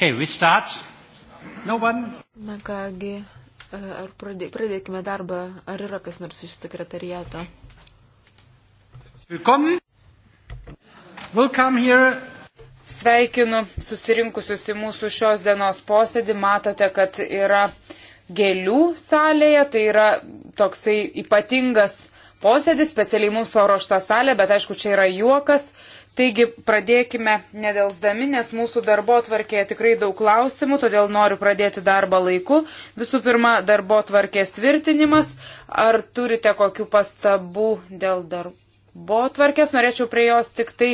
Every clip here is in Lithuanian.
Okay, we start. No one? Na kągi, e, ar pradė, pradėkime darbą, ar yra kas nors iš sekretariato? Willkommen. Welcome here. Sveikinu susirinkusius į mūsų šios dienos posėdį. Matote, kad yra gėlių salėje, tai yra toksai ypatingas posėdis, specialiai mums paruošta salė, bet aišku, čia yra juokas. Uh, Taigi pradėkime nedelsdami, nes mūsų darbo tvarkėje tikrai daug klausimų, todėl noriu pradėti darbą laiku. Visų pirma, darbo tvarkės tvirtinimas. Ar turite kokių pastabų dėl darbo tvarkės? Norėčiau prie jos tik tai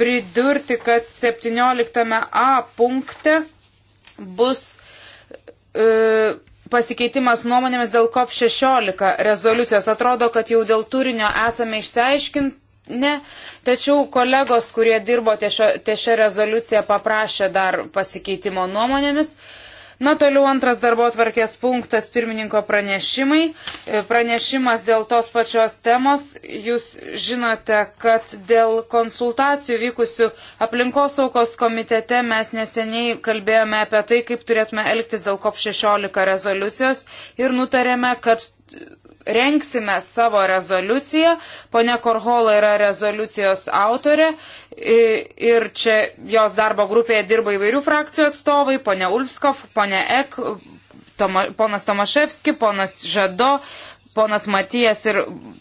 pridurti, kad 17a punkte bus. E, pasikeitimas nuomonėmis dėl COP16 rezoliucijos. Atrodo, kad jau dėl turinio esame išsiaiškinti Ne, tačiau kolegos, kurie dirbo ties šią rezoliuciją, paprašė dar pasikeitimo nuomonėmis. Na, toliau antras darbo tvarkės punktas pirmininko pranešimai. E, pranešimas dėl tos pačios temos. Jūs žinote, kad dėl konsultacijų vykusių aplinkosaukos komitete mes neseniai kalbėjome apie tai, kaip turėtume elgtis dėl COP16 rezoliucijos ir nutarėme, kad renksime savo rezoliuciją. Pone Korhola yra rezoliucijos autorė ir čia jos darbo grupėje dirba įvairių frakcijų atstovai, pone Ulfskov, pone Ek, Toma, ponas Tomaševski, ponas Žado, ponas Matijas ir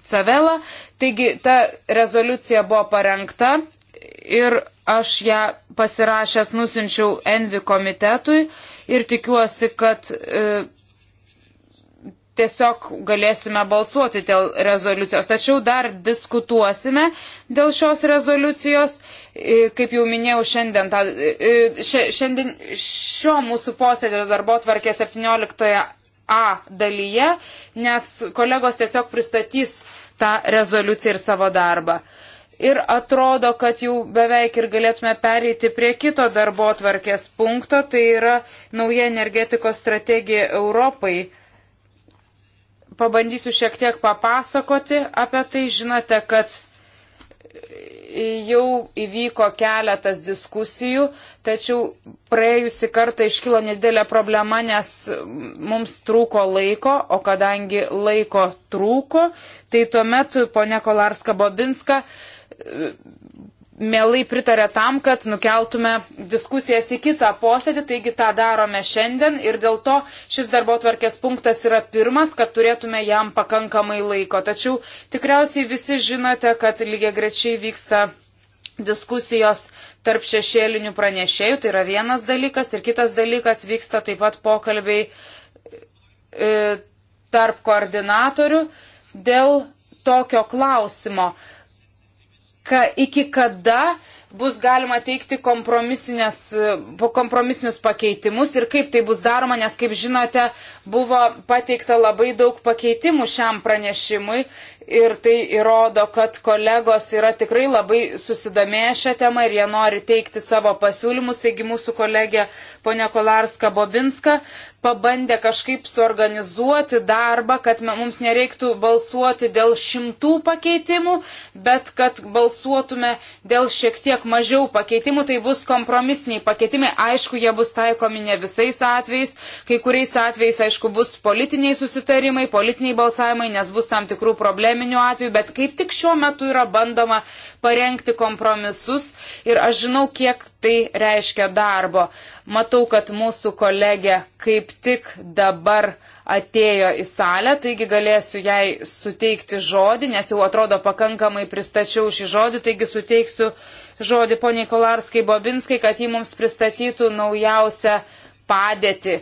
Cavela. Taigi ta rezoliucija buvo parengta ir aš ją pasirašęs nusinčiau Envi komitetui ir tikiuosi, kad e, tiesiog galėsime balsuoti dėl rezoliucijos. Tačiau dar diskutuosime dėl šios rezoliucijos. E, kaip jau minėjau, šiandien, ta, e, e, šiandien šio mūsų posėdžio darbo tvarkė 17a dalyje, nes kolegos tiesiog pristatys tą rezoliuciją ir savo darbą. Ir atrodo, kad jau beveik ir galėtume pereiti prie kito darbo tvarkės punkto, tai yra nauja energetikos strategija Europai pabandysiu šiek tiek papasakoti apie tai. Žinote, kad jau įvyko keletas diskusijų, tačiau praėjusi kartą iškilo nedėlė problema, nes mums trūko laiko, o kadangi laiko trūko, tai tuomet ponia Kolarska Bobinska mielai pritarė tam, kad nukeltume diskusijas į kitą posėdį, taigi tą darome šiandien ir dėl to šis darbo tvarkės punktas yra pirmas, kad turėtume jam pakankamai laiko. Tačiau tikriausiai visi žinote, kad lygiai grečiai vyksta diskusijos tarp šešėlinių pranešėjų, tai yra vienas dalykas ir kitas dalykas vyksta taip pat pokalbiai e, tarp koordinatorių dėl tokio klausimo ka, iki kada bus galima teikti kompromisinius pakeitimus ir kaip tai bus daroma, nes, kaip žinote, buvo pateikta labai daug pakeitimų šiam pranešimui ir tai įrodo, kad kolegos yra tikrai labai susidomėję šią temą ir jie nori teikti savo pasiūlymus. Taigi mūsų kolegė ponia Kolarska Bobinska pabandė kažkaip suorganizuoti darbą, kad mums nereiktų balsuoti dėl šimtų pakeitimų, bet kad balsuotume dėl šiek tiek mažiau pakeitimų, tai bus kompromisiniai pakeitimai. Aišku, jie bus taikomi ne visais atvejais, kai kuriais atvejais, aišku, bus politiniai susitarimai, politiniai balsavimai, nes bus tam tikrų problemų probleminių atvejų, bet kaip tik šiuo metu yra bandoma parengti kompromisus ir aš žinau, kiek tai reiškia darbo. Matau, kad mūsų kolegė kaip tik dabar atėjo į salę, taigi galėsiu jai suteikti žodį, nes jau atrodo pakankamai pristačiau šį žodį, taigi suteiksiu žodį poniai Kolarskai Bobinskai, kad ji mums pristatytų naujausią padėtį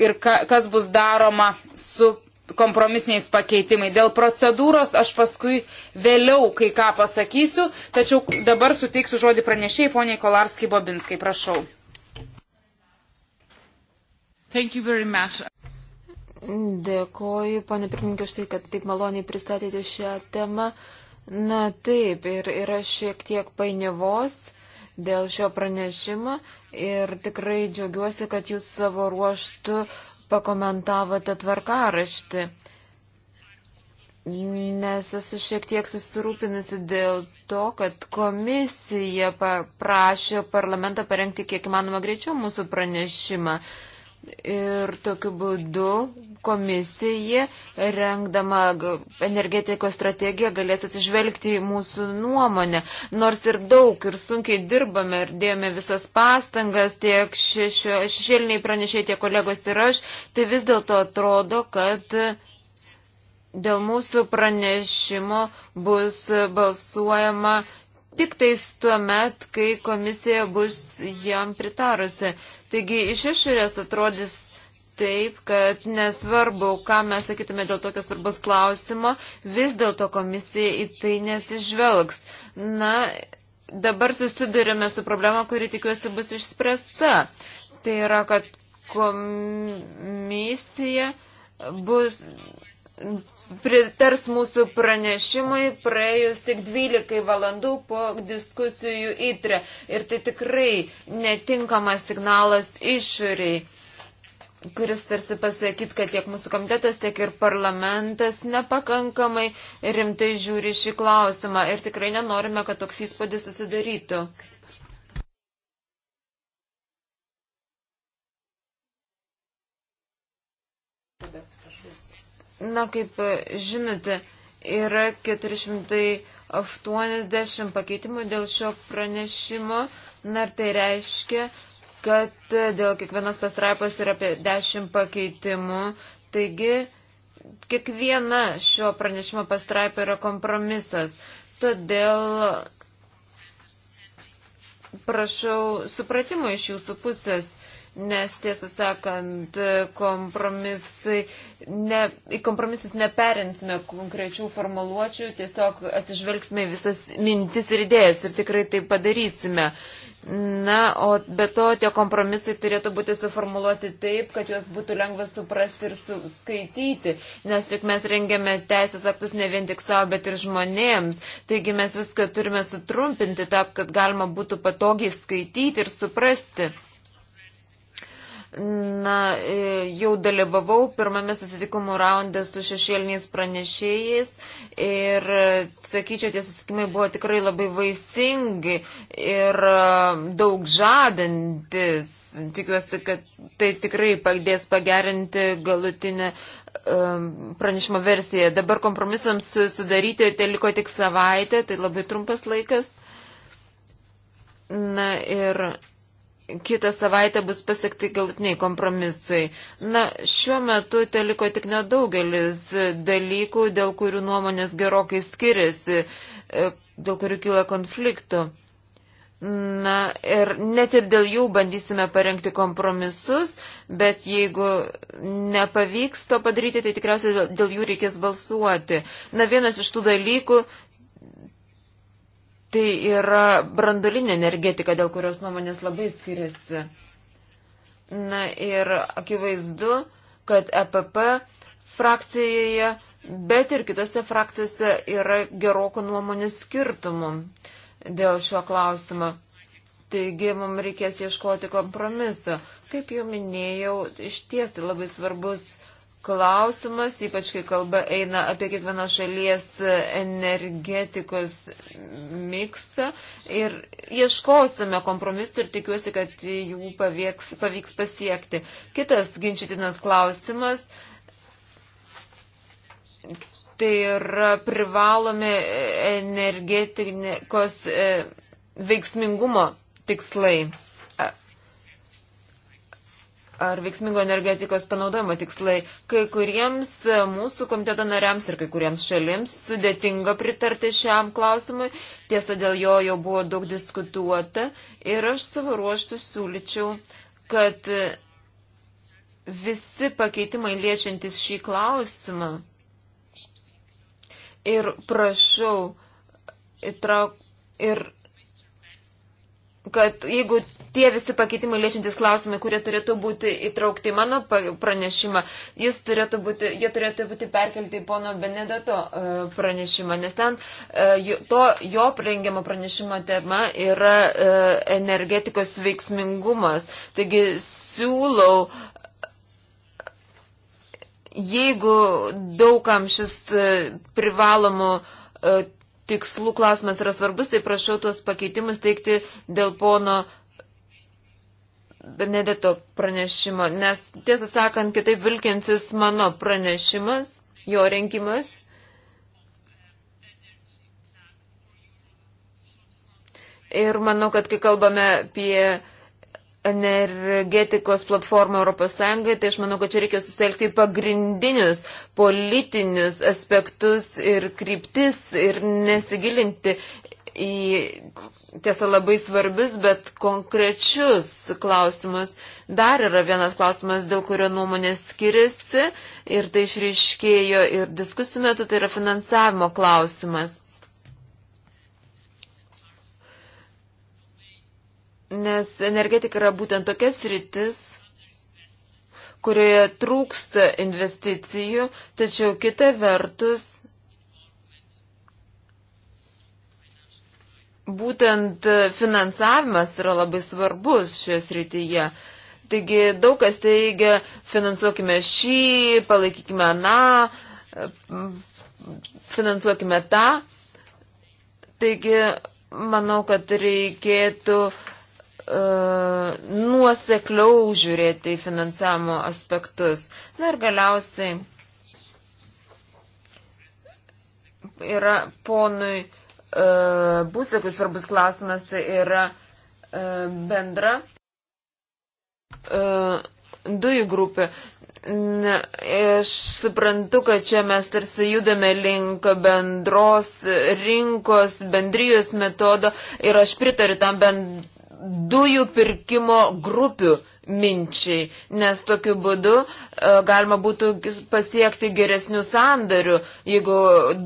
ir ka, kas bus daroma su kompromisiniais pakeitimai. Dėl procedūros aš paskui vėliau kai ką pasakysiu, tačiau dabar suteiksiu žodį pranešėjai poniai Kolarskai Bobinskai. Prašau. Dėkoju, ponė pirmininkė, už tai, kad taip maloniai pristatėte šią temą. Na taip, ir yra šiek tiek painiavos dėl šio pranešimo ir tikrai džiaugiuosi, kad jūs savo ruoštų uh, pakomentavote tvarkaraštį, nes esu šiek tiek susirūpinusi dėl to, kad komisija paprašė parlamentą parengti kiek įmanoma greičiau mūsų pranešimą. Ir tokiu būdu komisija, rengdama energetikos strategiją, galės atsižvelgti į mūsų nuomonę. Nors ir daug ir sunkiai dirbame ir dėjome visas pastangas, tiek šešėliniai pranešiai, tiek kolegos ir aš, tai vis dėlto atrodo, kad dėl mūsų pranešimo bus balsuojama tik tais tuo met, kai komisija bus jam pritarusi. Taigi iš išorės atrodys taip, kad nesvarbu, ką mes sakytume dėl tokio svarbus klausimo, vis dėlto komisija į tai nesižvelgs. Na, dabar susidurime su problema, kuri tikiuosi bus išspręsta. Tai yra, kad komisija bus pritars mūsų pranešimui praėjus tik 12 valandų po diskusijų įtrė. Ir tai tikrai netinkamas signalas išoriai, kuris tarsi pasakyt, kad tiek mūsų komitetas, tiek ir parlamentas nepakankamai rimtai žiūri šį klausimą. Ir tikrai nenorime, kad toks įspūdis susidarytų. Na, kaip e, žinote, yra 480 pakeitimų dėl šio pranešimo. Na, ir tai reiškia, kad e, dėl kiekvienos pastraipos yra apie 10 pakeitimų. Taigi, kiekviena šio pranešimo pastraipa yra kompromisas. Todėl prašau supratimo iš jūsų pusės nes tiesą sakant, kompromisai, ne, į kompromisus neperinsime konkrečių formuluočių, tiesiog atsižvelgsime visas mintis ir idėjas ir tikrai tai padarysime. Na, o be to tie kompromisai turėtų būti suformuoluoti taip, kad juos būtų lengva suprasti ir skaityti, nes juk mes rengiame teisės aktus ne vien tik savo, bet ir žmonėms. Taigi mes viską turime sutrumpinti taip, kad galima būtų patogiai skaityti ir suprasti. Na, e, jau dalyvavau pirmame susitikimų raunde su šešėliniais pranešėjais ir, e, sakyčiau, tie susitikimai buvo tikrai labai vaisingi ir e, daug žadantis. Tikiuosi, kad tai tikrai padės pagerinti galutinę pranešimo versiją. Dabar kompromisams sudaryti tai liko tik savaitė, tai labai trumpas laikas. Na ir kitą savaitę bus pasiekti galutiniai kompromisai. Na, šiuo metu te liko tik nedaugelis dalykų, dėl kurių nuomonės gerokai skiriasi, e, dėl kurių kyla konfliktų. Na, ir net ir dėl jų bandysime parengti kompromisus, bet jeigu nepavyks to padaryti, tai tikriausiai dėl jų reikės balsuoti. Na, vienas iš tų dalykų Tai yra brandolinė energetika, dėl kurios nuomonės labai skiriasi. Na ir akivaizdu, kad EPP frakcijoje, bet ir kitose frakcijose yra geroko nuomonės skirtumų dėl šio klausimo. Taigi mums reikės ieškoti kompromiso. Kaip jau minėjau, iš tiesi tai labai svarbus klausimas, ypač kai kalba eina apie kiekvienos šalies energetikos miksą. Ir ieškosime kompromisų ir tikiuosi, kad jų pavyks, pavyks pasiekti. Kitas ginčytinas klausimas. Tai yra privalomi energetikos e, veiksmingumo tikslai ar veiksmingo energetikos panaudojimo tikslai. Kai kuriems e, mūsų komiteto nariams ir kai kuriems šalims sudėtinga pritarti šiam klausimui. Tiesa, dėl jo jau buvo daug diskutuota ir aš savo ruoštų siūlyčiau, kad e, visi pakeitimai liečiantis šį klausimą ir prašau įtraukti ir kad jeigu tie visi pakeitimai liečiantis klausimai, kurie turėtų būti įtraukti mano pranešimą, jis turėtų būti, jie turėtų būti perkelti į pono Benedato e, pranešimą, nes ten e, to jo rengiamo pranešimo tema yra e, energetikos veiksmingumas. Taigi siūlau jeigu daugam šis privalomų tikslų klausimas yra svarbus, tai prašau tuos pakeitimus teikti dėl pono Benedeto pranešimo, nes tiesą sakant, kitaip vilkinsis mano pranešimas, jo renkimas. Ir manau, kad kai kalbame apie energetikos platformą ES, tai aš manau, kad čia reikia susitelkti pagrindinius politinius aspektus ir kryptis ir nesigilinti į tiesą labai svarbius, bet konkrečius klausimus. Dar yra vienas klausimas, dėl kurio nuomonės skiriasi ir tai išryškėjo ir diskusijų metu, tai yra finansavimo klausimas. Nes energetika yra būtent tokia sritis, kurioje trūksta investicijų, tačiau kita vertus būtent finansavimas yra labai svarbus šioje srityje. Taigi daug kas teigia, finansuokime šį, palaikykime aną, finansuokime tą. Taigi manau, kad reikėtų uh, E, nuosekliau žiūrėti į finansavimo aspektus. Na ir galiausiai yra ponui e, Būsekui svarbus klausimas, tai yra e, bendra e, dujų grupė. Na, aš suprantu, kad čia mes tarsi judame link bendros rinkos, bendrijos metodo ir aš pritariu tam bend, dujų pirkimo grupių minčiai, nes tokiu būdu e, galima būtų pasiekti geresnių sandarių, jeigu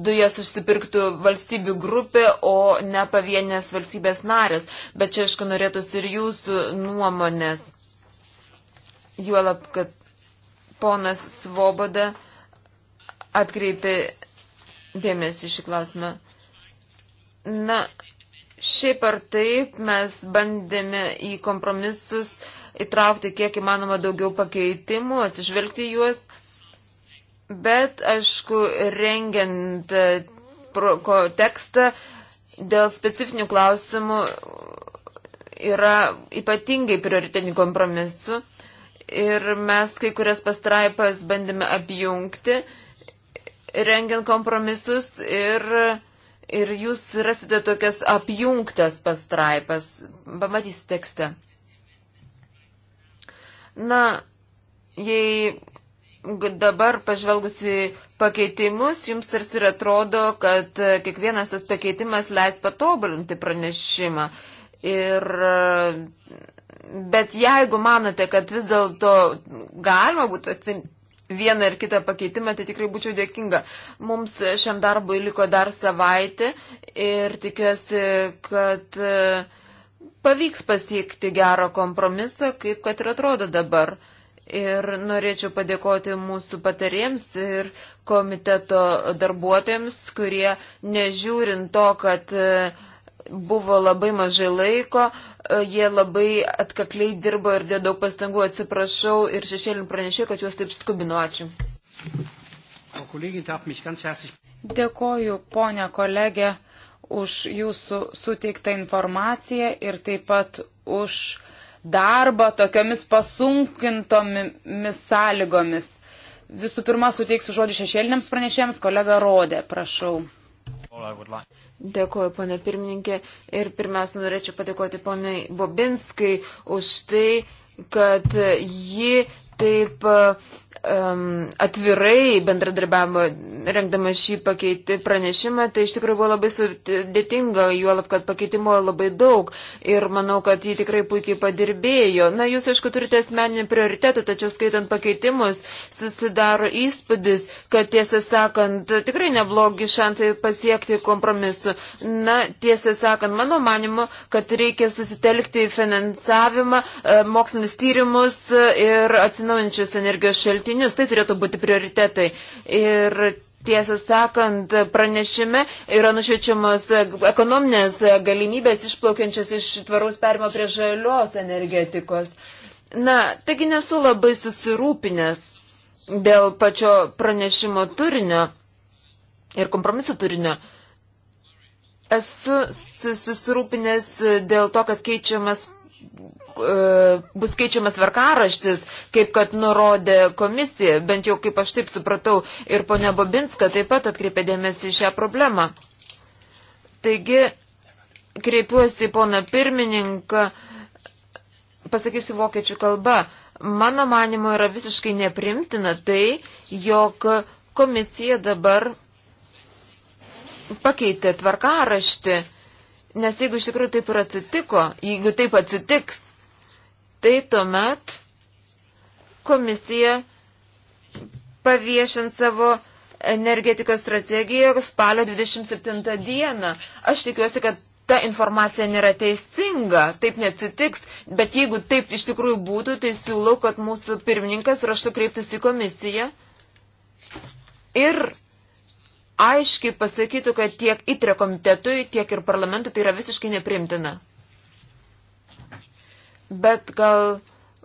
dujas užsipirktų valstybių grupė, o ne pavienės valstybės narės. Bet čia, aišku, norėtųsi ir jūsų nuomonės. Juolab, kad ponas Svoboda atkreipė dėmesį šį klausimą. Na, Šiaip ar taip mes bandėme į kompromisus įtraukti kiek įmanoma daugiau pakeitimų, atsižvelgti juos, bet aišku, rengiant e, tekstą dėl specifinių klausimų yra ypatingai prioritetinių kompromisų ir mes kai kurias pastraipas bandėme apjungti, rengiant kompromisus ir Ir jūs rasite tokias apjungtas pastraipas. Pamatysite tekste. Na, jei dabar pažvelgusi pakeitimus, jums tarsi ir atrodo, kad kiekvienas tas pakeitimas leis patobulinti pranešimą. Ir, e, bet jeigu manote, kad vis dėlto galima būtų atsimti vieną ir kitą pakeitimą, tai tikrai būčiau dėkinga. Mums šiam darbui liko dar savaitė ir tikiuosi, kad e, pavyks pasiekti gerą kompromisą, kaip kad ir atrodo dabar. Ir norėčiau padėkoti mūsų patarėjams ir komiteto darbuotojams, kurie nežiūrint to, kad e, buvo labai mažai laiko, e, jie labai atkakliai dirbo ir dėjo daug pastangų. Atsiprašau ir šešėlin pranešė, kad juos taip skubinu. Ačiū. Dėkoju, ponia kolegė, už jūsų suteiktą informaciją ir taip pat už darbą tokiomis pasunkintomis sąlygomis. Visų pirma, suteiksiu žodį šešėliniams pranešėjams, kolega Rodė, prašau. All I would like. Dėkuoju, ponė pirmininkė. Ir pirmiausia, norėčiau padėkoti poniai Bobinskai už tai, kad ji taip um, atvirai bendradarbiavo rengdama šį pakeiti pranešimą, tai iš tikrųjų buvo labai sudėtinga, juolab, kad pakeitimo labai daug ir manau, kad jį tikrai puikiai padirbėjo. Na, jūs, aišku, turite asmeninį prioritetą, tačiau skaitant pakeitimus susidaro įspūdis, kad tiesą sakant, tikrai neblogi šansai pasiekti kompromisu. Na, tiesą sakant, mano manimu, kad reikia susitelkti finansavimą, e, mokslinius tyrimus e, ir atsinaujančius energijos šaltinius šaltinius, tai turėtų būti prioritetai. Ir tiesą sakant, pranešime yra nušviečiamos ekonominės galimybės išplaukiančios iš tvaraus perimo prie žalios energetikos. Na, taigi nesu labai susirūpinęs dėl pačio pranešimo turinio ir kompromiso turinio. Esu susirūpinęs dėl to, kad keičiamas E, bus keičiamas varkaraštis, kaip kad nurodė komisija, bent jau kaip aš taip supratau, ir ponia Bobinska taip pat atkreipė dėmesį šią problemą. Taigi, kreipiuosi į poną pirmininką, pasakysiu vokiečių kalba. Mano manimo yra visiškai neprimtina tai, jog komisija dabar pakeitė tvarkaraštį, nes jeigu iš tikrųjų taip ir atsitiko, jeigu taip atsitiks, tai tuomet komisija paviešint savo energetikos strategiją spalio 27 dieną. Aš tikiuosi, kad ta informacija nėra teisinga, taip netitiks, bet jeigu taip iš tikrųjų būtų, tai siūlau, kad mūsų pirmininkas raštu kreiptųsi į komisiją ir aiškiai pasakytų, kad tiek įtre komitetui, tiek ir parlamentui tai yra visiškai neprimtina bet gal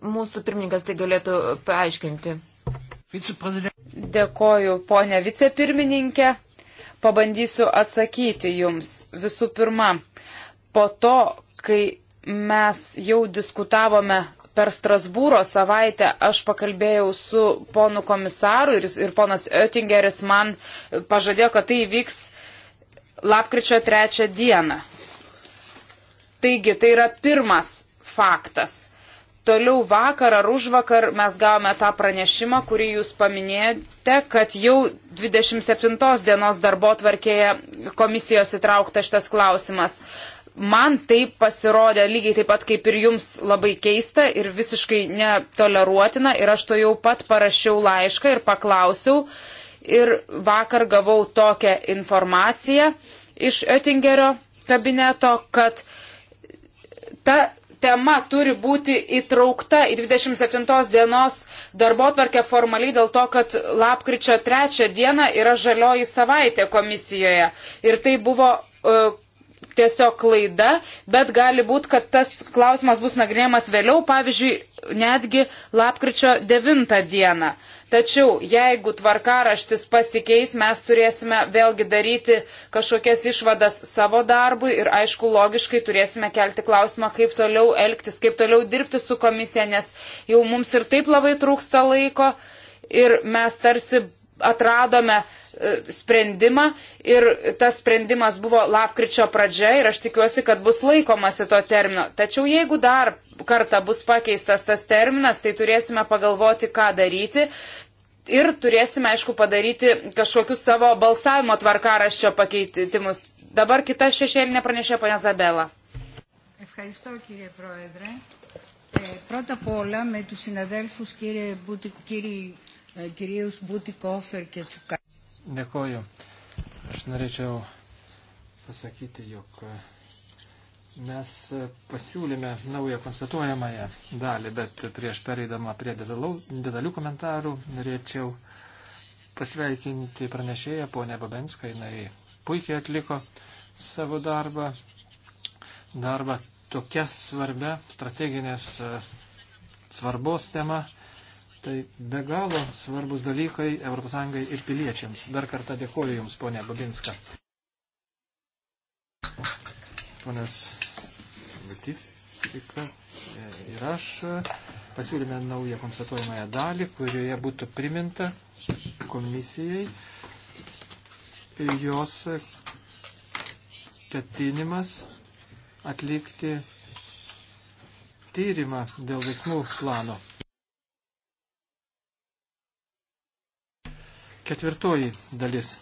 mūsų pirmininkas tai galėtų paaiškinti. Dėkoju, ponė vicepirmininkė. Pabandysiu atsakyti jums visų pirma. Po to, kai mes jau diskutavome per Strasbūro savaitę aš pakalbėjau su ponu komisaru ir, ir ponas Oettingeris man pažadėjo, kad tai vyks lapkričio trečią dieną. Taigi, tai yra pirmas faktas. Toliau vakar ar už vakar mes gavome tą pranešimą, kurį jūs paminėjote, kad jau 27 dienos darbo tvarkėje komisijos įtraukta šitas klausimas. Man tai pasirodė lygiai taip pat kaip ir jums labai keista ir visiškai netoleruotina ir aš to jau pat parašiau laišką ir paklausiau ir vakar gavau tokią informaciją iš Oettingerio kabineto, kad ta tema turi būti įtraukta į 27 dienos darbo tvarkę formaliai dėl to, kad lapkričio 3 diena yra žalioji savaitė komisijoje. Ir tai buvo e, tiesiog klaida, bet gali būti, kad tas klausimas bus nagrinėjamas vėliau, pavyzdžiui, netgi lapkričio 9 dieną. Tačiau jeigu tvarkaraštis pasikeis, mes turėsime vėlgi daryti kažkokias išvadas savo darbui ir aišku, logiškai turėsime kelti klausimą, kaip toliau elgtis, kaip toliau dirbti su komisija, nes jau mums ir taip labai trūksta laiko ir mes tarsi atradome E, sprendimą ir tas sprendimas buvo lapkričio pradžia ir aš tikiuosi, kad bus laikomasi to termino. Tačiau jeigu dar kartą bus pakeistas tas terminas, tai turėsime pagalvoti, ką daryti. Ir turėsime, aišku, padaryti kažkokius savo balsavimo tvarkaraščio pakeitimus. Dabar kita šešėlinė pranešė ponia Zabela. Ευχαριστώ κύριε Πρόεδρε. Ε, πρώτα απ' όλα με τους συναδέλφους κύριε Μπούτι, κύριοι, ε, κυρίους Μπούτι Κόφερ και Τσουκά. Dėkoju. Aš norėčiau pasakyti, jog mes pasiūlėme naują konstatuojamąją dalį, bet prieš pereidama prie dedalau, dedalių komentarų norėčiau pasveikinti pranešėją ponę Babenską. Jis puikiai atliko savo darbą, darbą tokia svarbia strateginės svarbos tema. Tai be galo svarbus dalykai ES ir piliečiams. Dar kartą dėkoju Jums, ponė Babinska. Ponas Butifika ir aš pasiūlėme naują konstatuojamąją dalį, kurioje būtų priminta komisijai jos ketinimas atlikti tyrimą dėl veiksmų plano. Ketvirtoji dalis.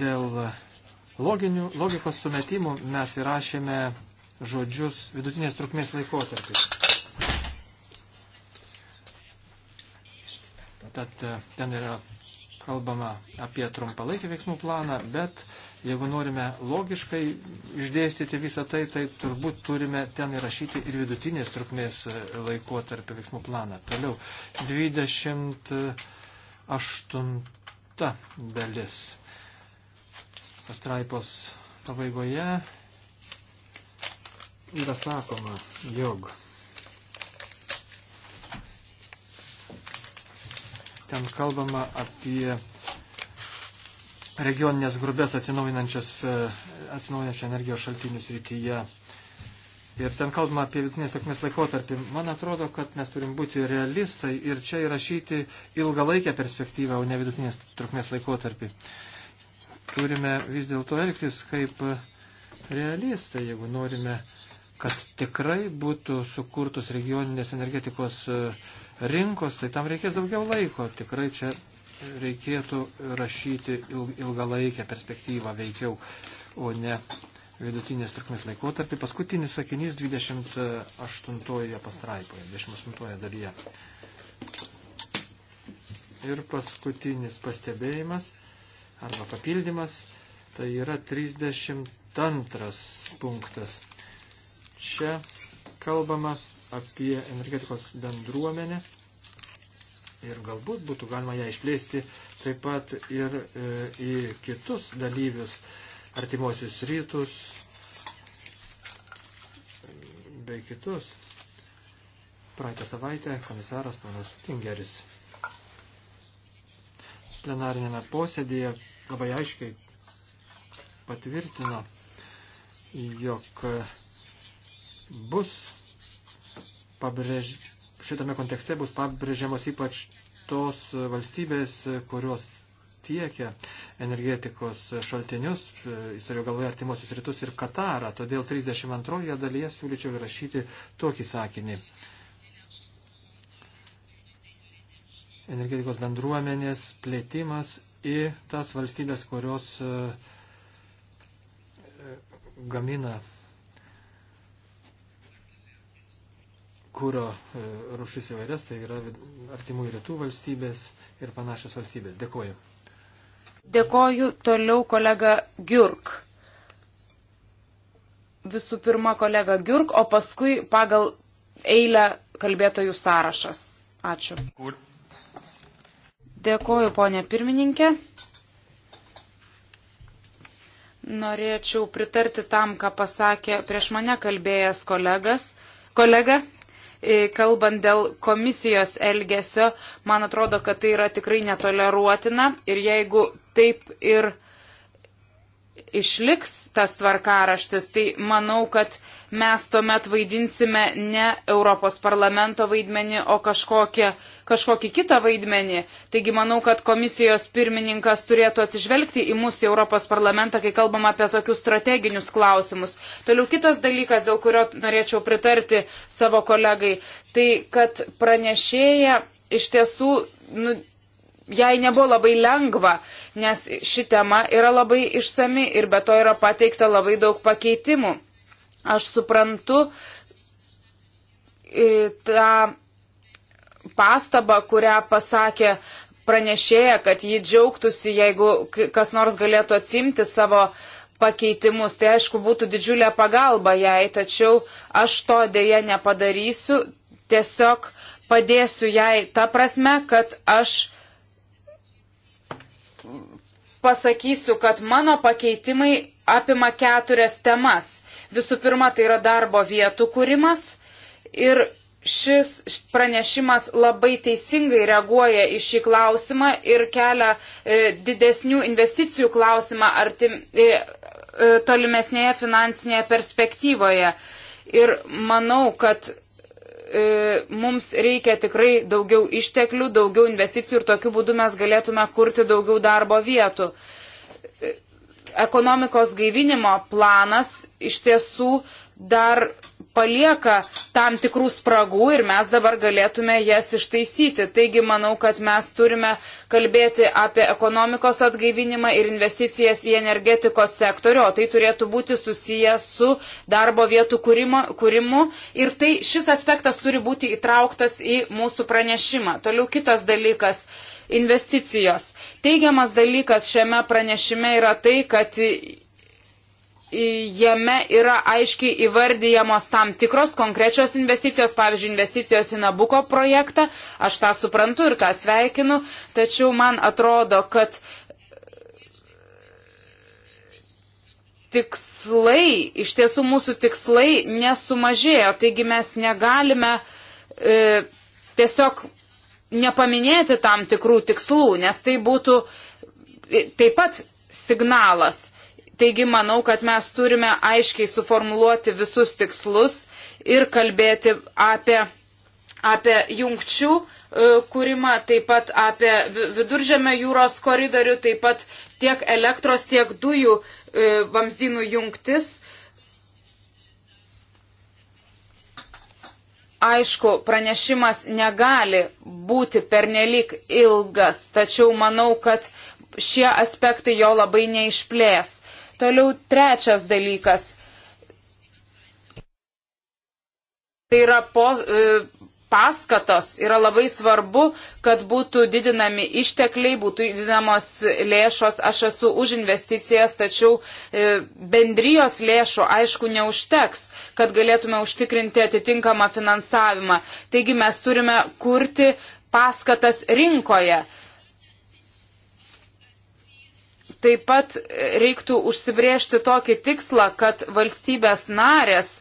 Dėl loginių, logikos sumetimų mes įrašėme žodžius vidutinės trukmės laikotarpis. Tad e, ten yra kalbama apie trumpalaikį veiksmų planą, bet jeigu norime logiškai išdėstyti visą tai, tai turbūt turime ten įrašyti ir vidutinės trukmės e, laikotarpio veiksmų planą. Toliau 28 dalis pastraipos pabaigoje yra sakoma, jog Ten kalbama apie regioninės grubės atsinaujinančios e, energijos šaltinių srityje. Ir ten kalbama apie vidutinės trukmės laikotarpį. Man atrodo, kad mes turim būti realistai ir čia įrašyti ilgalaikę perspektyvą, o ne vidutinės trukmės laikotarpį. Turime vis dėlto elgtis kaip realistai, jeigu norime, kad tikrai būtų sukurtos regioninės energetikos uh, rinkos, tai tam reikės daugiau laiko. Tikrai čia reikėtų rašyti ilgalaikę perspektyvą veikiau, o ne vidutinės trukmės laikotarpį. Paskutinis sakinys 28 pastraipoje, 28 dalyje. Ir paskutinis pastebėjimas arba papildymas, tai yra 32 punktas. Čia kalbama apie energetikos bendruomenę ir galbūt būtų galima ją išplėsti taip pat ir e, į kitus dalyvius, artimuosius rytus bei kitus. Praeitą savaitę komisaras panas Tingeris plenarinėme posėdėje labai aiškiai patvirtino, jog bus pabrėž... šitame kontekste bus pabrėžiamos ypač tos valstybės, kurios tiekia energetikos šaltinius, e, jis turėjo galvoje artimuosius rytus ir Katarą, todėl 32 dalyje siūlyčiau įrašyti tokį sakinį. Energetikos bendruomenės plėtimas į tas valstybės, kurios e, e, gamina kūro e, rušis įvairias, tai yra artimų rytų valstybės ir panašios valstybės. Dėkuoju. Dėkoju toliau kolega Gjurk. Visų pirma kolega Gjurk, o paskui pagal eilę kalbėtojų sąrašas. Ačiū. Kur? Dėkoju, ponė pirmininkė. Norėčiau pritarti tam, ką pasakė prieš mane kalbėjęs kolegas. Kolega, E, kalbant dėl komisijos elgesio, man atrodo, kad tai yra tikrai netoleruotina ir jeigu taip ir išliks tas tvarkaraštis, tai manau, kad mes tuomet vaidinsime ne Europos parlamento vaidmenį, o kažkokią, kažkokį kitą vaidmenį. Taigi manau, kad komisijos pirmininkas turėtų atsižvelgti į mūsų Europos parlamentą, kai kalbam apie tokius strateginius klausimus. Toliau kitas dalykas, dėl kurio norėčiau pritarti savo kolegai, tai kad pranešėja iš tiesų. Nu, jai nebuvo labai lengva, nes ši tema yra labai išsami ir be to yra pateikta labai daug pakeitimų. Aš suprantu e, tą pastabą, kurią pasakė pranešėja, kad ji džiaugtųsi, jeigu kas nors galėtų atsimti savo pakeitimus. Tai aišku, būtų didžiulė pagalba jai, tačiau aš to dėje nepadarysiu. Tiesiog padėsiu jai tą prasme, kad aš pasakysiu, kad mano pakeitimai apima keturias temas. Visų pirma, tai yra darbo vietų kūrimas ir šis pranešimas labai teisingai reaguoja į šį klausimą ir kelia e, didesnių investicijų klausimą artim, e, e, tolimesnėje finansinėje perspektyvoje. Ir manau, kad E, mums reikia tikrai daugiau išteklių, daugiau investicijų ir tokiu būdu mes galėtume kurti daugiau darbo vietų. E, ekonomikos gaivinimo planas iš tiesų dar palieka tam tikrų spragų ir mes dabar galėtume jas ištaisyti. Taigi manau, kad mes turime kalbėti apie ekonomikos atgaivinimą ir investicijas į energetikos sektorių, o tai turėtų būti susiję su darbo vietų kūrimo, kūrimu ir tai šis aspektas turi būti įtrauktas į mūsų pranešimą. Toliau kitas dalykas investicijos. Teigiamas dalykas šiame pranešime yra tai, kad jame yra aiškiai įvardyjamos tam tikros konkrečios investicijos, pavyzdžiui, investicijos į Nabuko projektą. Aš tą suprantu ir tą sveikinu, tačiau man atrodo, kad tikslai, iš tiesų mūsų tikslai nesumažėjo, taigi mes negalime e, tiesiog nepaminėti tam tikrų tikslų, nes tai būtų taip pat signalas Taigi manau, kad mes turime aiškiai suformuluoti visus tikslus ir kalbėti apie, apie jungčių e, kūrimą, taip pat apie viduržėmio jūros koridorių, taip pat tiek elektros, tiek dujų e, vamzdynų jungtis. Aišku, pranešimas negali būti pernelik ilgas, tačiau manau, kad šie aspektai jo labai neišplės. Toliau trečias dalykas. Tai yra po, e, paskatos. Yra labai svarbu, kad būtų didinami ištekliai, būtų didinamos lėšos. Aš esu už investicijas, tačiau e, bendrijos lėšų aišku neužteks, kad galėtume užtikrinti atitinkamą finansavimą. Taigi mes turime kurti paskatas rinkoje. Taip pat reiktų užsibriežti tokį tikslą, kad valstybės narės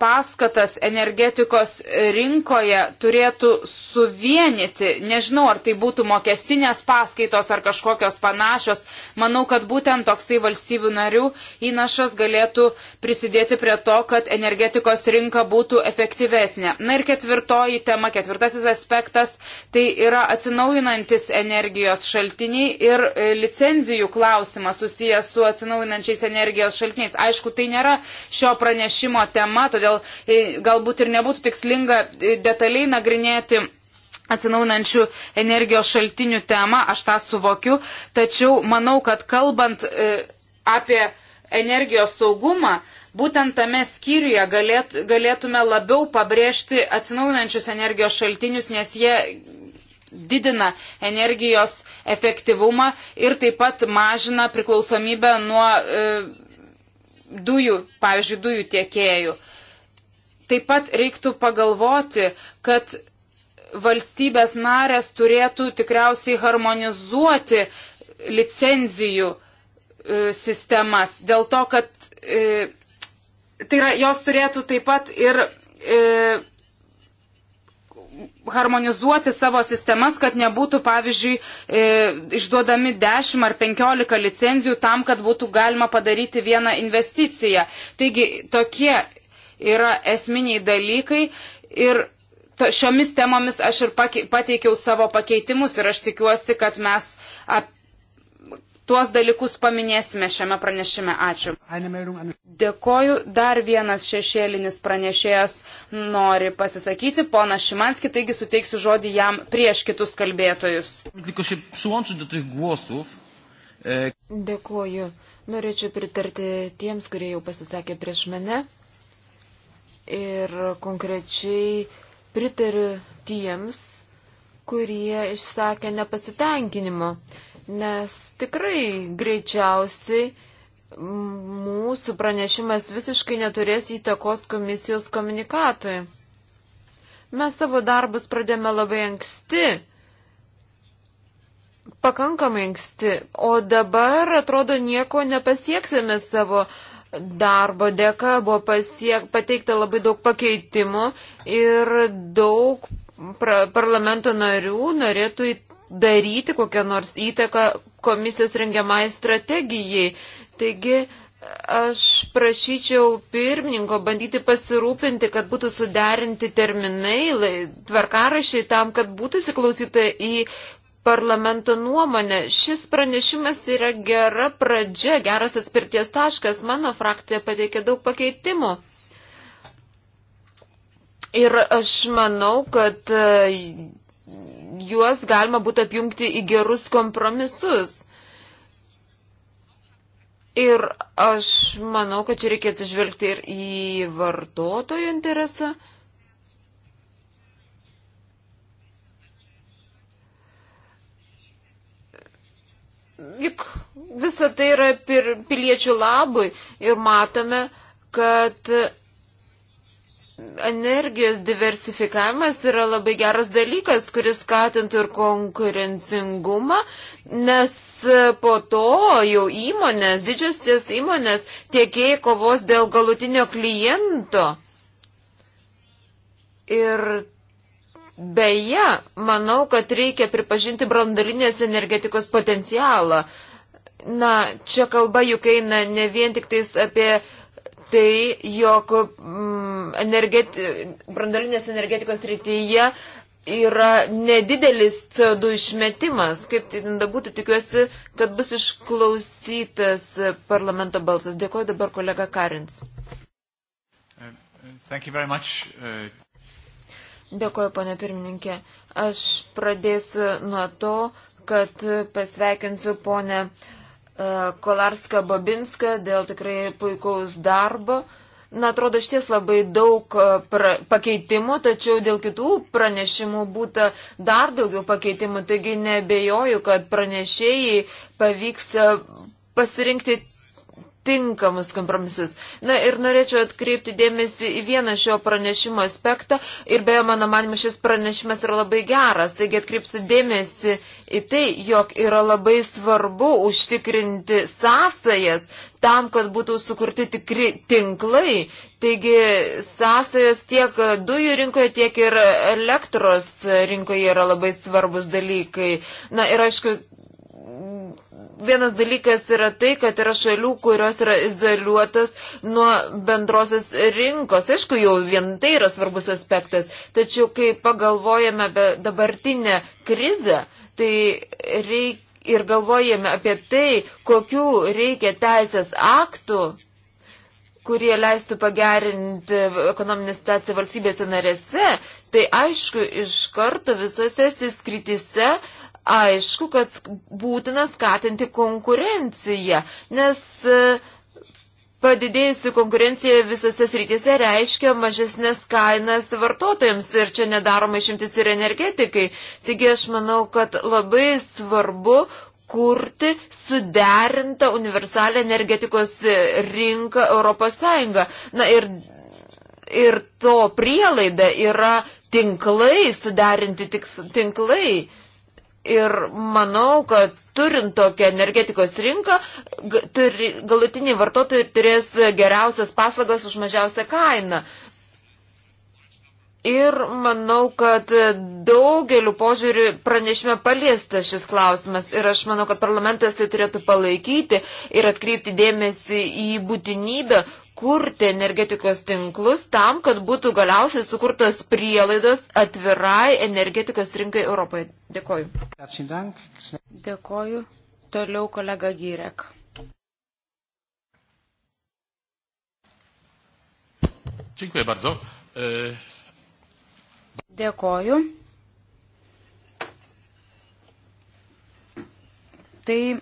paskatas energetikos rinkoje turėtų suvienyti. Nežinau, ar tai būtų mokestinės paskaitos ar kažkokios panašios. Manau, kad būtent toksai valstybių narių įnašas galėtų prisidėti prie to, kad energetikos rinka būtų efektyvesnė. Na ir ketvirtoji tema, ketvirtasis aspektas, tai yra atsinaujinantis energijos šaltiniai ir e, licenzijų klausimas susijęs su atsinaujinančiais energijos šaltiniais. Aišku, tai nėra šio pranešimo tema, todėl todėl e, galbūt ir nebūtų tikslinga e, detaliai nagrinėti atsinaunančių energijos šaltinių temą, aš tą suvokiu, tačiau manau, kad kalbant e, apie energijos saugumą, būtent tame skyriuje galėt, galėtume labiau pabrėžti atsinaunančius energijos šaltinius, nes jie didina energijos efektyvumą ir taip pat mažina priklausomybę nuo e, dujų, pavyzdžiui, dujų tiekėjų. E, Taip pat reiktų pagalvoti, kad valstybės narės turėtų tikriausiai harmonizuoti licenzijų e, sistemas. Dėl to, kad e, tai yra, jos turėtų taip pat ir e, harmonizuoti savo sistemas, kad nebūtų, pavyzdžiui, e, išduodami 10 ar 15 licenzijų tam, kad būtų galima padaryti vieną investiciją. Taigi tokie yra esminiai dalykai ir to, šiomis temomis aš ir pake, pateikiau savo pakeitimus ir aš tikiuosi, kad mes ap, tuos dalykus paminėsime šiame pranešime. Ačiū. Dėkoju. Dar vienas šešėlinis pranešėjas nori pasisakyti. Pona Šimanski, taigi suteiksiu žodį jam prieš kitus kalbėtojus. E, Dėkoju. Norėčiau pritarti tiems, kurie jau pasisakė prieš mane ir konkrečiai pritariu tiems, kurie išsakė nepasitenkinimo, nes tikrai greičiausiai mūsų pranešimas visiškai neturės įtakos komisijos komunikatui. Mes savo darbus pradėjome labai anksti, pakankamai anksti, o dabar atrodo nieko nepasieksime savo uh, darbo dėka buvo pasiek, pateikta labai daug pakeitimų ir daug pra, parlamento narių norėtų daryti kokią nors įtaką komisijos rengiamai strategijai. Taigi, Aš prašyčiau pirmininko bandyti pasirūpinti, kad būtų suderinti terminai, tvarkarašiai tam, kad būtų įsiklausyta į parlamento nuomonę. Šis pranešimas yra gera pradžia, geras atspirties taškas. Mano frakcija pateikė daug pakeitimų. Ir aš manau, kad e, juos galima būtų apjungti į gerus kompromisus. Ir aš manau, kad čia reikėtų žvelgti ir į vartotojų interesą. juk visa tai yra pir, piliečių labui ir matome, kad energijos diversifikavimas yra labai geras dalykas, kuris skatintų ir konkurencingumą, nes po to jau įmonės, didžiosios įmonės tiekėjai kovos dėl galutinio kliento. Ir Beje, manau, kad reikia pripažinti brandolinės energetikos potencialą. Na, čia kalba juk eina ne vien tik tais apie tai, jog mm, energeti, brandolinės energetikos rytyje yra nedidelis CO2 išmetimas. Kaip tai būtų, tikiuosi, kad bus išklausytas parlamento balsas. Dėkuoju dabar kolega Karins. Uh, Dėkuoju, ponė pirmininkė. Aš pradėsiu nuo to, kad pasveikinsiu ponę e, Kolarską Babinską dėl tikrai puikaus darbo. Na, atrodo, šties labai daug e, pra, pakeitimų, tačiau dėl kitų pranešimų būta dar daugiau pakeitimų, taigi nebejoju, kad pranešėjai pavyks e, pasirinkti tinkamus kompromisus. Na ir norėčiau atkreipti dėmesį į vieną šio pranešimo aspektą ir beje, mano manimu, šis pranešimas yra labai geras, taigi atkreipsiu dėmesį į tai, jog yra labai svarbu užtikrinti sąsajas tam, kad būtų sukurti tikri tinklai. Taigi sąsajos tiek dujų rinkoje, tiek ir elektros rinkoje yra labai svarbus dalykai. Na ir aišku, vienas dalykas yra tai, kad yra šalių, kurios yra izoliuotas nuo bendrosios rinkos. Aišku, jau vien tai yra svarbus aspektas, tačiau kai pagalvojame apie dabartinę krizę, tai reikia. Ir galvojame apie tai, kokių reikia teisės aktų, kurie leistų pagerinti ekonominę situaciją valstybėse narėse, tai aišku, iš karto visose skritise aišku, kad būtina skatinti konkurenciją, nes e, padidėjusi konkurencija visose srityse reiškia mažesnės kainas vartotojams ir čia nedaroma išimtis ir energetikai. Taigi aš manau, kad labai svarbu kurti suderintą universalią energetikos rinką Europos Sąjungą. Na ir, ir to prielaida yra tinklai, suderinti tinklai. Ir manau, kad turint tokią energetikos rinką, turi, galutiniai vartotojai turės geriausias paslaugas už mažiausią kainą. Ir manau, kad daugeliu požiūriu pranešime paliesta šis klausimas ir aš manau, kad parlamentas tai turėtų palaikyti ir atkreipti dėmesį į būtinybę kurti energetikos tinklus tam, kad būtų galiausiai sukurtos prielaidos atvirai energetikos rinkai Europoje. Dėkoju. Dėkoju. Toliau kolega Gyrek. Dziękuję bardzo. E, Dėkoju. Tai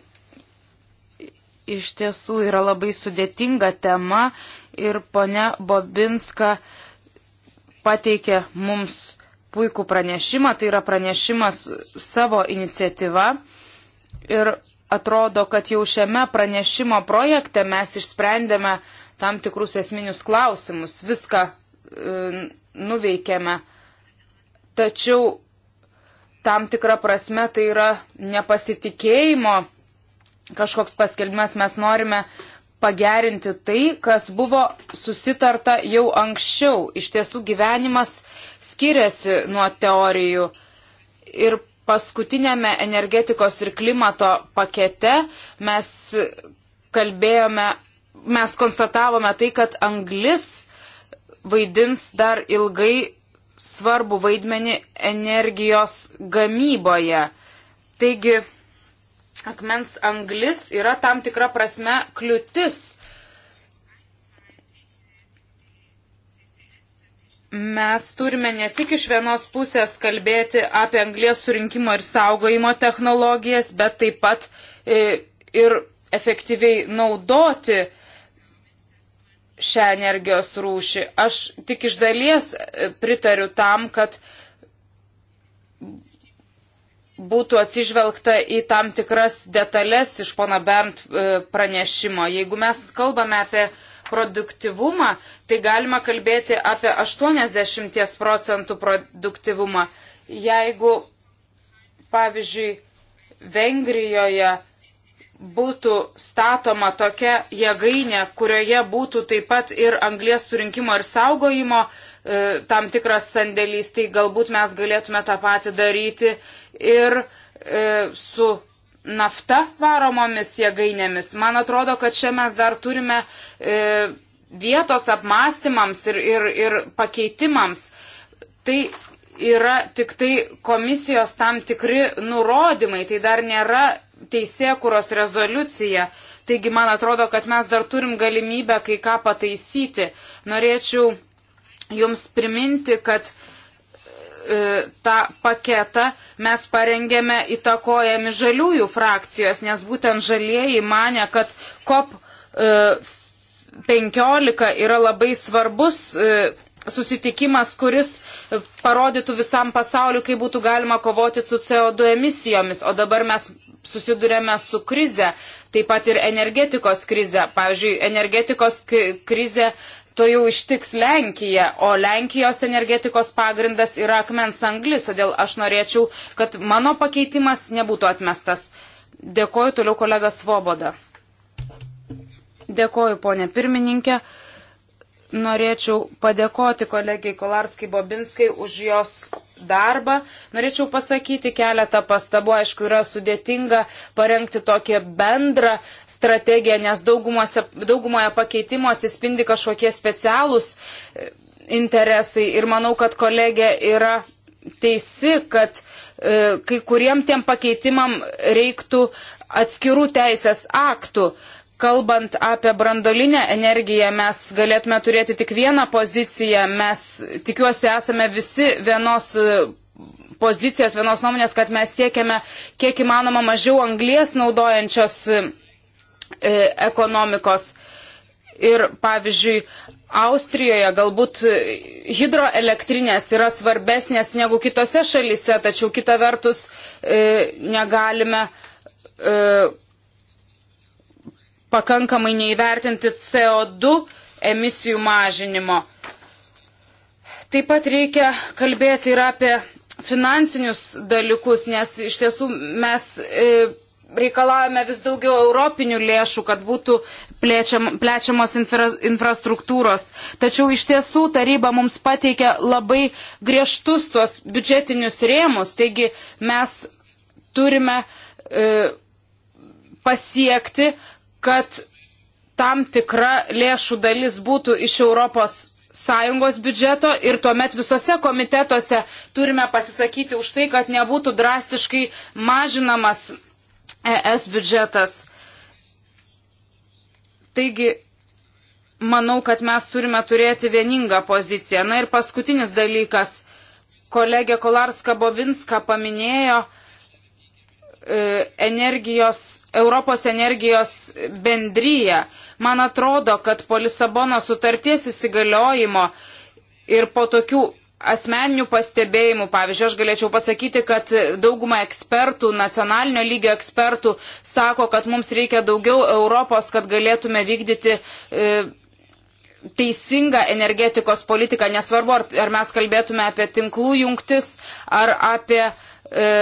iš tiesų yra labai sudėtinga tema ir ponia Bobinska pateikė mums puikų pranešimą, tai yra pranešimas savo iniciatyva. Ir atrodo, kad jau šiame pranešimo projekte mes išsprendėme tam tikrus esminius klausimus, viską e, nuveikėme. Tačiau tam tikrą prasme tai yra nepasitikėjimo kažkoks paskelbimas, mes norime pagerinti tai, kas buvo susitarta jau anksčiau. Iš tiesų gyvenimas skiriasi nuo teorijų. Ir paskutinėme energetikos ir klimato pakete mes kalbėjome, mes konstatavome tai, kad anglis vaidins dar ilgai svarbu vaidmenį energijos gamyboje. Taigi, akmens anglis yra tam tikra prasme kliūtis. Mes turime ne tik iš vienos pusės kalbėti apie anglės surinkimo ir saugojimo technologijas, bet taip pat e, ir efektyviai naudoti šią energijos rūšį. Aš tik iš dalies e, pritariu tam, kad būtų atsižvelgta į tam tikras detalės iš pono Bernd e, pranešimo. Jeigu mes kalbame apie produktivumą, tai galima kalbėti apie 80 procentų produktivumą. Jeigu, pavyzdžiui, Vengrijoje būtų statoma tokia jėgainė, kurioje būtų taip pat ir anglės surinkimo ir saugojimo e, tam tikras sandėlys, tai galbūt mes galėtume tą patį daryti ir e, su nafta varomomis jėgainėmis. Man atrodo, kad čia mes dar turime e, vietos apmąstymams ir, ir, ir pakeitimams. Tai yra tik tai komisijos tam tikri nurodymai, tai dar nėra teisėkuros rezoliuciją. Taigi, man atrodo, kad mes dar turim galimybę kai ką pataisyti. Norėčiau Jums priminti, kad e, tą paketą mes parengėme įtakojami žaliųjų frakcijos, nes būtent žalieji mane, kad COP 15 e, yra labai svarbus e, susitikimas, kuris parodytų visam pasauliu, kaip būtų galima kovoti su CO2 emisijomis. O dabar mes susidurėme su krize, taip pat ir energetikos krize. Pavyzdžiui, energetikos krize to jau ištiks Lenkija, o Lenkijos energetikos pagrindas yra akmens anglis, todėl aš norėčiau, kad mano pakeitimas nebūtų atmestas. Dėkoju toliau kolega Svoboda. Dėkoju, ponė pirmininkė norėčiau padėkoti kolegiai Kolarskai Bobinskai už jos darbą. Norėčiau pasakyti keletą pastabų. Aišku, yra sudėtinga parengti tokią bendrą strategiją, nes daugumoje pakeitimo atsispindi kažkokie specialūs e, interesai. Ir manau, kad kolegė yra teisi, kad e, kai kuriem tiem pakeitimam reiktų atskirų teisės aktų. E, kalbant apie brandolinę energiją, mes galėtume turėti tik vieną poziciją. Mes tikiuosi esame visi vienos e, pozicijos, vienos nuomonės, kad mes siekiame kiek įmanoma mažiau anglies naudojančios e, e, ekonomikos. Ir pavyzdžiui, Austrijoje galbūt hidroelektrinės yra svarbesnės negu kitose šalyse, tačiau kita vertus e, negalime e, pakankamai neįvertinti CO2 emisijų mažinimo. Taip pat reikia kalbėti ir apie finansinius dalykus, nes iš tiesų mes e, reikalavome vis daugiau europinių lėšų, kad būtų plečiam, plečiamos infra, infrastruktūros. Tačiau iš tiesų taryba mums pateikia labai griežtus tuos biudžetinius rėmus, taigi mes turime e, pasiekti, kad tam tikra lėšų dalis būtų iš Europos sąjungos biudžeto ir tuomet visose komitetuose turime pasisakyti už tai, kad nebūtų drastiškai mažinamas ES biudžetas. Taigi, manau, kad mes turime turėti vieningą poziciją. Na ir paskutinis dalykas, kolegė Kolarska Bovinska paminėjo, E, energijos, Europos energijos bendryje. Man atrodo, kad po Lisabono sutarties įsigaliojimo ir po tokių asmeninių pastebėjimų, pavyzdžiui, aš galėčiau pasakyti, kad dauguma ekspertų, nacionalinio lygio ekspertų sako, kad mums reikia daugiau Europos, kad galėtume vykdyti e, teisingą energetikos politiką, nesvarbu, ar, ar mes kalbėtume apie tinklų jungtis, ar apie e,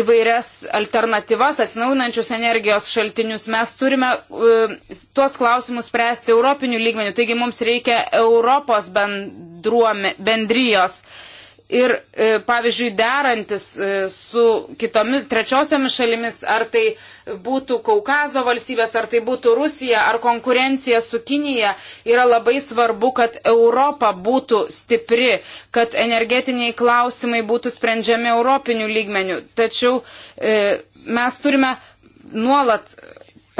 įvairias alternatyvas, atsinaujinančius energijos šaltinius. Mes turime uh, tuos klausimus spręsti europinių lygmenių, taigi mums reikia Europos bendruome, bendrijos uh, Ir, e, pavyzdžiui, derantis e, su kitomis trečiosiomis šalimis, ar tai būtų Kaukazo valstybės, ar tai būtų Rusija, ar konkurencija su Kinija, yra labai svarbu, kad Europa būtų stipri, kad energetiniai klausimai būtų sprendžiami europinių lygmenių. Tačiau e, mes turime nuolat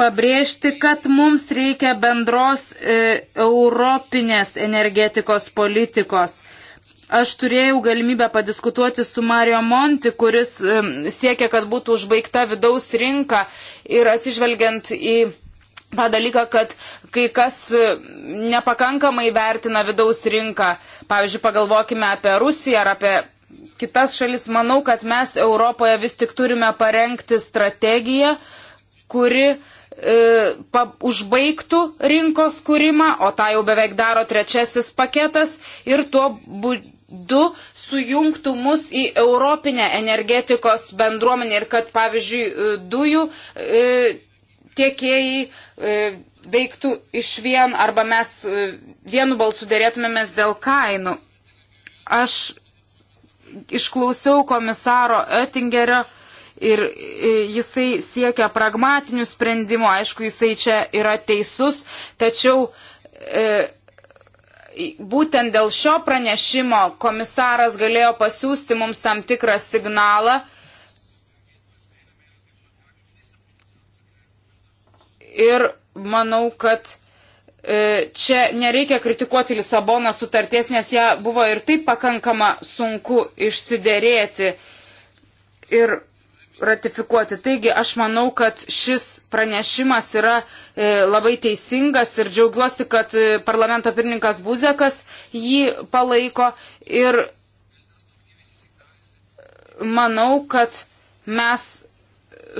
pabrėžti, kad mums reikia bendros e, europinės energetikos politikos. Aš turėjau galimybę padiskutuoti su Mario Monti, kuris siekia, kad būtų užbaigta vidaus rinka ir atsižvelgiant į tą dalyką, kad kai kas nepakankamai vertina vidaus rinką. Pavyzdžiui, pagalvokime apie Rusiją ar apie kitas šalis. Manau, kad mes Europoje vis tik turime parengti strategiją, kuri e, pa, užbaigtų rinkos kūrimą, o tą jau beveik daro trečiasis paketas ir tuo būdu du sujungtų mus į Europinę energetikos bendruomenę ir kad, pavyzdžiui, e, dujų e, tiekėjai e, veiktų iš vien arba mes vienu balsu dėrėtumėmės dėl kainų. Aš išklausiau komisaro Oettingerio ir jisai siekia pragmatinių sprendimų, aišku, jisai čia yra teisus, tačiau e, būtent dėl šio pranešimo komisaras galėjo pasiūsti mums tam tikrą signalą. Ir manau, kad e, čia nereikia kritikuoti Lisabono sutarties, nes ją buvo ir taip pakankama sunku išsiderėti. Ir ratifikuoti. Taigi aš manau, kad šis pranešimas yra e, labai teisingas ir džiaugiuosi, kad e, parlamento pirmininkas Buzekas jį palaiko ir manau, kad mes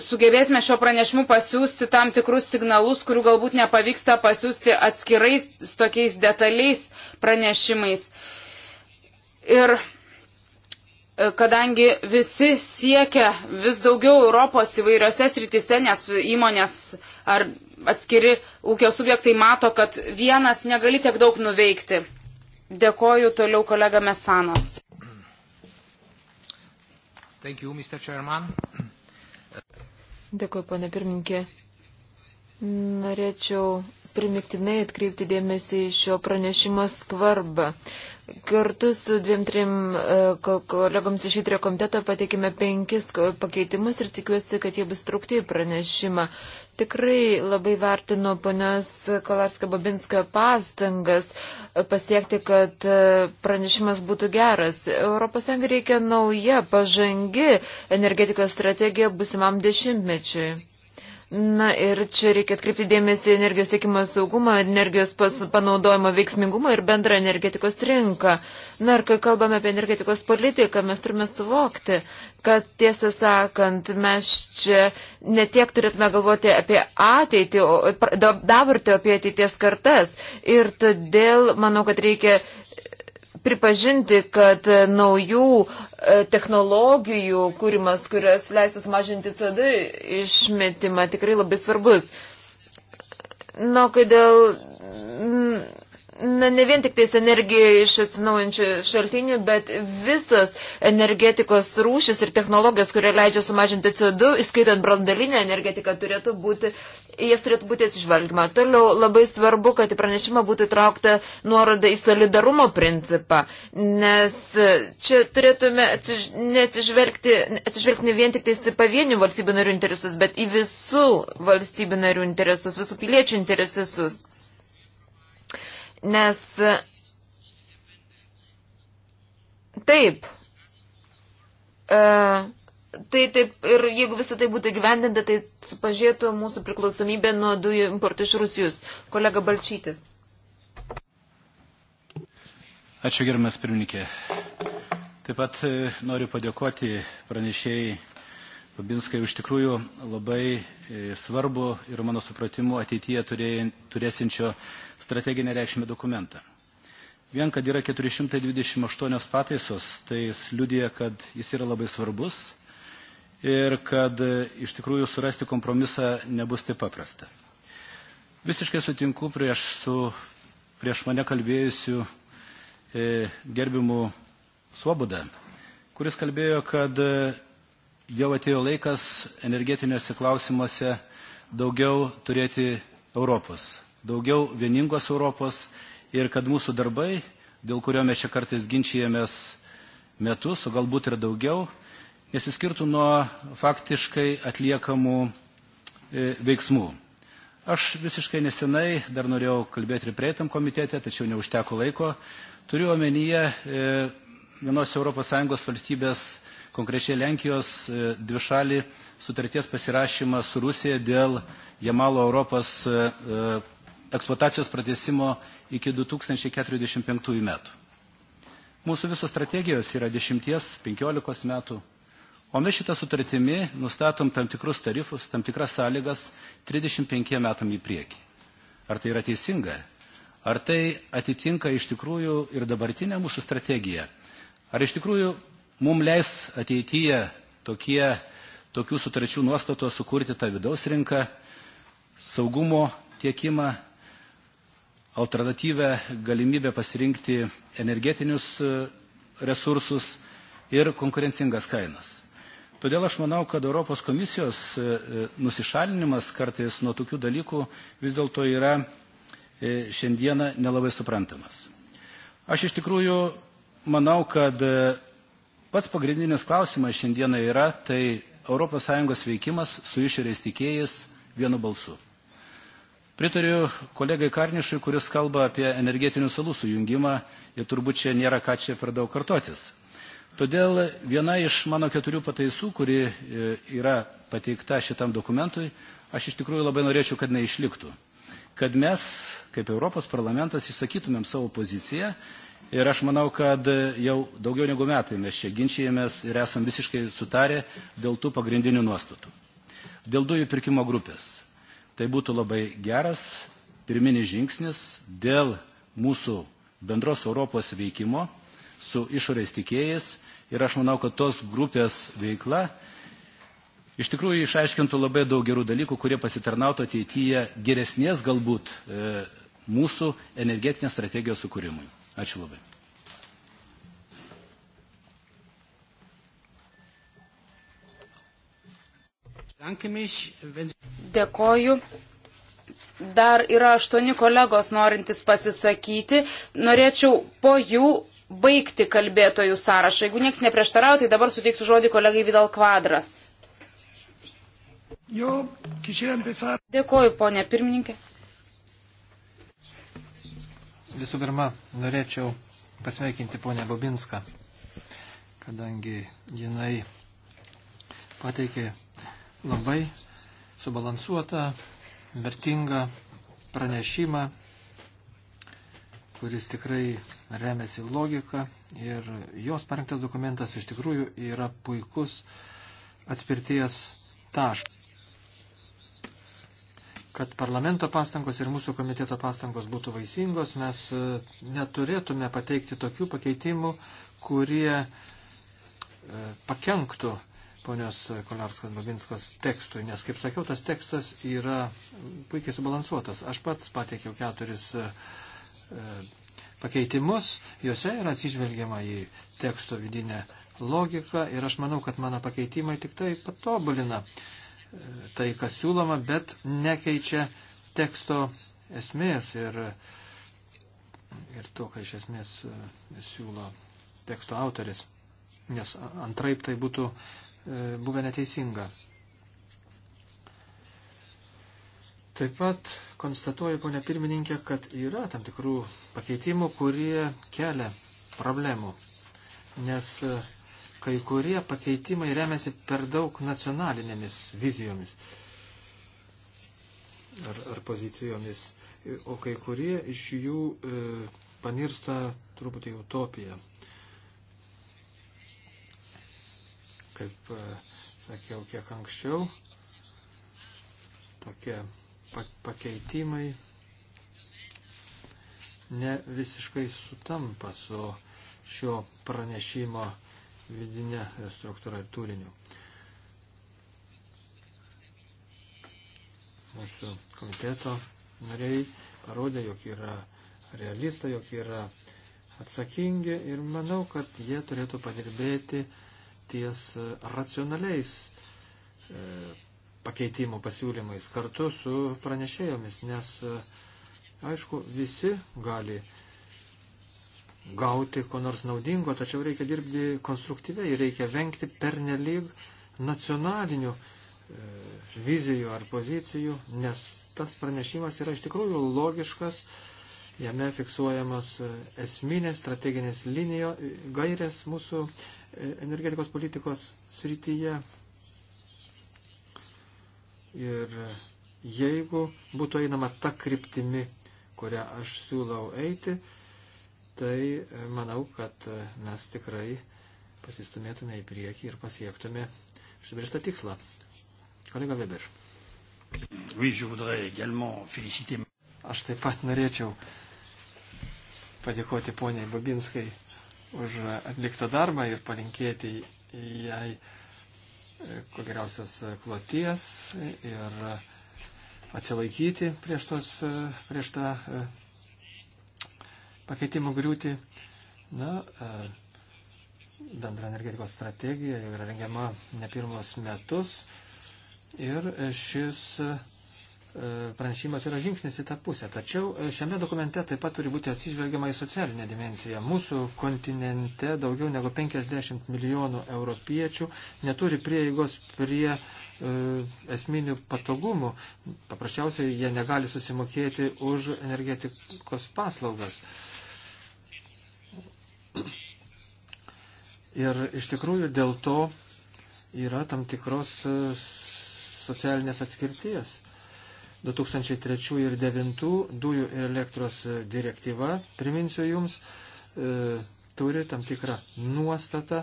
sugebėsime šio pranešimu pasiūsti tam tikrus signalus, kurių galbūt nepavyksta pasiūsti atskirais tokiais detaliais pranešimais. Ir kadangi visi siekia vis daugiau Europos įvairiose srityse, nes įmonės ar atskiri ūkio subjektai mato, kad vienas negali tiek daug nuveikti. Dėkoju toliau kolega Mesanos. Thank you, Mr. Chairman. Dėkuoju, pane pirmininkė. Norėčiau primiktinai atkreipti dėmesį į šio pranešimo skvarbą. Kartu su dviem trim e, kolegoms iš įtrio komiteto pateikime penkis pakeitimus ir tikiuosi, kad jie bus trukti į pranešimą. Tikrai labai vertinu ponios Kolarska Babinska pastangas pasiekti, kad e, pranešimas būtų geras. ES reikia nauja, pažangi energetikos strategija busimam dešimtmečiui. Na ir čia reikia atkreipti dėmesį energijos tiekimo saugumą, energijos panaudojimo veiksmingumą ir bendrą energetikos rinką. Na ir kai kalbame apie energetikos politiką, mes turime suvokti, kad tiesą sakant, mes čia netiek turėtume galvoti apie ateitį, o dabartį apie ateities kartas. Ir todėl manau, kad reikia pripažinti, kad e, naujų e, technologijų kūrimas, kurios leistų sumažinti CO2 išmetimą, tikrai labai svarbus. Na, kai dėl na, ne vien tik tais energija iš atsinaujančių šaltinių, bet visos energetikos rūšis ir technologijos, kurie leidžia sumažinti CO2, įskaitant brandalinę energetiką, turėtų būti, jas turėtų būti atsižvalgima. Toliau labai svarbu, kad į pranešimą būtų traukta nuoroda į solidarumo principą, nes čia turėtume atsiž... neatsižvelgti, atsižvelgti ne vien tik tais į pavienių valstybių narių interesus, bet į visų valstybių narių interesus, visų piliečių interesus. Nes taip, e, tai taip ir jeigu visą tai būtų gyvendinta, tai supažėtų mūsų priklausomybė nuo dujų importų iš Rusijos. Kolega Balčytis. Ačiū gerbiamas pirmininkė. Taip pat e, noriu padėkoti pranešėjai Babinskai už tikrųjų labai e, svarbu ir mano supratimu ateityje turėsinčio strateginę reikšmę dokumentą. Vien, kad yra 428 pataisos, tai jis liudija, kad jis yra labai svarbus ir kad e, iš tikrųjų surasti kompromisą nebus taip paprasta. Visiškai sutinku prieš, su, prieš mane kalbėjusiu e, gerbimu Svoboda, kuris kalbėjo, kad e, jau atėjo laikas energetiniuose klausimuose daugiau turėti Europos, daugiau vieningos Europos ir kad mūsų darbai, dėl kurio mes čia kartais ginčijamės metus, o galbūt ir daugiau, nesiskirtų nuo faktiškai atliekamų e, veiksmų. Aš visiškai nesenai dar norėjau kalbėti ir prieitam komitete, tačiau neužteko laiko. Turiu omenyje e, vienos ES valstybės konkrečiai Lenkijos e, dvišalį sutarties pasirašymą su Rusija dėl Jamalo Europos e, e, eksploatacijos pratesimo iki 2045 metų. Mūsų visos strategijos yra 10-15 metų, o mes šitą sutartimi nustatom tam tikrus tarifus, tam tikras sąlygas 35 metam į priekį. Ar tai yra teisinga? Ar tai atitinka iš tikrųjų ir dabartinę mūsų strategiją? Ar iš tikrųjų mums leis ateityje tokie, tokių sutarčių nuostatos sukurti tą vidaus rinką, saugumo tiekimą, alternatyvę galimybę pasirinkti energetinius e, resursus ir konkurencingas kainas. Todėl aš manau, kad Europos komisijos e, e, nusišalinimas kartais nuo tokių dalykų vis dėlto yra šiandieną nelabai suprantamas. Aš iš tikrųjų manau, kad Pats pagrindinis klausimas šiandieną yra, tai ES veikimas su išorės tikėjais vienu balsu. Pritariu kolegai Karnišui, kuris kalba apie energetinių salų sujungimą ir turbūt čia nėra ką čia per daug kartotis. Todėl viena iš mano keturių pataisų, kuri e, yra pateikta šitam dokumentui, aš iš tikrųjų labai norėčiau, kad neišliktų. Kad mes, kaip Europos parlamentas, įsakytumėm savo poziciją Ir aš manau, kad jau daugiau negu metai mes čia ginčijamės ir esam visiškai sutarę dėl tų pagrindinių nuostatų. Dėl dujų pirkimo grupės. Tai būtų labai geras pirminis žingsnis dėl mūsų bendros Europos veikimo su išorės tikėjais ir aš manau, kad tos grupės veikla iš tikrųjų išaiškintų labai daug gerų dalykų, kurie pasitarnautų ateityje geresnės galbūt e, mūsų energetinės strategijos sukūrimui. Ačiū labai. Dėkoju. Dar yra aštuoni kolegos norintys pasisakyti. Norėčiau po jų baigti kalbėtojų sąrašą. Jeigu nieks neprieštarauja, tai dabar suteiksiu žodį kolegai Vidal Kvadras. Dėkoju, ponė pirmininkė. Visų pirma, norėčiau pasveikinti ponę Bobinską, kadangi jinai pateikė labai subalansuotą, vertingą pranešimą, kuris tikrai remiasi logika ir jos parengtas dokumentas iš tikrųjų yra puikus atspirties taškas kad parlamento pastangos ir mūsų komiteto pastangos būtų vaisingos, mes e, neturėtume pateikti tokių pakeitimų, kurie e, pakenktų ponios Konarskos Babinskos tekstui, nes, kaip sakiau, tas tekstas yra puikiai subalansuotas. Aš pats pateikiau keturis e, pakeitimus, juose yra atsižvelgiama į teksto vidinę logiką ir aš manau, kad mano pakeitimai tik tai patobulina tai, kas siūloma, bet nekeičia teksto esmės ir, ir to, ką iš esmės e, siūlo teksto autoris, nes antraip tai būtų e, buvę neteisinga. Taip pat konstatuoju, ponia pirmininkė, kad yra tam tikrų pakeitimų, kurie kelia problemų, nes e, kai kurie pakeitimai remiasi per daug nacionalinėmis vizijomis ar, ar pozicijomis, o kai kurie iš jų e, panirsta truputį utopiją. Kaip e, sakiau kiek anksčiau, tokie pakeitimai ne visiškai sutampa su šio pranešimo vidinė struktūra ir turiniu. Mūsų komiteto nariai parodė, jog yra realistai, jog yra atsakingi ir manau, kad jie turėtų padirbėti ties racionaliais e, pakeitimo pasiūlymais kartu su pranešėjomis, nes e, aišku, visi gali gauti ko nors naudingo, tačiau reikia dirbti konstruktyviai, reikia vengti pernelyg nacionalinių e, vizijų ar pozicijų, nes tas pranešimas yra iš tikrųjų logiškas, jame fiksuojamos e, esminės strateginės linijo e, gairės mūsų e, energetikos politikos srityje. Ir jeigu būtų einama ta kryptimi, kurią aš siūlau eiti, tai e, manau, kad e, mes tikrai pasistumėtume į priekį ir pasiektume užsibrėžtą tikslą. Kolega Weber. Aš taip pat norėčiau padėkoti poniai Babinskai už atliktą darbą ir palinkėti jai e, kuo geriausios kloties ir atsilaikyti prieš, tos, prieš tą pakeitimų griūti. Na, e, bendra energetikos strategija jau yra rengiama ne pirmus metus ir šis e, pranešimas yra žingsnis į tą pusę. Tačiau e, šiame dokumente taip pat turi būti atsižvelgiama į socialinę dimenciją. Mūsų kontinente daugiau negu 50 milijonų europiečių neturi prieigos prie esminių patogumų. Paprasčiausiai jie negali susimokėti už energetikos paslaugas. E, Ir iš tikrųjų dėl to yra tam tikros e, socialinės atskirties. 2003 ir 2009 dujų ir elektros direktyva, priminsiu jums, e, turi tam tikrą nuostatą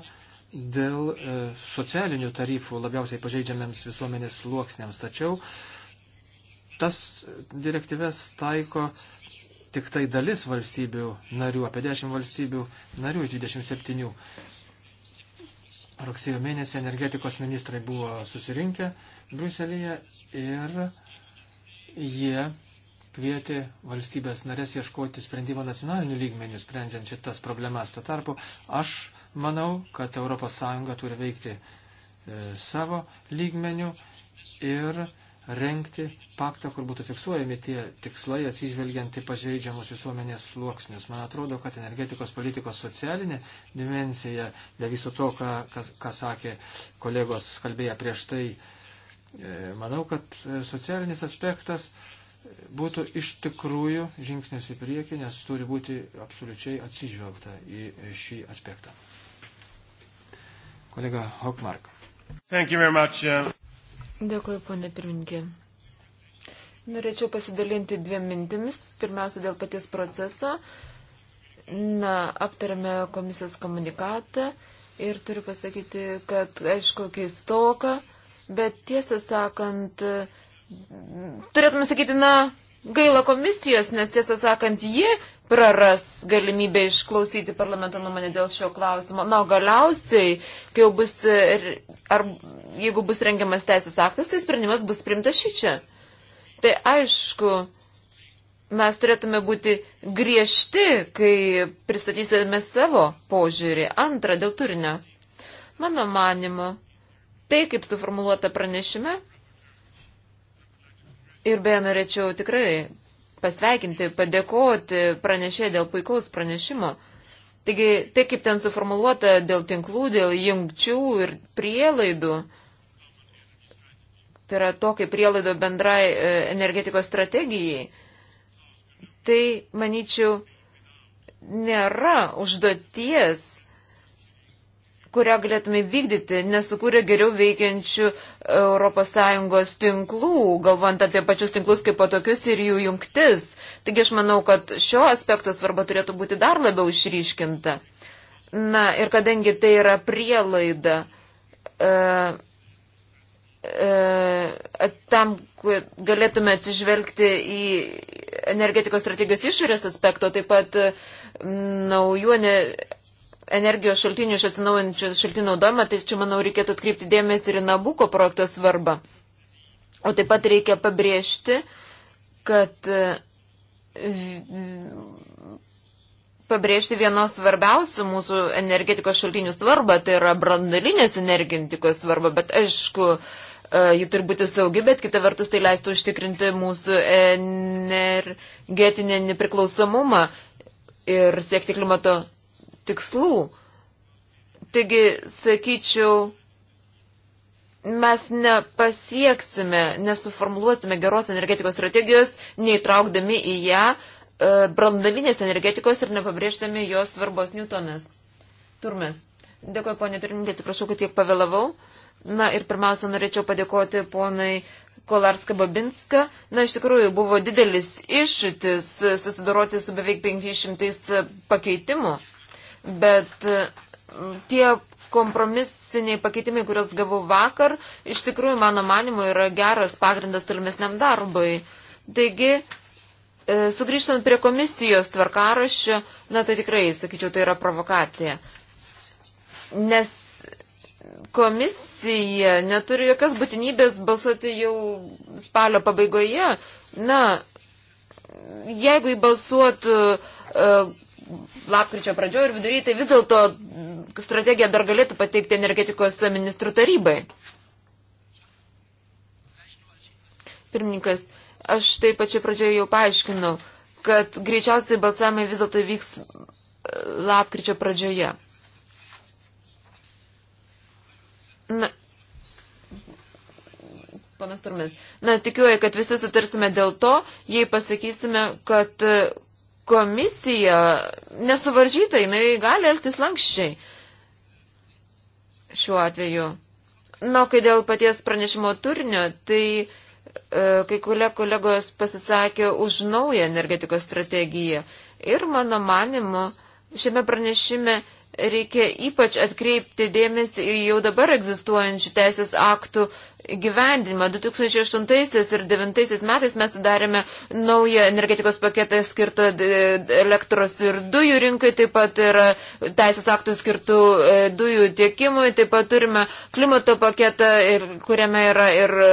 dėl e, socialinių tarifų labiausiai pažeidžiamiams visuomenės sluoksniams. Tačiau tas direktyves taiko tik tai dalis valstybių narių, apie 10 valstybių narių iš 27. Rugsėjo mėnesį energetikos ministrai buvo susirinkę Bruselėje ir jie kvietė valstybės narės ieškoti sprendimo nacionalinių lygmenių, sprendžiant šitas problemas. Tuo tarpu aš manau, kad ES turi veikti e, savo lygmenių ir renkti paktą, kur būtų fiksuojami tie tikslai atsižvelgiant į pažeidžiamus visuomenės sluoksnius. Man atrodo, kad energetikos politikos socialinė dimensija, be viso to, ką, kas, ką sakė kolegos kalbėję prieš tai, e, manau, kad e, socialinis aspektas būtų iš tikrųjų žingsnis į priekį, nes turi būti absoliučiai atsižvelgta į šį aspektą. Kolega Hokmark. Thank you very much. Uh... Dėkuoju, ponė pirmininkė. Norėčiau pasidalinti dviem mintimis. Pirmiausia, dėl paties proceso. Na, aptarėme komisijos komunikatą ir turiu pasakyti, kad, aišku, keistoka, bet tiesą sakant, turėtume sakyti, na, gaila komisijos, nes tiesą sakant, ji praras galimybę išklausyti parlamento nuomonę dėl šio klausimo. Na, galiausiai, kai jau bus, ar jeigu bus rengiamas teisės aktas, tai sprendimas bus primtas šį čia. Tai aišku, mes turėtume būti griežti, kai pristatysime savo požiūrį. Antra, dėl turinio. Mano manimo, tai kaip suformuoluota pranešime. Ir beje, norėčiau tikrai pasveikinti, padėkoti pranešė dėl puikaus pranešimo. Taigi, tai kaip ten suformuluota dėl tinklų, dėl jungčių ir prielaidų, tai yra to, kaip prielaido bendrai e, energetikos strategijai, tai, manyčiau, nėra užduoties kurią galėtume vykdyti, nesukūrė geriau veikiančių ES tinklų, galvant apie pačius tinklus kaip patokius ir jų jungtis. Taigi aš manau, kad šio aspekto svarba turėtų būti dar labiau išryškinta. Na ir kadangi tai yra prielaida e, e, tam, kad galėtume atsižvelgti į energetikos strategijos išorės aspekto, taip pat naujų energijos šaltinių iš atsinaujančių šaltinių naudojimą, tai čia, manau, reikėtų atkreipti dėmesį ir į Nabuko projekto svarbą. O taip pat reikia pabrėžti, kad e, pabrėžti vienos svarbiausių mūsų energetikos šaltinių svarbą, tai yra brandalinės energetikos svarbą, bet aišku, e, ji turi būti saugi, bet kita vertus tai leistų užtikrinti mūsų energetinę nepriklausomumą ir siekti klimato tikslų. Taigi, sakyčiau, mes nepasieksime, nesuformuluosime geros energetikos strategijos, neįtraukdami į ją e, brandalinės energetikos ir nepabrėždami jos svarbos Newtonas. Turmes. Dėkuoju, ponė pirmininkė, atsiprašau, kad tiek pavėlavau. Na ir pirmiausia, norėčiau padėkoti ponai Kolarska Babinska. Na, iš tikrųjų, buvo didelis iššūtis susidoroti su beveik 500 pakeitimų bet e, tie kompromisiniai pakeitimai, kuriuos gavau vakar, iš tikrųjų, mano manimu, yra geras pagrindas tolimesniam darbui. Taigi, e, sugrįžtant prie komisijos tvarkaraščio, na tai tikrai, sakyčiau, tai yra provokacija. Nes komisija neturi jokios būtinybės balsuoti jau spalio pabaigoje. Na, jeigu įbalsuotų uh, E, lapkričio pradžioje ir viduryje, tai vis dėlto strategiją dar galėtų pateikti energetikos ministrų tarybai. Pirmininkas, aš tai pačioje pradžioje jau paaiškinau, kad greičiausiai balsavimai vis dėlto vyks e, lapkričio pradžioje. Na, panas Turmins. Na, tikiuoju, kad visi sutarsime dėl to, jei pasakysime, kad e, komisija nesuvaržyta, jinai gali elgtis lankščiai šiuo atveju. Na, kai dėl paties pranešimo turinio, tai e, kai kurie kolegos pasisakė už naują energetikos strategiją. Ir mano manimu, šiame pranešime reikia ypač atkreipti dėmesį į jau dabar egzistuojančių teisės aktų gyvendinimą. 2008 ir 2009 metais mes sudarėme naują energetikos paketą skirtą e, elektros ir dujų rinkai, taip pat yra teisės aktų skirtų e, dujų tiekimui, taip pat turime klimato paketą, ir, kuriame yra ir e,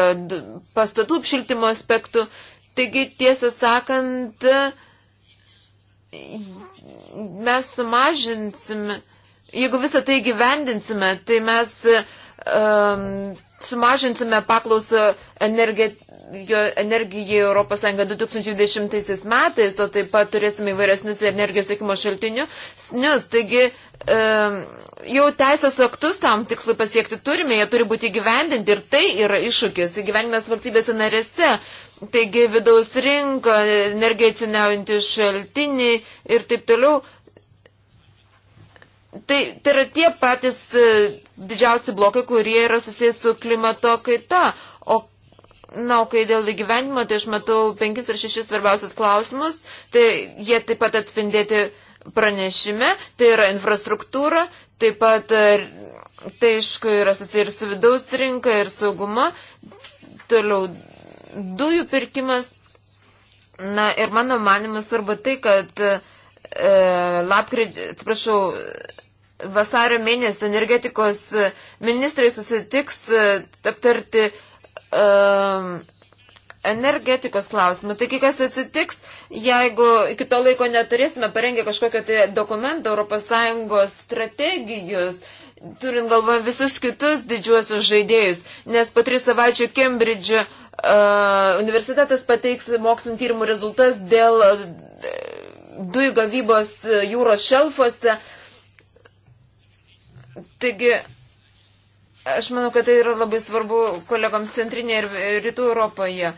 pastatų apšiltimo aspektų. Taigi, tiesą sakant, mes sumažinsime, jeigu visą tai gyvendinsime, tai mes um, sumažinsime paklausą energijai Europos Sąjunga 2020 metais, o taip pat turėsime įvairesnius energijos sėkimo šaltinius. Taigi um, jau teisės aktus tam tikslui pasiekti turime, jie turi būti gyvendinti ir tai yra iššūkis gyvenimas valstybėse narėse. Taigi vidaus rinka, energija atsinaujantys šaltiniai ir taip toliau Tai, tai yra tie patys e, didžiausi blokai, kurie yra susijęs su klimato kaita. O, na, o kai dėl įgyvenimo, tai aš matau penkis ar šešis svarbiausius klausimus, tai jie taip pat atspindėti pranešime, tai yra infrastruktūra, taip pat e, tai aišku yra susiję ir su vidaus rinka, ir sauguma, toliau dujų pirkimas. Na ir mano manimas svarbu tai, kad e, lapkritį, atsiprašau, vasario mėnesį energetikos ministrai susitiks e, aptarti um, energetikos klausimą. Taigi, kas atsitiks, jeigu iki to laiko neturėsime parengę kažkokią tai dokumentą ES strategijos, turint galvoje visus kitus didžiuosius žaidėjus, nes po tris savaičių Kembridžio uh, e, universitetas pateiks mokslinio tyrimų rezultas dėl uh, dujų gavybos jūros šelfose. Uh, Taigi, aš manau, kad tai yra labai svarbu kolegams centrinėje ir rytų Europoje.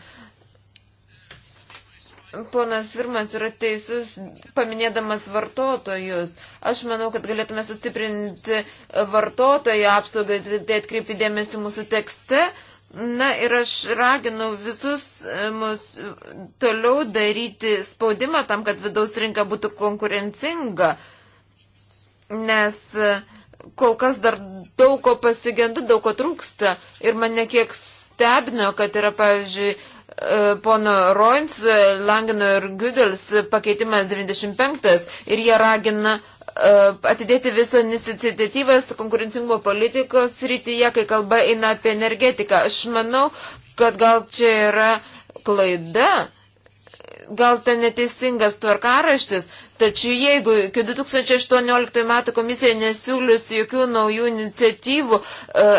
Ponas Virmas yra teisus, paminėdamas vartotojus. Aš manau, kad galėtume sustiprinti vartotojų apsaugą, tai atkreipti dėmesį mūsų tekste. Na ir aš raginu visus e, mus toliau daryti spaudimą tam, kad vidaus rinka būtų konkurencinga, nes uh, kol kas dar daug ko pasigendu, daug ko trūksta. Ir mane kiek stebino, kad yra, pavyzdžiui, e, pono Roins, e, Langino ir Gudels pakeitimas 95 ir jie ragina e, atidėti visą iniciatyvas konkurencingumo politikos rytyje, kai kalba eina apie energetiką. Aš manau, kad gal čia yra klaida, gal ten neteisingas tvarkaraštis, Tačiau jeigu iki 2018 metų komisija nesiūlius jokių naujų iniciatyvų e,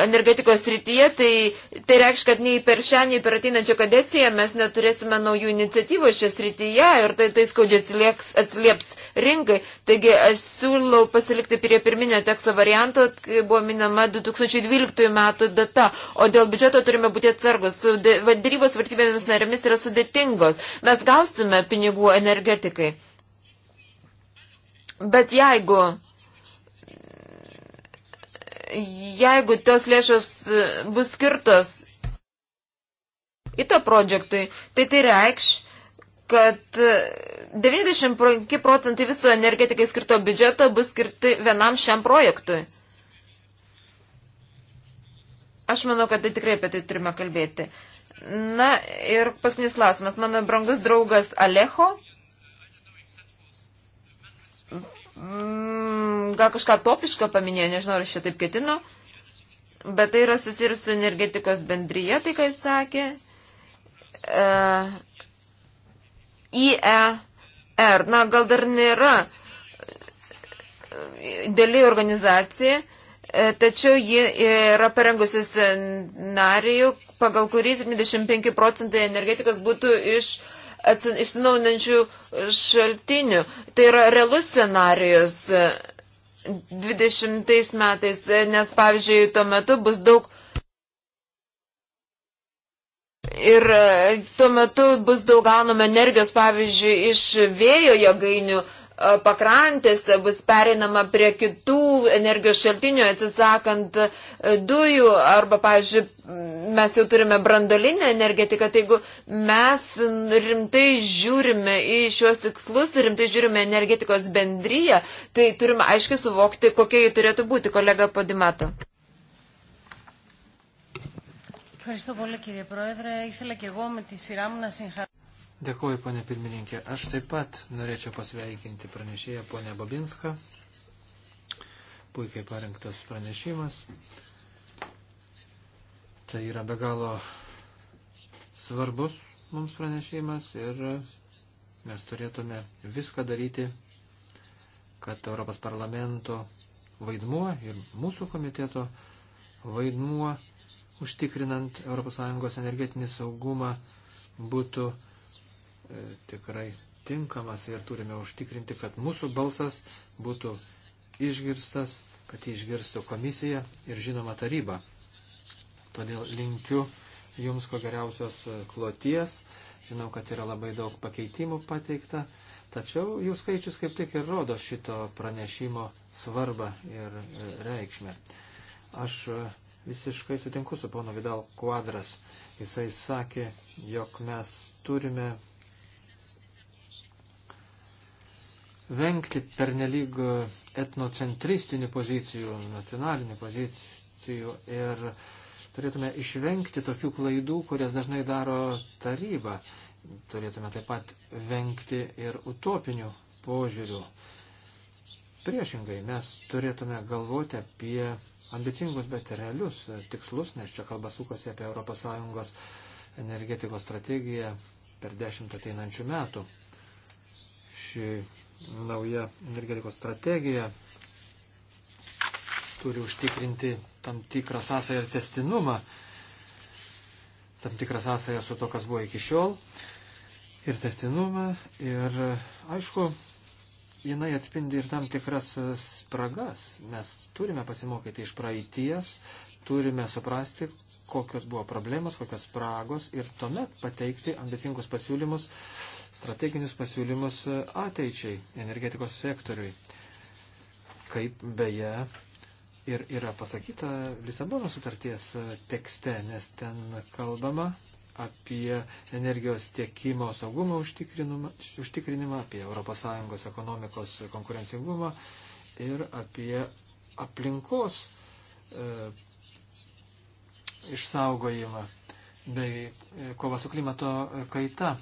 energetikos rytyje, tai tai reikš, kad nei per šią, nei per ateinančią kadenciją mes neturėsime naujų iniciatyvų šią srityje ir tai, tai skaudžiai atsilieps, atsilieps rinkai. Taigi aš siūlau pasilikti prie pirminio teksto varianto, kai buvo minama 2012 metų data, o dėl biudžeto turime būti atsargus. Dėrybos valstybėmis narėmis yra sudėtingos. Mes gausime pinigų energetikai. Bet jeigu, jeigu tos lėšos e, bus skirtos į tą projektui, tai tai reikš, kad 95 e, procentai viso energetikai skirto biudžeto bus skirti vienam šiam projektui. Aš manau, kad tai tikrai apie tai turime kalbėti. Na ir paskutinis klausimas. Mano brangus draugas Alejo mm, gal kažką topiško paminėjo, nežinau, ar aš čia taip ketinu, bet tai yra susijęs su energetikos bendryje, tai ką jis sakė. E, IER, na, gal dar nėra dėliai organizacija, e, tačiau ji yra parengusi scenarijų, pagal kurį 75 procentai energetikos būtų iš uh, atsinaujinančių šaltinių. Tai yra realus scenarijus 20 e, metais, e, nes pavyzdžiui, tuo metu bus daug. Ir e, tuo metu bus daug gaunama energijos, pavyzdžiui, iš vėjo jėgainių E, pakrantėse bus perinama prie kitų energijos šaltinių, atsisakant e, dujų arba, pavyzdžiui, mes jau turime brandolinę energetiką, tai jeigu mes rimtai žiūrime į šiuos tikslus ir rimtai žiūrime energetikos bendryje, tai turime aiškiai suvokti, kokie jų turėtų būti, kolega Podimato. Ευχαριστώ πολύ κύριε Πρόεδρε. Ήθελα και εγώ με τη σειρά μου να συγχαρώ. Dėkuoju, ponė pirmininkė. Aš taip pat norėčiau pasveikinti pranešėją ponę Babinską. Puikiai parengtas pranešimas. Tai yra be galo svarbus mums pranešimas ir mes turėtume viską daryti, kad Europos parlamento vaidmuo ir mūsų komiteto vaidmuo užtikrinant ES energetinį saugumą būtų E, tikrai tinkamas ir turime užtikrinti, kad mūsų balsas būtų išgirstas, kad jį išgirstų komisija ir žinoma taryba. Todėl linkiu Jums ko geriausios e, kloties. Žinau, kad yra labai daug pakeitimų pateikta, tačiau jų skaičius kaip tik ir rodo šito pranešimo svarbą ir e, reikšmę. Aš visiškai sutinku su pono Vidal Quadras. Jisai sakė, jog mes turime vengti pernelyg etnocentristinių pozicijų, nacionalinių pozicijų ir turėtume išvengti tokių klaidų, kurias dažnai daro taryba. Turėtume taip pat vengti ir utopinių požiūrių. Priešingai, mes turėtume galvoti apie ambicingus, bet realius tikslus, nes čia kalba sukasi apie ES energetikos strategiją per dešimt ateinančių metų. Ši nauja energetikos strategija turi užtikrinti tam tikrą sąsąją ir testinumą, tam tikrą sąsąją su to, kas buvo iki šiol, ir testinumą, ir aišku, jinai atspindi ir tam tikras spragas. Mes turime pasimokyti iš praeities, turime suprasti, kokios buvo problemos, kokios spragos ir tuomet pateikti ambicingus pasiūlymus strateginius pasiūlymus ateičiai energetikos sektoriui, kaip beje ir yra pasakyta Lisabono sutarties tekste, nes ten kalbama apie energijos tiekimo saugumo užtikrinimą, apie ES ekonomikos konkurencingumą ir apie aplinkos e, išsaugojimą bei e, kova su klimato kaita.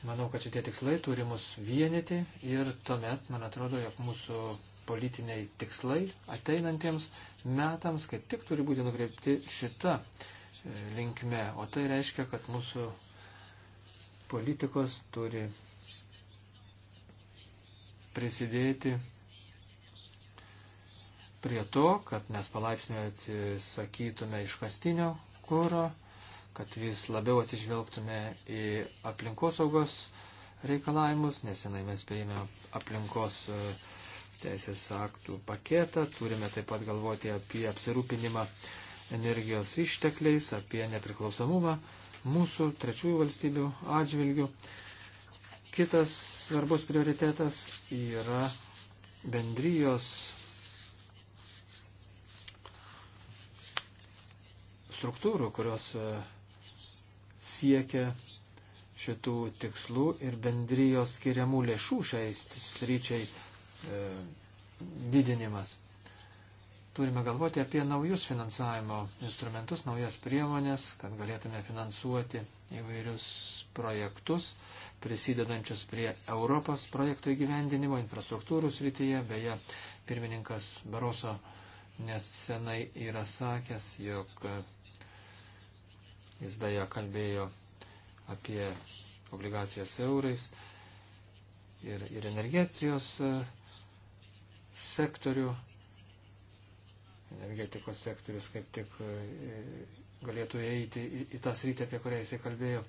Manau, kad šitie tikslai turi mus vienyti ir tuomet, man atrodo, jog mūsų politiniai tikslai ateinantiems metams kaip tik turi būti nukreipti šita e, linkme. O tai reiškia, kad mūsų politikos turi prisidėti prie to, kad mes palaipsniui atsisakytume iškastinio kūro kad vis labiau atsižvelgtume į aplinkosaugos reikalavimus. Nesenai mes priėmėme aplinkos e, teisės aktų paketą. Turime taip pat galvoti apie apsirūpinimą energijos ištekliais, apie nepriklausomumą mūsų trečiųjų valstybių atžvilgių. Kitas svarbus prioritetas yra bendrijos struktūrų, kurios e, siekia šitų tikslų ir bendrijos skiriamų lėšų šiai sryčiai e, didinimas. Turime galvoti apie naujus finansavimo instrumentus, naujas priemonės, kad galėtume finansuoti įvairius projektus, prisidedančius prie Europos projektų įgyvendinimo infrastruktūrų srityje. Beje, pirmininkas Baroso nesenai yra sakęs, jog Jis beje kalbėjo apie obligacijas eurais ir, ir energetijos e, sektorių. Energetikos sektorius kaip tik e, galėtų eiti į, į tą sritį, apie kurią jisai kalbėjo.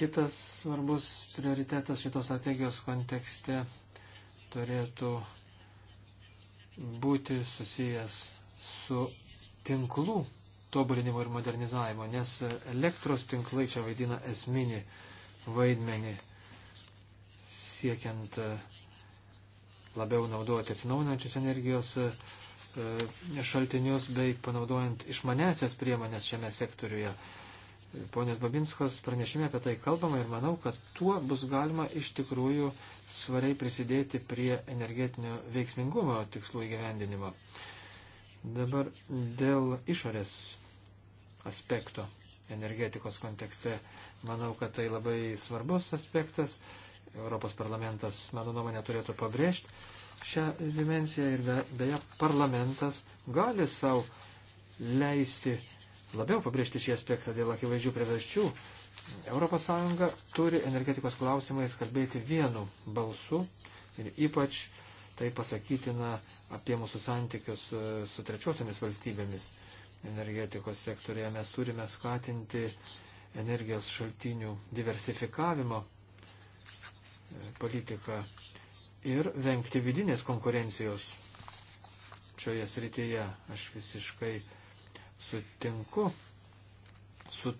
Kitas svarbus prioritetas šitos strategijos kontekste turėtų būti susijęs su tinklų tobulinimu ir modernizavimu, nes elektros tinklai čia vaidina esminį vaidmenį siekiant e, labiau naudoti atsinaujinančius energijos e, e, šaltinius bei panaudojant išmanesias priemonės šiame sektoriuje. Ponės Babinskos pranešime apie tai kalbama ir manau, kad tuo bus galima iš tikrųjų svariai prisidėti prie energetinio veiksmingumo tikslų įgyvendinimo. Dabar dėl išorės aspekto energetikos kontekste, manau, kad tai labai svarbus aspektas. Europos parlamentas, mano nuomonė, turėtų pabrėžti šią dimenciją ir be, beje, parlamentas gali savo leisti labiau pabrėžti šį aspektą dėl akivaizdžių priežasčių. ES turi energetikos klausimais kalbėti vienu balsu ir ypač Tai pasakytina apie mūsų santykius e, su trečiosiamis valstybėmis energetikos sektorėje. Mes turime skatinti energijos šaltinių diversifikavimo e, politiką ir vengti vidinės konkurencijos šioje srityje. Aš visiškai sutinku su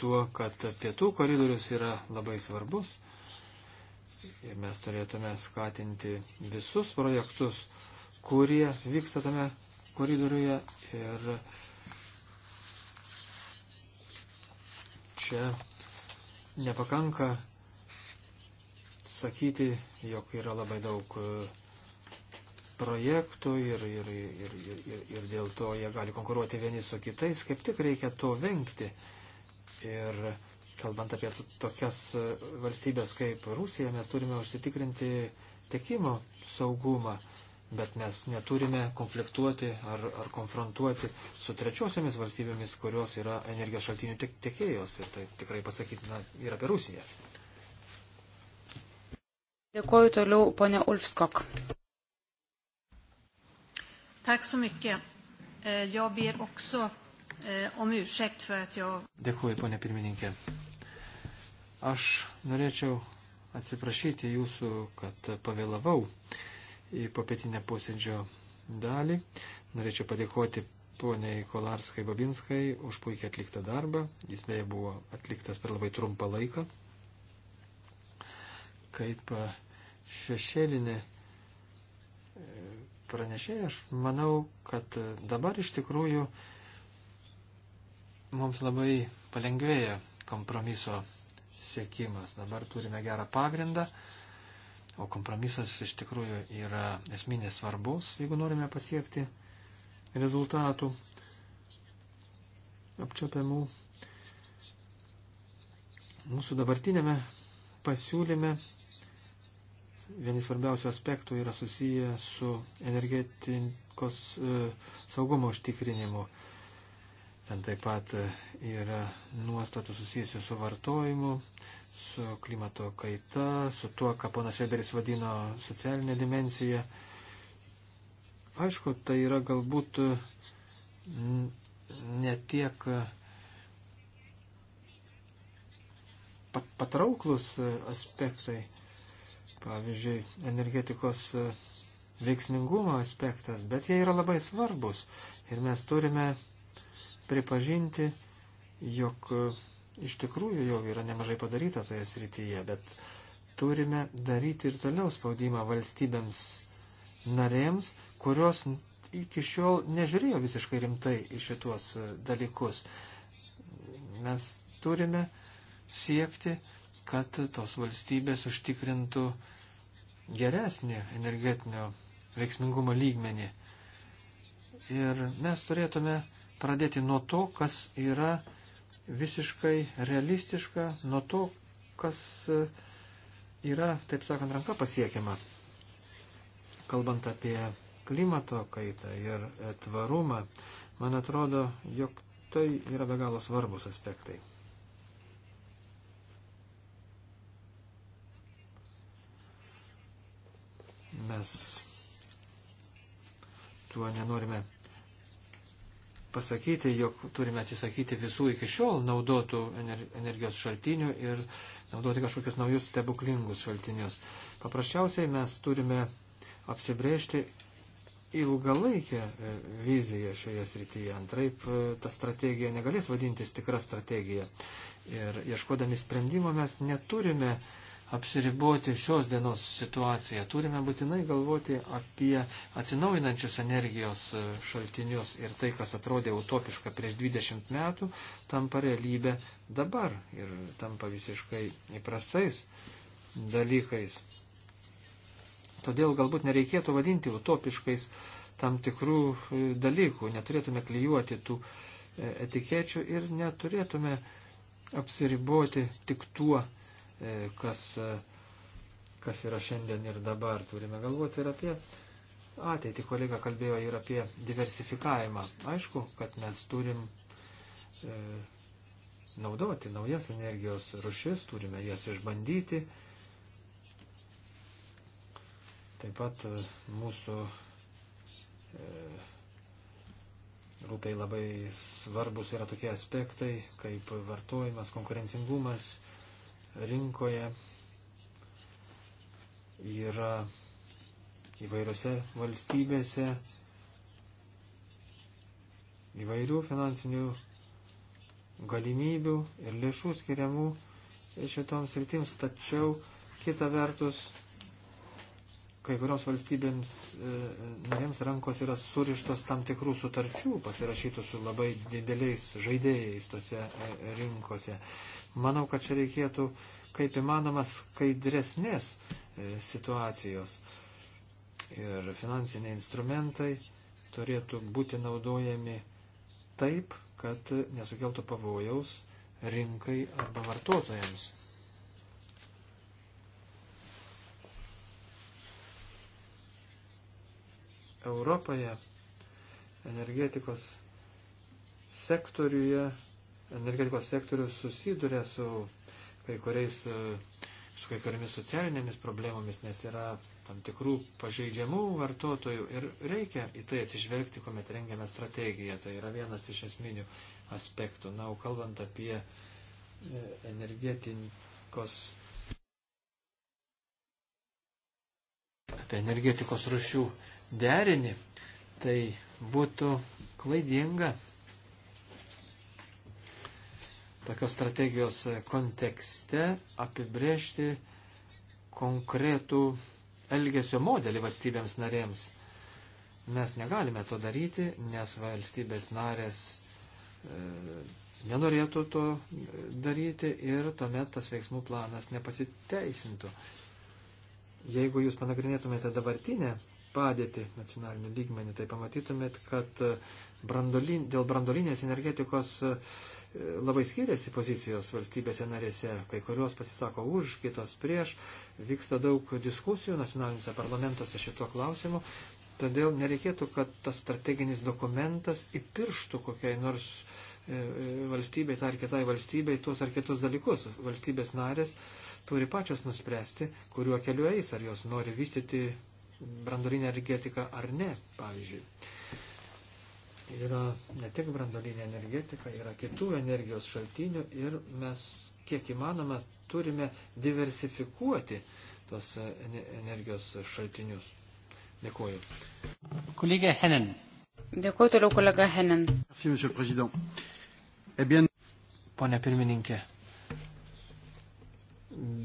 tuo, kad pietų koridorius yra labai svarbus. Ir mes turėtume skatinti visus projektus, kurie vyksta tame koridoriuje. Ir čia nepakanka sakyti, jog yra labai daug e, projektų ir, ir, ir, ir, ir, ir dėl to jie gali konkuruoti vieni su kitais, kaip tik reikia to vengti. Ir kalbant apie tokias e, valstybės kaip Rusija, mes turime užsitikrinti tiekimo saugumą, bet mes neturime konfliktuoti ar, ar konfrontuoti su trečiosiomis valstybėmis, kurios yra energijos šaltinių tiekėjos. Ir tai tikrai pasakytina ir apie Rusiją. Dėkuoju toliau, ponia Ulfskok. Tack så mycket. Eh, jag ber också eh, om ursäkt för att jag... Dėkuoju, ponia pirmininkė. Aš norėčiau atsiprašyti jūsų, kad pavėlavau į papietinę posėdžio dalį. Norėčiau padėkoti poniai Kolarskai Babinskai už puikiai atliktą darbą. Jis beje buvo atliktas per labai trumpą laiką. Kaip šešėlinė e, pranešėja, aš manau, kad dabar iš tikrųjų mums labai palengvėja kompromiso siekimas. Dabar turime gerą pagrindą, o kompromisas iš tikrųjų yra esminės svarbus, jeigu norime pasiekti rezultatų apčiopiamų. Mūsų dabartinėme pasiūlyme vienas svarbiausių aspektų yra susiję su energetikos e, saugumo užtikrinimu. E, Ten taip pat yra nuostatų susijusių su vartojimu, su klimato kaita, su tuo, ką ponas Weberis vadino socialinė dimencija. Aišku, tai yra galbūt ne tiek patrauklus aspektai, pavyzdžiui, energetikos veiksmingumo aspektas, bet jie yra labai svarbus ir mes turime pripažinti, jog e, iš tikrųjų jau yra nemažai padaryta toje srityje, bet turime daryti ir toliau spaudimą valstybėms narėms, kurios iki šiol nežiūrėjo visiškai rimtai į šitos e, dalykus. Mes turime siekti, kad tos valstybės užtikrintų geresnį energetinio veiksmingumo lygmenį. Ir mes turėtume pradėti nuo to, kas yra visiškai realistiška, nuo to, kas e, yra, taip sakant, ranka pasiekiama. Kalbant apie klimato kaitą ir e, tvarumą, man atrodo, jog tai yra be galo svarbus aspektai. Mes tuo nenorime pasakyti, jog turime atsisakyti visų iki šiol naudotų energijos šaltinių ir naudoti kažkokius naujus stebuklingus šaltinius. Paprasčiausiai mes turime apsibrėžti ilgalaikę e, viziją šioje srityje. Antraip e, ta strategija negalės vadintis tikra strategija. Ir ieškodami sprendimo mes neturime uh, apsiriboti šios dienos situaciją. Turime būtinai galvoti apie atsinaujinančius energijos e, šaltinius ir tai, kas atrodė utopiška prieš 20 metų, tampa realybė dabar ir tampa visiškai įprastais dalykais. Todėl galbūt nereikėtų vadinti utopiškais tam tikrų e, dalykų, neturėtume klyjuoti tų e, etikečių ir neturėtume apsiriboti tik tuo, E, kas, e, kas yra šiandien ir dabar. Turime galvoti ir apie ateitį. Kolega kalbėjo ir apie diversifikavimą. Aišku, kad mes turim e, naudoti naujas energijos rušis, turime jas išbandyti. Taip pat e, mūsų e, rūpiai labai svarbus yra tokie aspektai kaip vartojimas, konkurencingumas, e, rinkoje yra įvairiose valstybėse įvairių finansinių galimybių ir lėšų skiriamų šitoms sritims, tačiau kita vertus kai kurios valstybėms e, narėms rankos yra surištos tam tikrų sutarčių pasirašytų su labai dideliais žaidėjais tose e, rinkose. Manau, kad čia reikėtų kaip įmanoma skaidresnės e, situacijos. Ir finansiniai instrumentai turėtų būti naudojami taip, kad nesukeltų pavojaus rinkai arba vartotojams. Europoje energetikos sektoriuje energetikos sektorius susiduria su kai, kuriais, e, su kai kuriamis socialinėmis problemomis, nes yra tam tikrų pažeidžiamų vartotojų ir reikia į tai atsižvelgti, kuomet rengiame strategiją. Tai yra vienas iš esminių aspektų. Na, o kalbant apie e, energetikos apie energetikos rušių derinį, tai būtų klaidinga tokios strategijos kontekste apibrėžti konkretų elgesio modelį valstybėms narėms. Mes negalime to daryti, nes valstybės narės e, nenorėtų to daryti ir tuomet tas veiksmų planas nepasiteisintų. Jeigu jūs panagrinėtumėte dabartinę padėtį nacionalinių lygmenį, tai pamatytumėt, kad brandolin, dėl brandolinės energetikos e, labai skiriasi pozicijos valstybėse narėse. Kai kurios pasisako už, kitos prieš. Vyksta daug diskusijų nacionaliniuose parlamentuose šituo klausimu. Todėl nereikėtų, kad tas strateginis dokumentas įpirštų kokiai nors e, e, valstybei, tai ar kitai valstybei, tuos ar kitus dalykus. Valstybės narės turi pačios nuspręsti, kuriuo keliu eis, ar jos nori vystyti branduolinę energetiką ar ne, pavyzdžiui yra ne tik brandolinė energetika, yra kitų energijos šaltinių ir mes kiek įmanoma turime diversifikuoti tos energijos šaltinius. Dėkuoju. Kolegė Henin. Dėkuoju toliau kolega Henin. Merci, monsieur le président. Eh bien... Pone pirmininkė,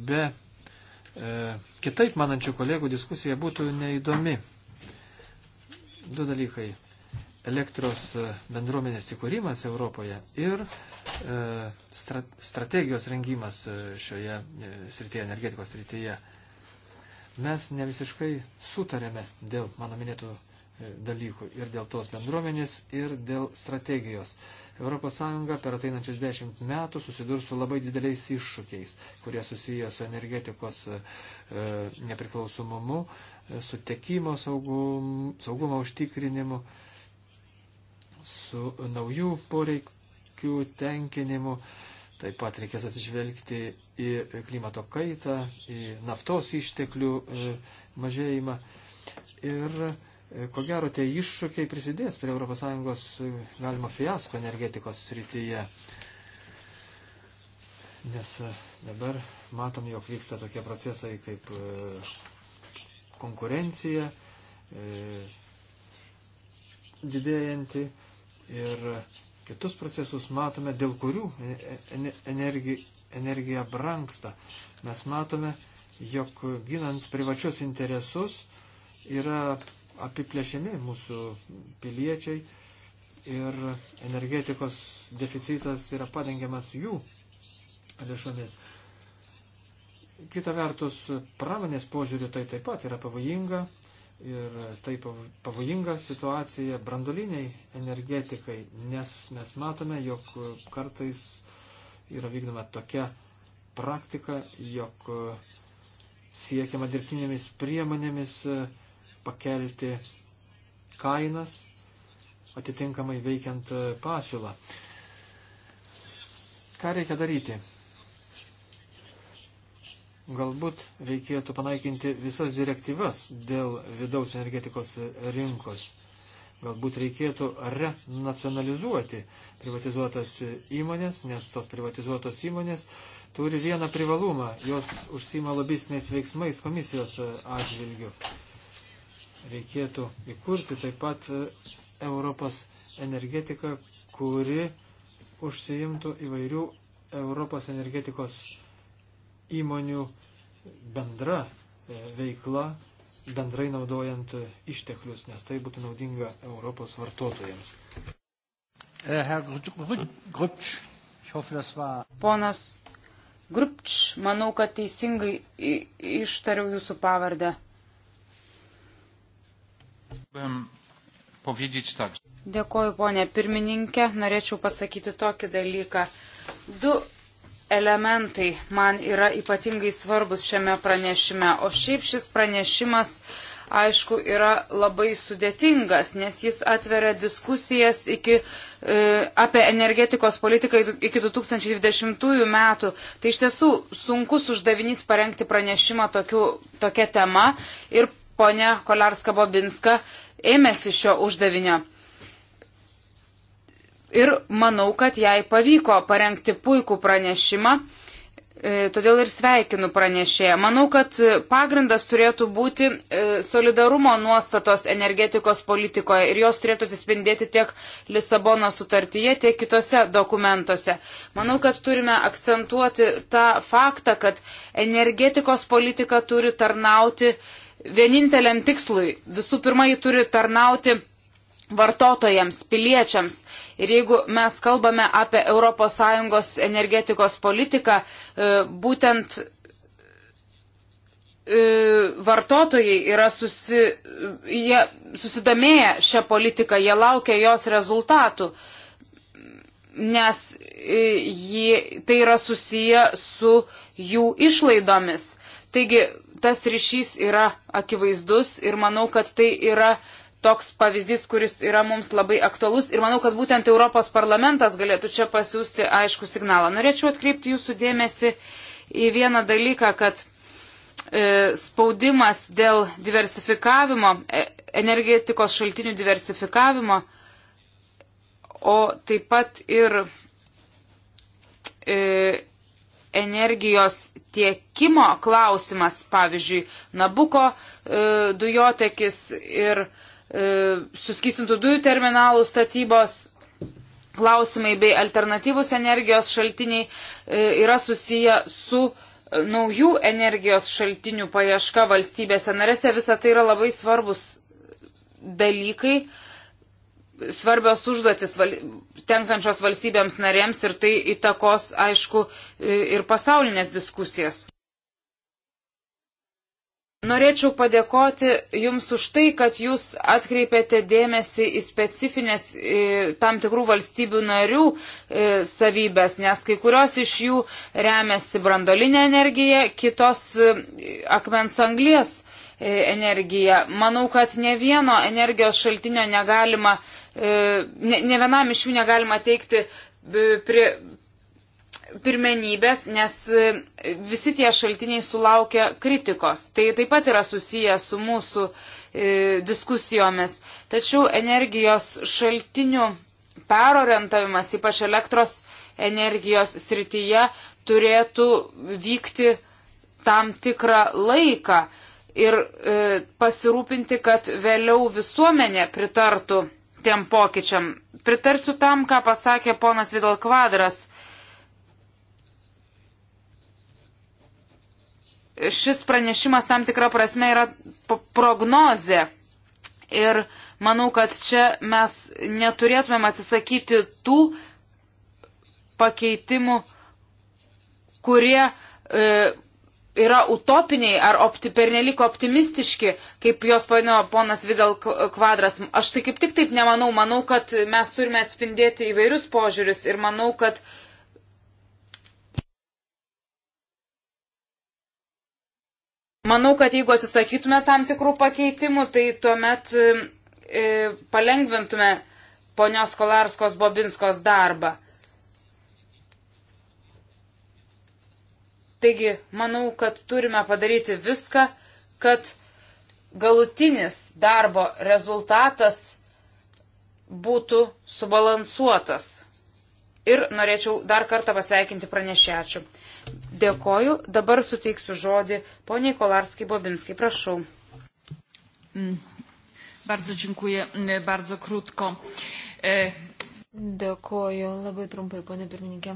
be e, kitaip manančių kolegų diskusija būtų neįdomi. Du dalykai elektros e, bendruomenės įkūrimas Europoje ir e, strategijos rengimas e, šioje srityje, energetikos srityje. Mes ne visiškai sutarėme dėl mano minėtų dalykų ir dėl tos bendruomenės, ir dėl strategijos. ES per ateinančius dešimt metų susidurs su labai dideliais iššūkiais, kurie susiję su energetikos e, nepriklausomumu, su tiekimo saugumo, saugumo užtikrinimu. E, su naujų poreikių tenkinimu. Taip pat reikės atsižvelgti į klimato kaitą, į naftos išteklių e, mažėjimą. Ir e, ko gero tie iššūkiai prisidės prie ES galimo fiasko energetikos srityje. Nes e, dabar matom, jog vyksta tokie procesai kaip konkurencija, didėjanti ir kitus procesus matome, dėl kurių e, e, energi, energija branksta. Mes matome, jog ginant privačius interesus yra apiplėšiami mūsų piliečiai ir energetikos deficitas yra padengiamas jų lėšomis. Kita vertus, pramonės požiūrių tai taip pat yra pavojinga, ir tai pavojinga situacija brandoliniai energetikai, nes mes matome, jog kartais yra vykdoma tokia praktika, jog siekiama dirbtinėmis priemonėmis pakelti kainas, atitinkamai veikiant pasiūlą. Ką reikia daryti? Galbūt reikėtų panaikinti visas direktyvas dėl vidaus energetikos rinkos. Galbūt reikėtų renacionalizuoti privatizuotas įmonės, nes tos privatizuotos įmonės turi vieną privalumą. Jos užsima lobistiniais veiksmais komisijos atžvilgių. Reikėtų įkurti taip pat Europos energetiką, kuri užsiimtų įvairių Europos energetikos įmonių bendra e, veikla, bendrai naudojant e, išteklius, nes tai būtų naudinga Europos vartotojams. Äh, Ponas Grupč, manau, kad teisingai ištariau jūsų pavardę. Dėkoju, ponė pirmininkė. Norėčiau pasakyti tokį dalyką. Du elementai man yra ypatingai svarbus šiame pranešime. O šiaip šis pranešimas, aišku, yra labai sudėtingas, nes jis atveria diskusijas iki, e, apie energetikos politiką iki 2020 metų. Tai iš tiesų sunkus uždavinys parengti pranešimą tokiu, tokia tema ir ponia Kolarska Bobinska ėmėsi šio uždavinio. Ir manau, kad jai pavyko parengti puikų pranešimą. E, todėl ir sveikinu pranešėją. Manau, kad pagrindas turėtų būti e, solidarumo nuostatos energetikos politikoje ir jos turėtų atsispindėti tiek Lisabono sutartyje, tiek kitose dokumentuose. Manau, kad turime akcentuoti tą faktą, kad energetikos politika turi tarnauti vieninteliam tikslui. Visų pirma, ji turi tarnauti vartotojams, piliečiams. Ir jeigu mes kalbame apie ES energetikos politiką, e, būtent e, vartotojai yra susi, jie, susidomėję šią politiką, jie laukia jos rezultatų, nes e, jie, tai yra susiję su jų išlaidomis. Taigi tas ryšys yra akivaizdus ir manau, kad tai yra uh, toks pavyzdys, kuris yra mums labai aktualus ir manau, kad būtent Europos parlamentas galėtų čia pasiūsti aišku signalą. Norėčiau atkreipti jūsų dėmesį į vieną dalyką, kad e, spaudimas dėl diversifikavimo, e, energetikos šaltinių diversifikavimo, o taip pat ir e, energijos tiekimo klausimas, pavyzdžiui, Nabuko e, dujotekis ir e, E, suskistintų dujų terminalų statybos klausimai bei alternatyvus energijos šaltiniai e, yra susiję su e, naujų energijos šaltinių paieška valstybėse narėse. Visa tai yra labai svarbus dalykai, svarbios užduotis tenkančios valstybėms narėms ir tai įtakos, aišku, ir pasaulinės diskusijas. Norėčiau padėkoti Jums už tai, kad Jūs atkreipėte dėmesį į specifines tam tikrų valstybių narių e, savybės, nes kai kurios iš jų remiasi brandolinė energija, kitos e, akmens anglies e, energija. Manau, kad ne vieno energijos šaltinio negalima, ne, ne vienam iš jų negalima teikti pri, pirmenybės, nes e, visi tie šaltiniai sulaukia kritikos. Tai taip pat yra susiję su mūsų e, diskusijomis. Tačiau energijos šaltinių perorientavimas, ypač elektros energijos srityje, turėtų vykti tam tikrą laiką ir e, pasirūpinti, kad vėliau visuomenė pritartų tiem pokyčiam. Pritarsiu tam, ką pasakė ponas Vidal Kvadras šis pranešimas tam tikrą prasme yra prognozė. Ir manau, kad čia mes neturėtumėm atsisakyti tų pakeitimų, kurie e, yra utopiniai ar opti, pernelik optimistiški, kaip jos paino ponas Vidal Kvadras. Aš tai kaip tik taip nemanau. Manau, kad mes turime atspindėti įvairius požiūrius ir manau, kad e, Manau, kad jeigu atsisakytume tam tikrų pakeitimų, tai tuomet e, e, palengvintume ponios Kolarskos Bobinskos darbą. Taigi, manau, kad turime padaryti viską, kad galutinis darbo rezultatas būtų subalansuotas. Ir norėčiau dar kartą pasveikinti pranešėčių. Dėkoju. Dabar suteiksiu žodį poniai Kolarskai Bobinskai. Prašau. Mm. Bardzo dziękuję, mm, bardzo krótko. E... Dėkoju, labai trumpai, ponė pirmininkė.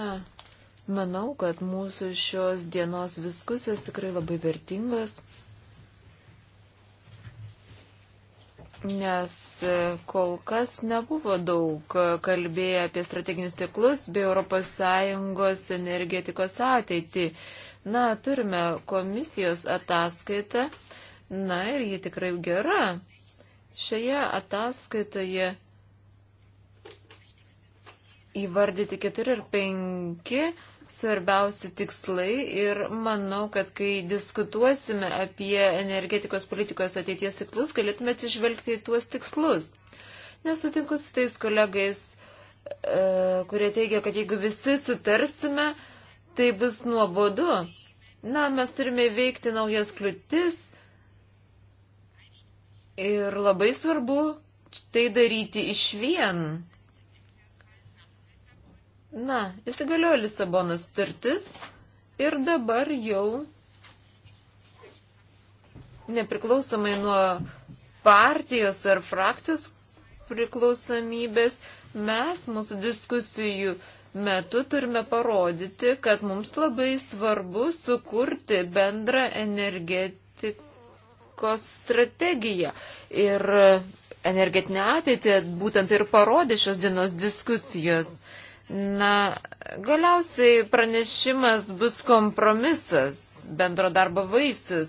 Na, manau, kad mūsų šios dienos diskusijos tikrai labai vertingas. nes e, kol kas nebuvo daug e, kalbėję apie strateginius tiklus bei ES energetikos ateitį. Na, turime komisijos ataskaitą, na ir ji tikrai gera. Šioje ataskaitoje įvardyti 4 ir 5 svarbiausi tikslai ir manau, kad kai diskutuosime apie energetikos politikos ateities tikslus, galėtume atsižvelgti į tuos tikslus. Nesutinku su tais kolegais, e, kurie teigia, kad jeigu visi sutarsime, tai bus nuobodu. Na, mes turime veikti naujas kliūtis ir labai svarbu tai daryti iš vien. Na, įsigaliojo Lisabonos sutartis ir dabar jau nepriklausomai nuo partijos ar frakcijos priklausomybės, mes mūsų diskusijų metu turime parodyti, kad mums labai svarbu sukurti bendrą energetikos strategiją. Ir energetinę ateitį būtent ir parodė šios dienos diskusijos. Na, galiausiai pranešimas bus kompromisas, bendro darbo vaisius.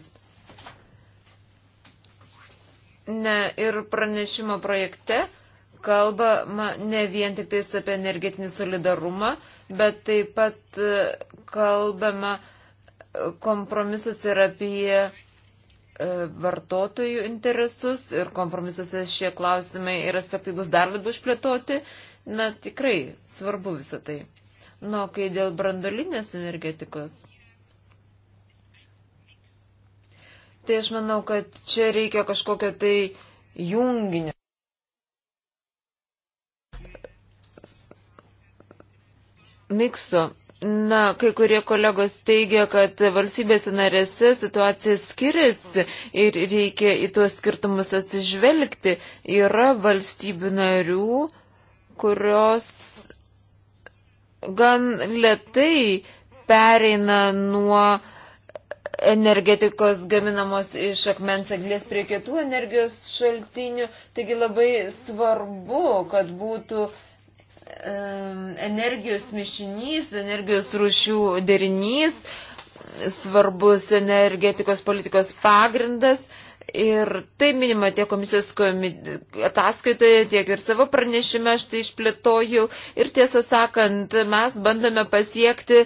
Ne, ir pranešimo projekte kalbama ne vien tik tais apie energetinį solidarumą, bet taip pat e, kalbama e, kompromisus ir apie e, vartotojų interesus ir kompromisuose šie klausimai ir aspektai bus dar labiau išplėtoti. Na, tikrai svarbu visą tai. Nu, kai dėl brandolinės energetikos. Tai aš manau, kad čia reikia kažkokio tai junginio. Mikso. Na, kai kurie kolegos teigia, kad valstybėse narėse situacija skiriasi ir reikia į tuos skirtumus atsižvelgti. Yra valstybių narių, kurios gan lietai pereina nuo energetikos gaminamos iš akmens anglės prie kitų energijos šaltinių. Taigi labai svarbu, kad būtų energijos mišinys, energijos rušių derinys, svarbus energetikos politikos pagrindas Ir tai minima tiek komisijos ataskaitoje, tiek ir savo pranešime aš tai išplėtoju. Ir tiesą sakant, mes bandome pasiekti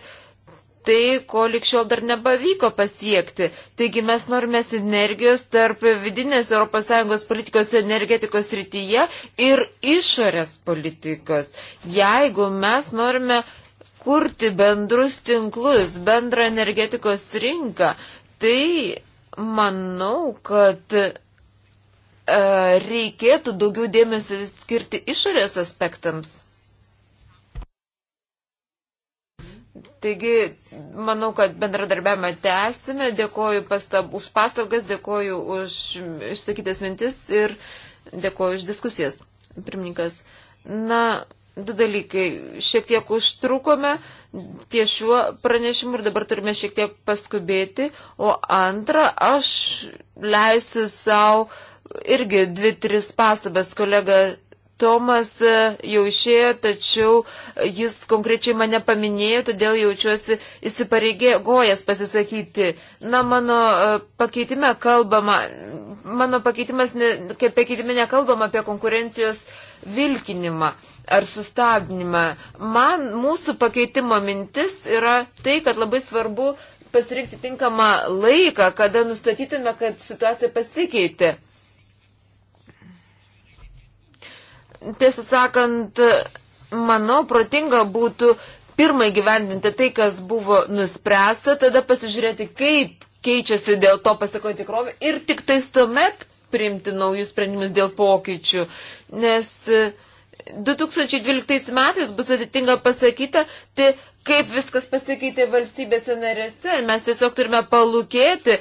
tai, ko likščiol dar nepavyko pasiekti. Taigi mes norime sinergijos tarp vidinės ES politikos energetikos rytyje ir išorės politikos. Jeigu mes norime kurti bendrus tinklus, bendrą energetikos rinką, tai Manau, kad e, reikėtų daugiau dėmesio skirti išorės aspektams. Taigi, manau, kad bendradarbiavimą tęsime. Dėkoju pastab, už pastabgas, dėkoju už išsakytas mintis ir dėkoju už diskusijas. Pirmininkas. Na, du dalykai. Šiek tiek užtrukome ties šiuo pranešimu ir dabar turime šiek tiek paskubėti. O antra, aš leisiu savo irgi dvi, tris pastabas kolega. Tomas e, jau išėjo, tačiau jis konkrečiai mane paminėjo, todėl jaučiuosi įsipareigojęs pasisakyti. Na, mano e, pakeitime kalbama, mano pakeitimas, ne, kaip pakeitime nekalbama apie konkurencijos vilkinimą ar sustabdymą. Man mūsų pakeitimo mintis yra tai, kad labai svarbu pasirinkti tinkamą laiką, kada nustatytume, kad situacija pasikeitė. Tiesą sakant, manau, protinga būtų pirmai gyvendinti tai, kas buvo nuspręsta, tada pasižiūrėti, kaip keičiasi dėl to pasikoja tikrovė ir tik tais tuomet priimti naujus sprendimus dėl pokyčių. Nes uh, 2012 metais bus atitinga pasakyta, tai kaip viskas pasikeitė valstybėse narėse. Mes tiesiog turime palūkėti,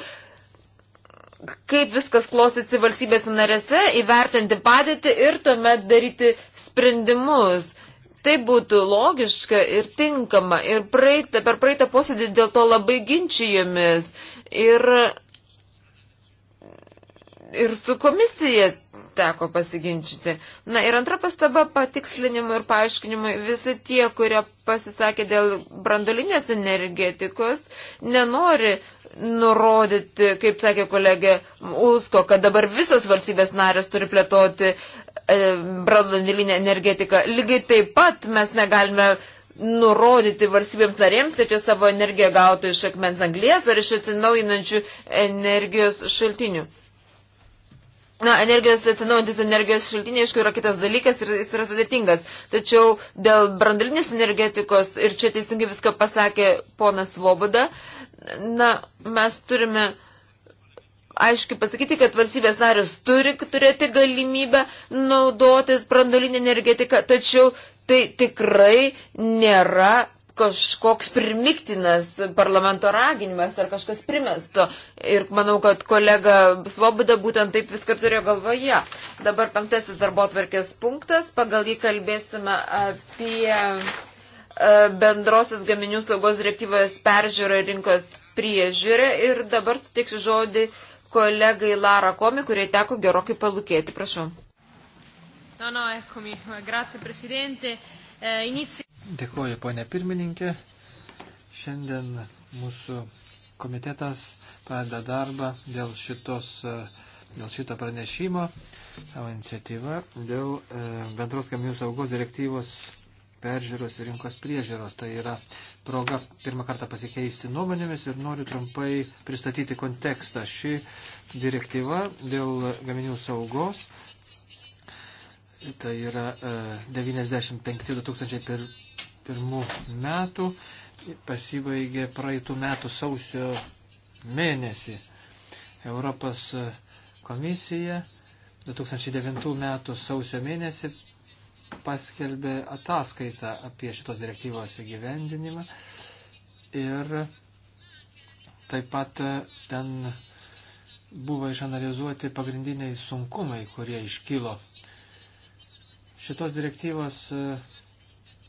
kaip viskas klostėsi valstybėse narėse, įvertinti padėtį ir tuomet daryti sprendimus. Tai būtų logiška ir tinkama. Ir praeitą, per praeitą posėdį dėl to labai ginčijomis. Ir, ir su komisija teko pasiginčyti. Na ir antra pastaba patikslinimui ir paaiškinimui. Visi tie, kurie pasisakė dėl brandolinės energetikos, nenori nurodyti, kaip sakė kolegė Usko, kad dabar visos valstybės narės turi plėtoti e, brandolinę energetiką. Lygiai taip pat mes negalime nurodyti valstybėms narėms, kad jos savo energiją gautų iš akmens anglės ar iš atsinaujinančių energijos šaltinių. Na, energijos atsinaujantis energijos šaltiniai, aišku, yra kitas dalykas ir jis yra sudėtingas. Tačiau dėl brandulinės energetikos, ir čia teisingai viską pasakė ponas Voboda, na, mes turime aiškiai pasakyti, kad valstybės narės turi turėti galimybę naudotis brandulinę energetiką, tačiau tai tikrai nėra kažkoks primiktinas parlamento raginimas ar kažkas primesto. Ir manau, kad kolega Svoboda būtent taip viską turėjo galvoje. Dabar penktasis darbo atverkės punktas. Pagal jį kalbėsime apie e, bendrosios gaminių saugos direktyvos peržiūrą rinkos priežiūrę. Ir dabar suteiksiu žodį kolegai Lara Komi, kurie teko gerokai palūkėti. Prašau. No, no, eccomi. Grazie, Presidente. Eh, inizi... Dėkuoju, ponė pirmininkė. Šiandien mūsų komitetas pradeda darbą dėl, šitos, dėl šito pranešimo savo iniciatyvą dėl e, bendros gaminių saugos direktyvos peržiūros ir rinkos priežiūros. Tai yra proga pirmą kartą pasikeisti nuomonėmis ir noriu trumpai pristatyti kontekstą. Ši direktyva dėl gaminių saugos, tai yra 95-2001 e, 2001 metų, pasibaigė praeitų metų sausio mėnesį. Europos komisija 2009 metų sausio mėnesį paskelbė ataskaitą apie šitos direktyvos įgyvendinimą ir taip pat ten buvo išanalizuoti pagrindiniai sunkumai, kurie iškilo. Šitos direktyvos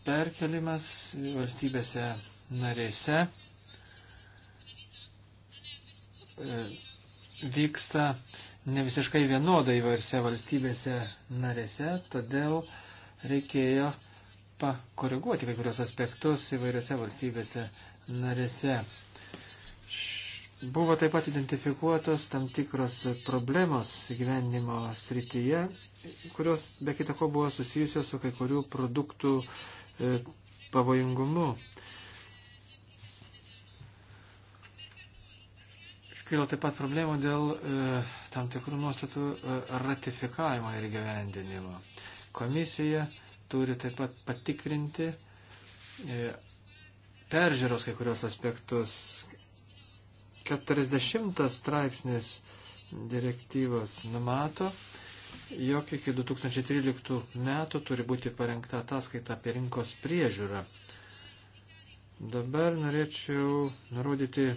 perkelimas valstybėse narėse e, vyksta ne visiškai vienodai įvairiose valstybėse narėse, todėl reikėjo pakoreguoti kai kurios aspektus įvairiose valstybėse narėse. Buvo taip pat identifikuotos tam tikros problemos gyvenimo srityje, kurios be kitako buvo susijusios su kai kurių produktų uh, E, pavojingumu. Iškilo taip pat problemų dėl e, tam tikrų nuostatų e, ratifikavimo ir gyvendinimo. Komisija turi taip pat patikrinti e, peržiūros kai kurios aspektus. 40 straipsnis direktyvos numato, e, jog iki 2013 metų turi būti parengta ataskaita apie rinkos priežiūrą. Dabar norėčiau nurodyti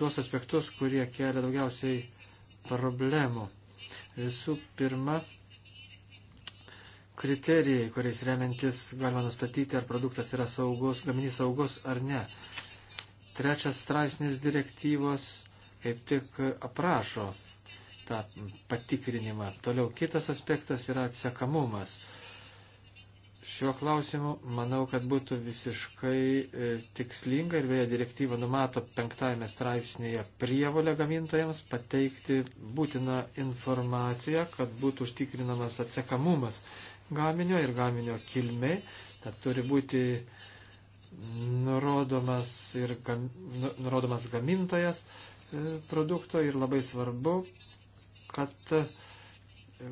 tuos aspektus, kurie kelia daugiausiai problemų. Visų pirma, kriterijai, kuriais remiantis galima nustatyti, ar produktas yra saugus, gaminys saugus ar ne. Trečias straipsnis direktyvos kaip tik aprašo tą patikrinimą. Toliau kitas aspektas yra atsekamumas. Šiuo klausimu manau, kad būtų visiškai e, tikslinga ir vėja direktyva numato penktajame straipsnėje prievolę gamintojams pateikti būtiną informaciją, kad būtų užtikrinamas atsekamumas gaminio ir gaminio kilmė. Tad turi būti nurodomas, ir, gam, nu, nurodomas gamintojas e, produkto ir labai svarbu kad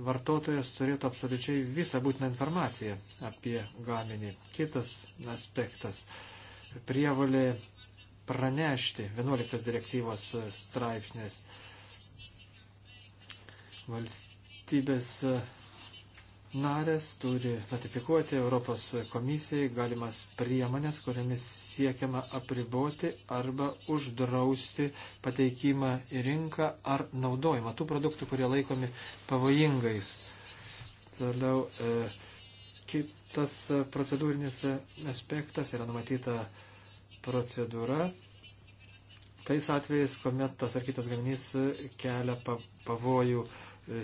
vartotojas turėtų absoliučiai visą būtiną informaciją apie gaminį. Kitas aspektas - prievalė pranešti 11 direktyvos straipsnės. Valstybės narės turi ratifikuoti Europos komisijai galimas priemonės, kuriamis siekiama apriboti arba uždrausti pateikimą į rinką ar naudojimą tų produktų, kurie laikomi pavojingais. Toliau e, kitas procedūrinis aspektas yra numatyta procedūra. Tais atvejais, kuomet tas ar kitas gaminys kelia pavojų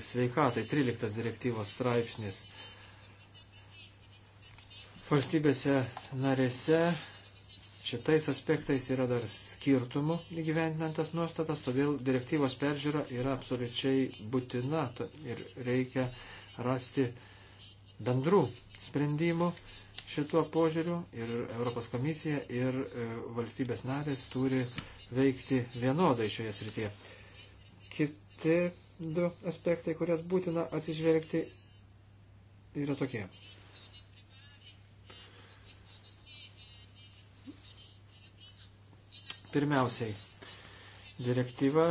sveikatai, 13 direktyvos straipsnis. Valstybėse narėse šitais aspektais yra dar skirtumų įgyvendinantas nuostatas, todėl direktyvos peržiūra yra absoliučiai būtina ir reikia rasti bendrų sprendimų šituo požiūriu ir Europos komisija ir e, valstybės narės turi veikti vienodai šioje srityje. Kiti du aspektai, kurias būtina atsižvelgti, yra tokie. Pirmiausiai, direktyva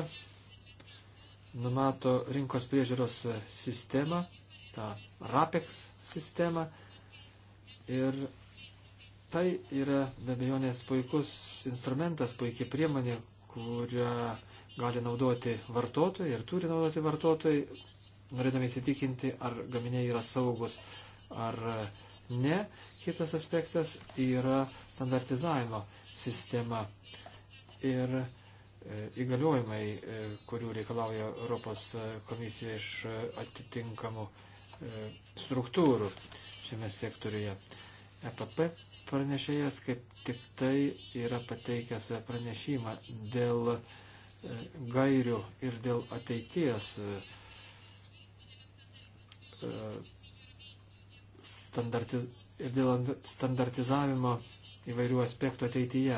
numato rinkos priežiūros sistemą, tą RAPEX sistemą ir tai yra be abejonės puikus instrumentas, puikiai priemonė, kurią gali naudoti vartotojai ir turi naudoti vartotojai, norėdami įsitikinti, ar gaminiai yra saugus ar ne. Kitas aspektas yra standartizavimo sistema ir e, įgaliojimai, e, kurių reikalauja Europos komisija iš atitinkamų e, struktūrų šiame sektoriuje. EPP pranešėjas kaip tik tai yra pateikęs pranešimą dėl uh, gairių ir dėl ateities e, e, standartiz ir dėl standartizavimo įvairių aspektų ateityje.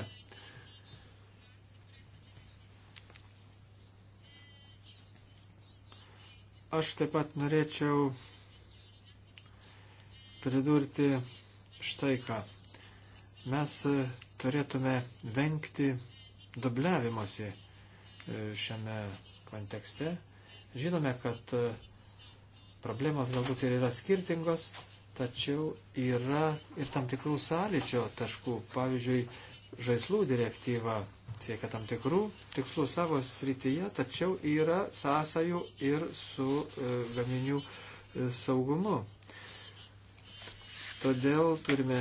Aš taip pat norėčiau pridurti štai ką. Mes turėtume vengti dubliavimuose E, šiame kontekste. Žinome, kad e, problemos galbūt ir yra skirtingos, tačiau yra ir tam tikrų sąlyčio taškų. Pavyzdžiui, žaislų direktyva siekia tam tikrų tikslų savo srityje, tačiau yra sąsajų ir su e, gaminių e, saugumu. Todėl turime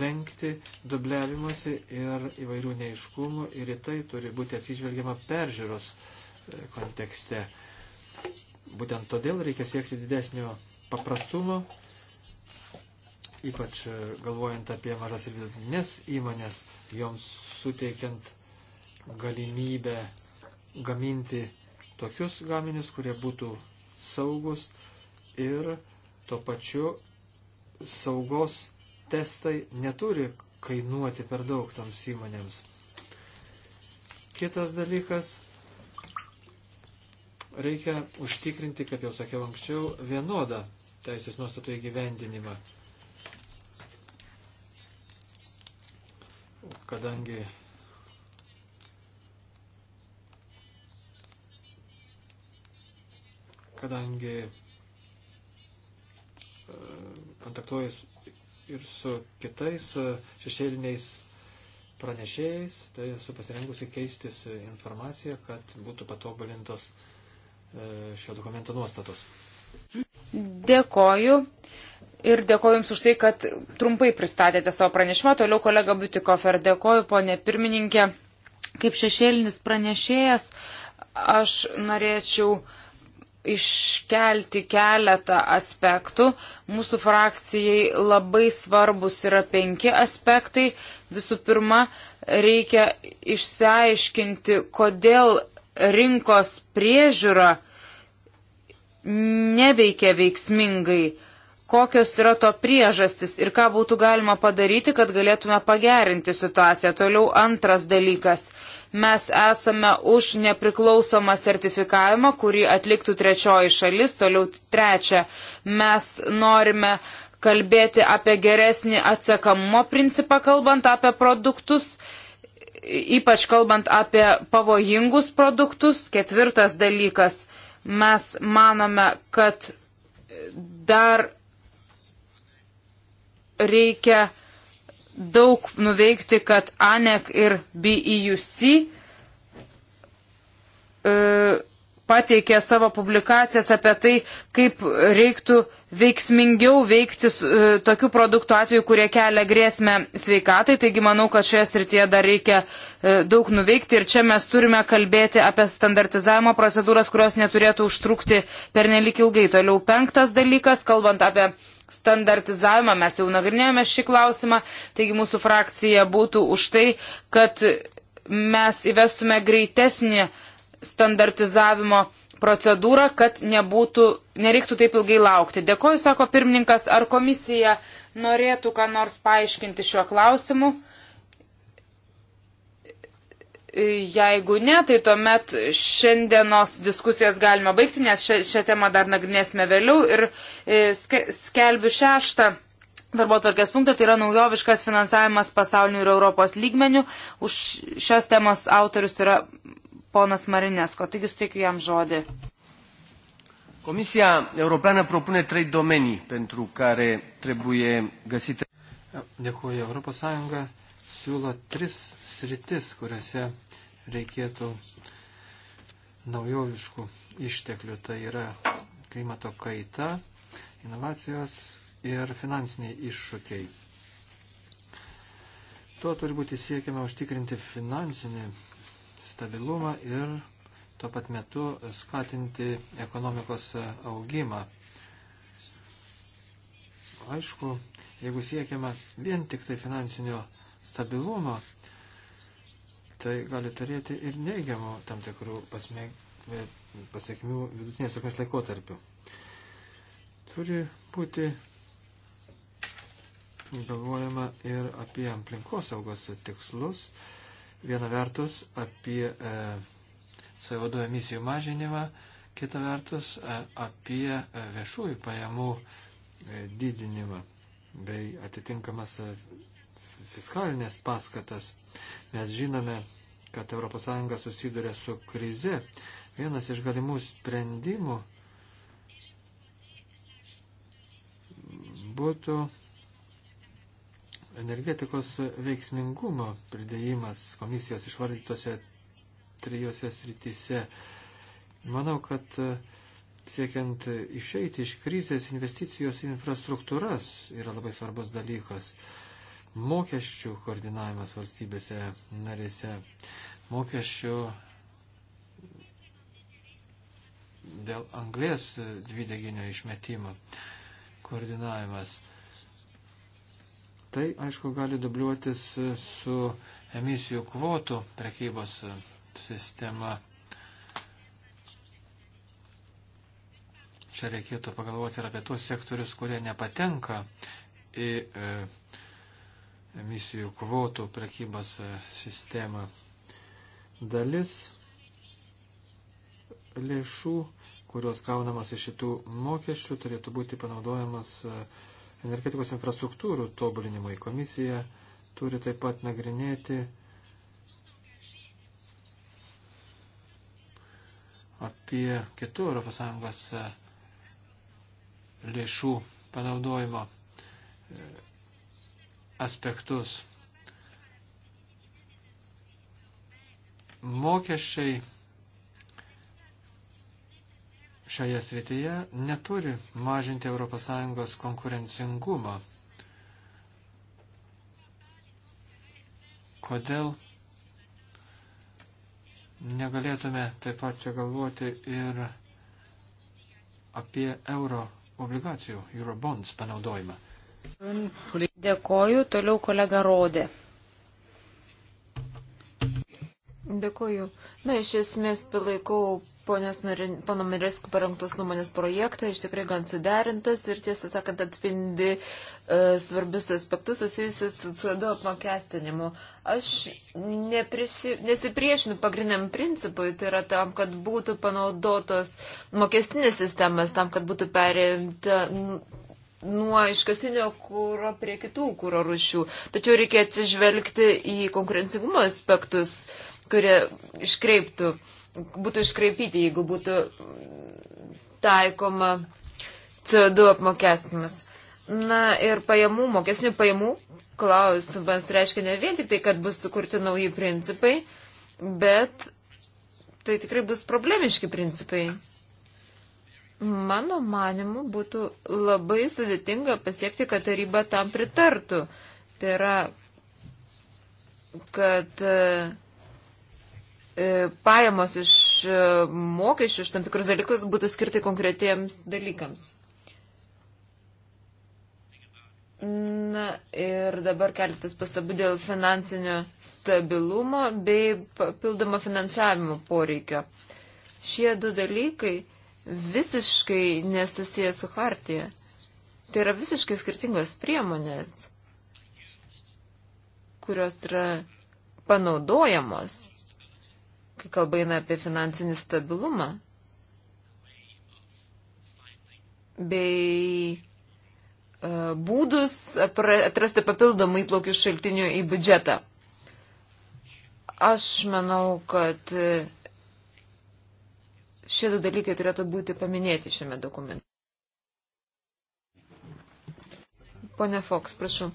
vengti dubliavimuose ir įvairių neiškumų ir į tai turi būti atsižvelgiama peržiūros e, kontekste. Būtent todėl reikia siekti didesnio paprastumo, ypač e, galvojant apie mažas ir vidutinės įmonės, joms suteikiant galimybę gaminti tokius gaminius, kurie būtų saugus ir tuo pačiu saugos testai neturi kainuoti per daug toms įmonėms. Kitas dalykas, reikia užtikrinti, kaip jau sakiau anksčiau, vienodą teisės nuostatų įgyvendinimą. Kadangi kadangi kontaktuoju ir su kitais e, šešėliniais pranešėjais, tai esu pasirengusi keistis informaciją, kad būtų patobulintos e, šio dokumento nuostatos. Dėkoju. Ir dėkoju Jums už tai, kad trumpai pristatėte savo pranešimą. Toliau kolega Butikofer, dėkoju, ponė pirmininkė. Kaip šešėlinis pranešėjas, aš norėčiau uh, iškelti keletą aspektų. Mūsų frakcijai labai svarbus yra penki aspektai. Visų pirma, reikia išsiaiškinti, kodėl rinkos priežiūra neveikia veiksmingai, kokios yra to priežastis ir ką būtų galima padaryti, kad galėtume pagerinti situaciją. Toliau antras dalykas Mes esame už nepriklausomą sertifikavimą, kurį atliktų trečioji šalis. Toliau trečia, mes norime kalbėti apie geresnį atsekamumo principą, kalbant apie produktus, ypač kalbant apie pavojingus produktus. Ketvirtas dalykas, mes manome, kad dar reikia daug nuveikti, kad ANEC ir BEUC e, pateikė savo publikacijas apie tai, kaip reiktų veiksmingiau veikti e, tokių produktų atveju, kurie kelia grėsmę sveikatai. Taigi manau, kad šioje srityje dar reikia e, daug nuveikti ir čia mes turime kalbėti apie standartizavimo procedūras, kurios neturėtų užtrukti per nelik ilgai. Toliau penktas dalykas, kalbant apie standartizavimą, mes jau nagrinėjome šį klausimą, taigi mūsų frakcija būtų už tai, kad mes įvestume greitesnį standartizavimo procedūrą, kad nebūtų, nereiktų taip ilgai laukti. Dėkoju, sako pirmininkas, ar komisija norėtų ką nors paaiškinti šiuo klausimu? jeigu ne, tai tuomet šiandienos diskusijas galima baigti, nes šią, šią temą dar nagrinėsime vėliau ir e, skelbiu šeštą. Darbo tvarkės punktą tai yra naujoviškas finansavimas pasaulinių ir Europos lygmenių. Už šios temos autorius yra ponas Marinesko. Taigi suteikiu jam žodį. Comisia Europeană propune trei domenii pentru care trebuie găsite. Dėkuoju, Europos Sąjunga siūlo tris sritis, kuriuose reikėtų naujoviškų išteklių. Tai yra klimato kaita, inovacijos ir finansiniai iššūkiai. Tuo turi būti siekiama užtikrinti finansinį stabilumą ir tuo pat metu skatinti ekonomikos augimą. Aišku, jeigu siekiama vien tik tai finansinio stabilumo, tai gali turėti ir neigiamų tam tikrų pasmė, e, pasiekmių vidutinės sėkmės laikotarpių. Turi būti galvojama ir apie aplinkosaugos tikslus, viena vertus apie e, CO2 emisijų mažinimą, kita vertus e, apie e, viešųjų pajamų e, didinimą bei atitinkamas e, fiskalinės paskatas Mes žinome, kad ES susiduria su krize. Vienas iš galimų sprendimų būtų energetikos veiksmingumo pridėjimas komisijos išvardytose trijose srityse. Manau, kad e, siekiant išeiti iš krizės, investicijos į infrastruktūras yra labai svarbus dalykas. Uh, mokesčių koordinavimas valstybėse narėse, mokesčių dėl anglės dvideginio išmetimo koordinavimas. Tai, aišku, gali dubliuotis su emisijų kvotų prekybos sistema. Čia reikėtų pagalvoti ir apie tuos sektorius, kurie nepatenka į e, emisijų kvotų prekybos e, sistemą. Dalis lėšų, kurios gaunamas iš šitų mokesčių, turėtų būti panaudojamas e, energetikos infrastruktūrų tobulinimui. Komisija turi taip pat nagrinėti apie kitų ES e, lėšų panaudojimo aspektus. Mokesčiai šioje srityje neturi mažinti ES konkurencingumą. Kodėl negalėtume taip pat čia galvoti ir apie euro obligacijų, euro bonds panaudojimą? Kolegė. Dėkoju, toliau kolega Rodė. Dėkoju. Na, iš esmės palaikau ponios pono Miresko parengtos nuomonės projektą, iš tikrai gan suderintas ir tiesą sakant atspindi e, svarbius aspektus susijusius su CO2 apmokestinimu. Aš neprisi, nesipriešinu pagrindiniam principui, tai yra tam, kad būtų panaudotos mokestinės sistemas, tam, kad būtų perimta nuo iškasinio kūro prie kitų kūro rušių. Tačiau reikia atsižvelgti į konkurencingumo aspektus, kurie iškreiptų, būtų iškreipyti, jeigu būtų taikoma CO2 apmokestinimas. Na ir pajamų, mokesnių pajamų klausimas reiškia ne vien tik tai, kad bus sukurti nauji principai, bet tai tikrai bus problemiški principai. Mano manimu būtų labai sudėtinga pasiekti, kad taryba tam pritartų. Tai yra, kad e, pajamos iš e, mokesčių, iš tam tikrus dalykus būtų skirti konkretiems dalykams. Na ir dabar keletas pasabų dėl finansinio stabilumo bei papildomo finansavimo poreikio. Šie du dalykai visiškai nesusijęs su hartija. Tai yra visiškai skirtingos priemonės, kurios yra panaudojamos, kai kalba eina apie finansinį stabilumą bei e, būdus atrasti papildomų įplaukių šaltinių į biudžetą. Aš manau, kad e, šie du dalykai turėtų būti paminėti šiame dokumente. Pone Fox, prašau.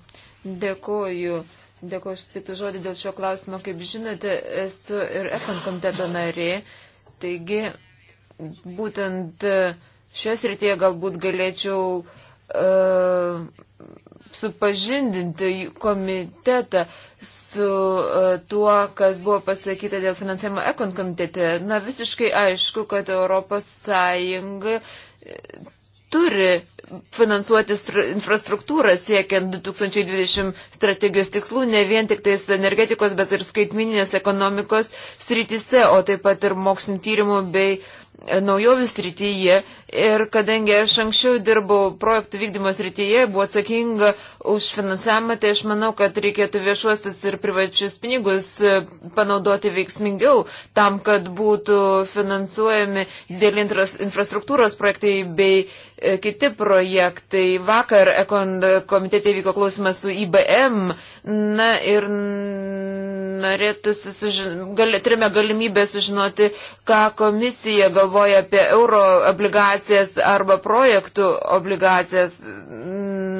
Dėkuoju. Dėkuoju už tik žodį dėl šio klausimo. Kaip žinote, esu ir ekon komiteto narė. Taigi, būtent šios rytėje galbūt galėčiau uh, supažindinti komitetą su e, tuo, kas buvo pasakyta dėl finansavimo ekon komitete. Na, visiškai aišku, kad Europos Sąjunga e, turi finansuoti infrastruktūrą siekiant 2020 strategijos tikslų, ne vien tik tais energetikos, bet ir skaitmininės ekonomikos srityse, o taip pat ir mokslinio tyrimų bei uh, naujovių srityje ir kadangi aš anksčiau dirbau projektų vykdymo srityje, buvau atsakinga už finansavimą, tai aš manau, kad reikėtų viešuosius ir privačius pinigus e, panaudoti veiksmingiau tam, kad būtų finansuojami dideli infrastruktūros projektai bei e, kiti projektai. Vakar komitete vyko klausimas su IBM Na ir norėtųsi, sužin... gal... turime galimybę sužinoti, ką komisija galvoja apie euro obligacijas arba projektų obligacijas.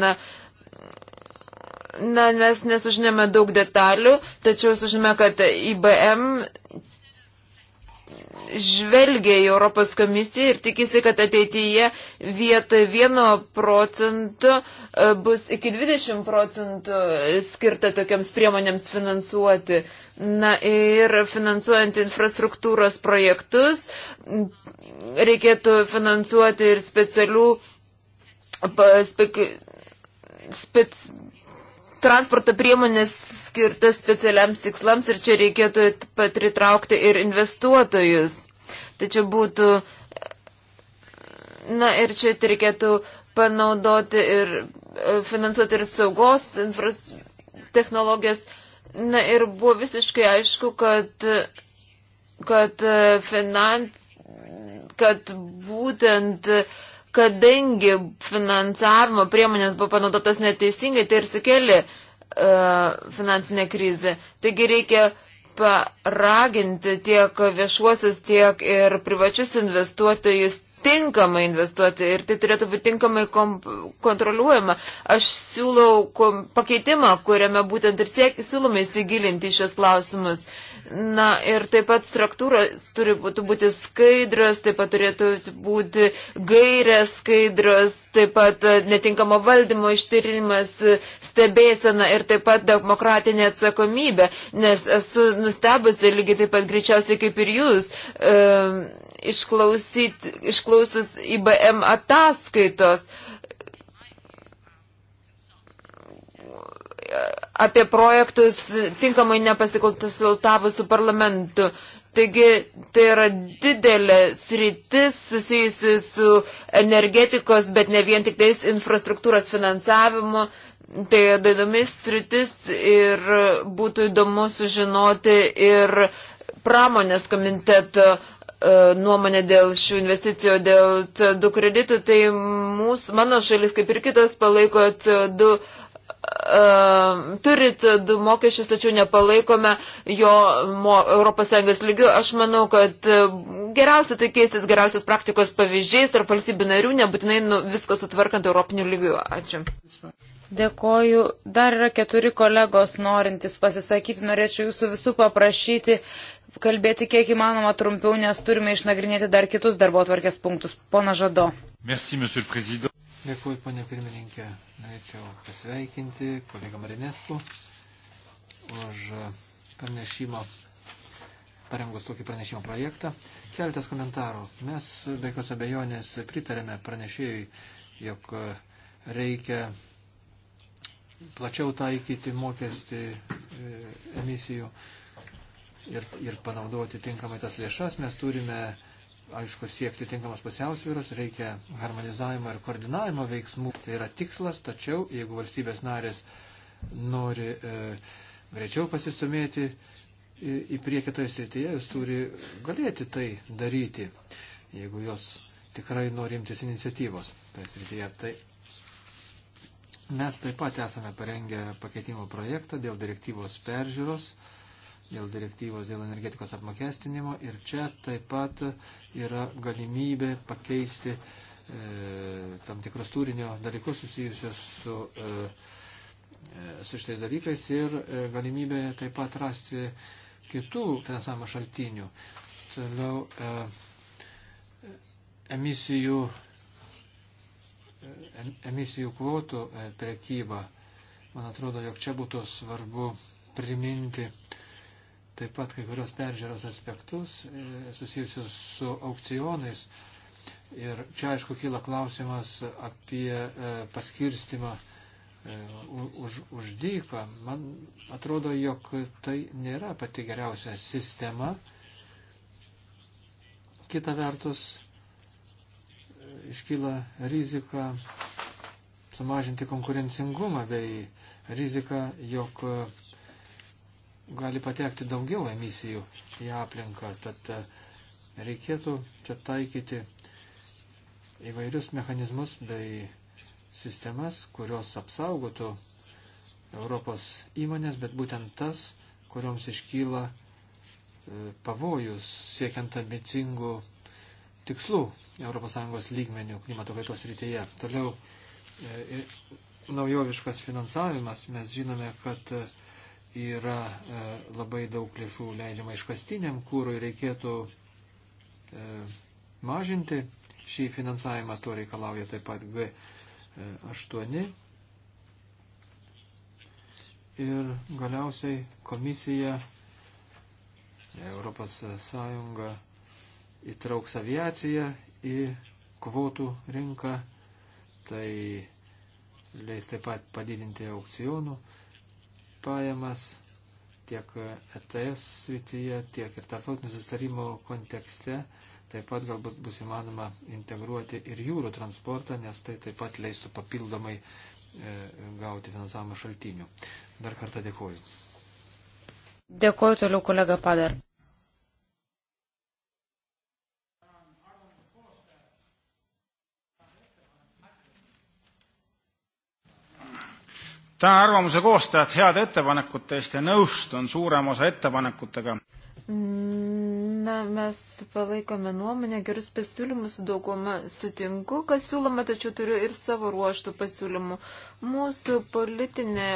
Na, na mes nesužinėme daug detalių, tačiau sužinome, kad IBM žvelgia į Europos komisiją ir tikisi, kad ateityje vietoj 1 procentų e, bus iki 20 procentų skirta tokiams priemonėms finansuoti. Na ir finansuojant infrastruktūros projektus reikėtų finansuoti ir specialių spek, spec, transporto priemonės skirtas specialiams tikslams ir čia reikėtų patritraukti ir investuotojus. Tačiau būtų, na ir čia tai reikėtų panaudoti ir e, finansuoti ir saugos infras, technologijas. Na ir buvo visiškai aišku, kad, kad, e, finans, kad būtent uh, kadangi finansavimo priemonės buvo panaudotas neteisingai, tai ir sukėlė uh, e, finansinė krizė. Taigi reikia paraginti tiek viešuosius, tiek ir privačius investuotojus tinkamai investuoti ir tai turėtų būti tinkamai kontroliuojama. Aš siūlau pakeitimą, kuriame būtent ir siek, siūlome įsigilinti šios klausimus. Na ir taip pat struktūros turi būti skaidrios, taip pat turėtų būti gairės skaidrios, taip pat e, netinkamo valdymo ištyrinimas, e, stebėsena ir taip pat demokratinė atsakomybė, nes esu nustebusi lygiai taip pat greičiausiai kaip ir jūs. E, išklausius IBM ataskaitos apie projektus tinkamai nepasikonsultavus su parlamentu. Taigi tai yra didelė sritis susijusi su energetikos, bet ne vien tik tais infrastruktūros finansavimu. Tai įdomis sritis ir būtų įdomu sužinoti ir pramonės komiteto E, nuomonę dėl šių investicijų, dėl CO2 kreditų, tai mūsų, mano šalis kaip ir kitas palaiko CO2, uh, e, turi CO2 mokesčius, tačiau nepalaikome jo mo, ES lygių. Aš manau, kad e, geriausia tai keistis geriausios praktikos pavyzdžiais tarp valstybių narių, nebūtinai nu, viską sutvarkant Europinių lygių. Ačiū. Dėkoju. Dar yra keturi kolegos norintys pasisakyti. Norėčiau jūsų visų paprašyti kalbėti kiek įmanoma trumpiau, nes turime išnagrinėti dar kitus darbo atvarkės punktus. Pona Žado. Merci, Dėkui, ponė pirmininkė. Norėčiau pasveikinti kolegą Marinesku už pranešimą, parengus tokį pranešimo projektą. Keletas komentarų. Mes be jokios abejonės pritarėme pranešėjui, jog reikia plačiau taikyti mokestį e, emisijų ir, ir panaudoti tinkamai tas lėšas. Mes turime, aišku, siekti tinkamas pusiausvyrus, reikia harmonizavimo ir koordinavimo veiksmų. Tai yra tikslas, tačiau jeigu valstybės narės nori e, greičiau pasistumėti į, į priekį toje srityje, jos turi galėti tai daryti, jeigu jos tikrai nori imtis iniciatyvos toje srityje. Tai mes taip pat esame parengę pakeitimo projektą dėl direktyvos peržiūros dėl direktyvos dėl energetikos apmokestinimo ir čia taip pat yra galimybė pakeisti e, tam tikrus turinio dalykus susijusius su, e, e su šitais dalykais ir e, galimybė taip pat rasti kitų finansavimo šaltinių. Toliau e, emisijų, e, emisijų kvotų e, prekyba. Man atrodo, jog čia būtų svarbu priminti, taip pat kai kurios peržiūros aspektus e, susijusius su aukcionais. Ir čia aišku kyla klausimas apie e, paskirstimą e, už, už dyką. Man atrodo, jog tai nėra pati geriausia sistema. Kita vertus, iškyla rizika sumažinti konkurencingumą bei rizika, jog gali patekti daugiau emisijų į aplinką, tad e, reikėtų čia taikyti įvairius mechanizmus bei sistemas, kurios apsaugotų Europos įmonės, bet būtent tas, kurioms iškyla e, pavojus siekiant ambicingų tikslų ES lygmenių klimato kaitos rytyje. Toliau e, naujoviškas finansavimas. Mes žinome, kad yra e, labai daug lėšų leidžiama iškastiniam kūrui, reikėtų e, mažinti šį finansavimą, to reikalauja taip pat G8. Ir galiausiai komisija, Europos Sąjunga įtrauks aviaciją į kvotų rinką, tai leis taip pat padidinti aukcionų pajamas tiek ETS srityje, tiek ir tarptautinių sustarimų kontekste. Taip pat galbūt bus įmanoma integruoti ir jūrų transportą, nes tai taip pat leistų papildomai e, gauti finansavimo šaltinių. Dar kartą dėkuoju. Dėkuoju toliau kolega Padar. tänan arvamuse koostajat heade ettepanekute eest ja nõustun suurema osa ettepanekutega. Na, mes palaikome nuomonę, gerus pasiūlymus daugumą sutinku, kas siūloma, tačiau turiu ir savo ruoštų pasiūlymų. Mūsų politinė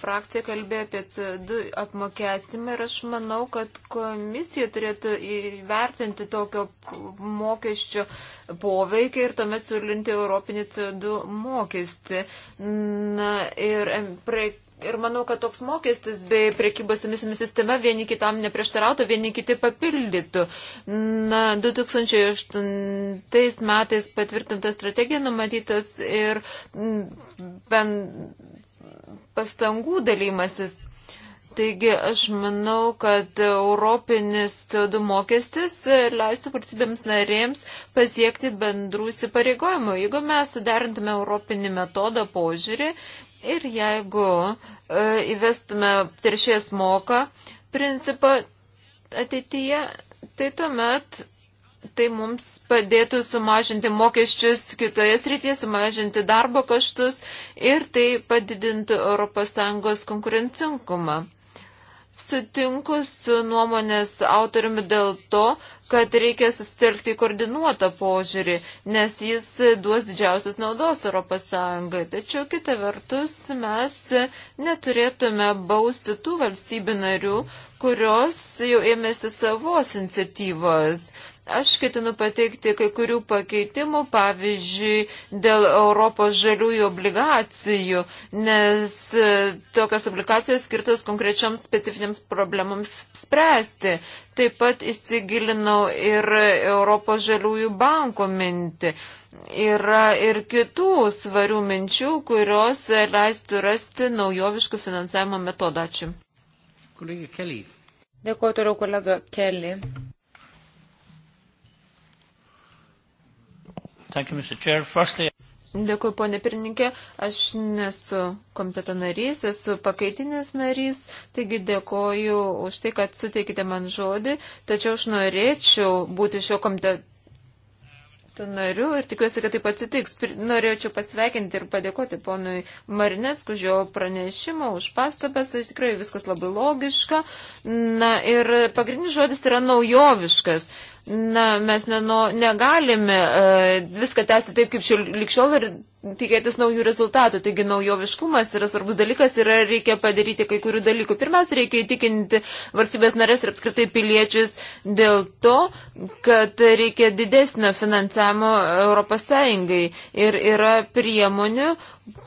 frakcija kalbėjo apie CO2 apmokestimą ir aš manau, kad komisija turėtų įvertinti tokio mokesčio poveikį ir tuomet siūlinti Europinį CO2 mokestį. Na, ir, pre, ir manau, kad toks mokestis bei priekybos emisimis sistema vieni kitam neprieštarautų, vieni kiti papildytų. Na, 2008 metais patvirtinta strategija numatytas ir ben, pastangų dalymasis. Taigi aš manau, kad europinis CO2 mokestis leistų valstybėms narėms pasiekti bendrų įsipareigojimų. Jeigu mes suderintume europinį metodą požiūrį ir jeigu e, įvestume teršės moką principą ateityje, tai tuomet tai mums padėtų sumažinti mokesčius kitoje srityje, sumažinti darbo kaštus ir tai padidintų ES konkurencingumą. Sutinku su nuomonės autoriumi dėl to, kad reikia susitelkti koordinuotą požiūrį, nes jis duos didžiausios naudos ES. Tačiau kita vertus mes neturėtume bausti tų valstybių narių, kurios jau ėmėsi savos iniciatyvos. Aš ketinu pateikti kai kurių pakeitimų, pavyzdžiui, dėl Europos žaliųjų obligacijų, nes e, tokios obligacijos skirtos konkrečioms specifinėms problemams spręsti. Taip pat įsigilinau ir Europos žaliųjų banko mintį. Yra ir kitų svarių minčių, kurios leistų rasti naujoviškų finansavimo metodą. Ačiū. Dėkuoju toliau kolega Kelly. Dėkui, ponė pirmininkė. Aš nesu komiteto narys, esu pakaitinis narys, taigi dėkoju už tai, kad suteikite man žodį, tačiau aš norėčiau būti šio komiteto nariu ir tikiuosi, kad taip atsitiks. Norėčiau pasveikinti ir padėkoti ponui Marinesku už jo pranešimą, už pastabas, tai tikrai viskas labai logiška. Na ir pagrindinis žodis yra naujoviškas. Uh, Na, mes neno, negalime uh, viską tęsti taip, kaip šiol, likščiol ir tikėtis naujų rezultatų. Taigi naujoviškumas yra svarbus dalykas ir reikia padaryti kai kurių dalykų. Pirmiausia, reikia įtikinti valstybės narės ir apskritai piliečius dėl to, kad reikia didesnio finansavimo Europos Sąjungai ir yra priemonių,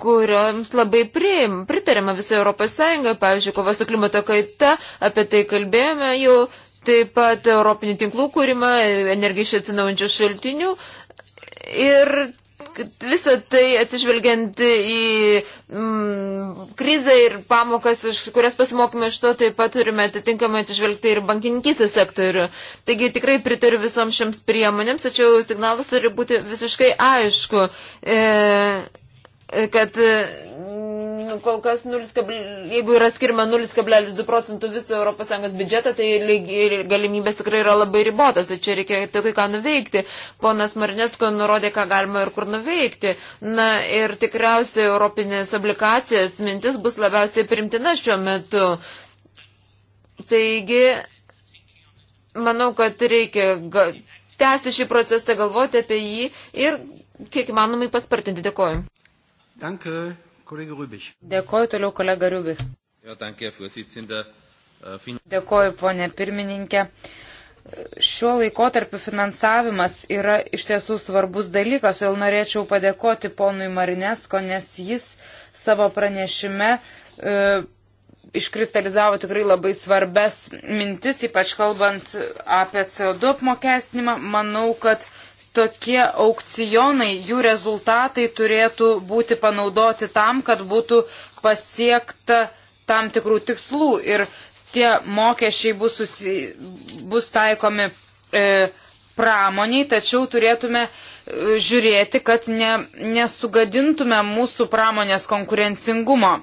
kurioms labai priim, pritarima visa Europos Sąjunga, pavyzdžiui, kova su klimato kaita, apie tai kalbėjome jau taip pat Europinių tinklų kūrimą, energiją iš atsinaujančių šaltinių. Ir visą tai atsižvelgiant į mm, krizę ir pamokas, iš kurias pasimokime iš to, taip pat turime atitinkamai atsižvelgti ir bankininkysės sektorių. Taigi tikrai pritariu visoms šiams priemonėms, tačiau signalas turi būti visiškai aišku, e, kad kol kas 0, jeigu yra skirma 0,2 procentų viso ES biudžeto, tai galimybės tikrai yra labai ribotas. Ir čia reikia tikrai ką nuveikti. Ponas Marnesko nurodė, ką galima ir kur nuveikti. Na ir tikriausiai europinės obligacijas mintis bus labiausiai primtina šiuo metu. Taigi, manau, kad reikia tęsti šį procesą, galvoti apie jį ir kiek įmanomai paspartinti. Dėkuoju. Danke. Dėkoju toliau kolega Rubik. Äh, Dėkoju, ponė pirmininkė. Šiuo laikotarpiu finansavimas yra iš tiesų svarbus dalykas, todėl norėčiau padėkoti ponui Marinesko, nes jis savo pranešime e, iškristalizavo tikrai labai svarbes mintis, ypač kalbant apie CO2 apmokestinimą. Manau, kad e, tokie aukcionai, jų rezultatai turėtų būti panaudoti tam, kad būtų pasiekta tam tikrų tikslų ir tie mokesčiai bus, susi, bus taikomi e, pramoniai, tačiau turėtume e, žiūrėti, kad ne, nesugadintume mūsų pramonės konkurencingumo.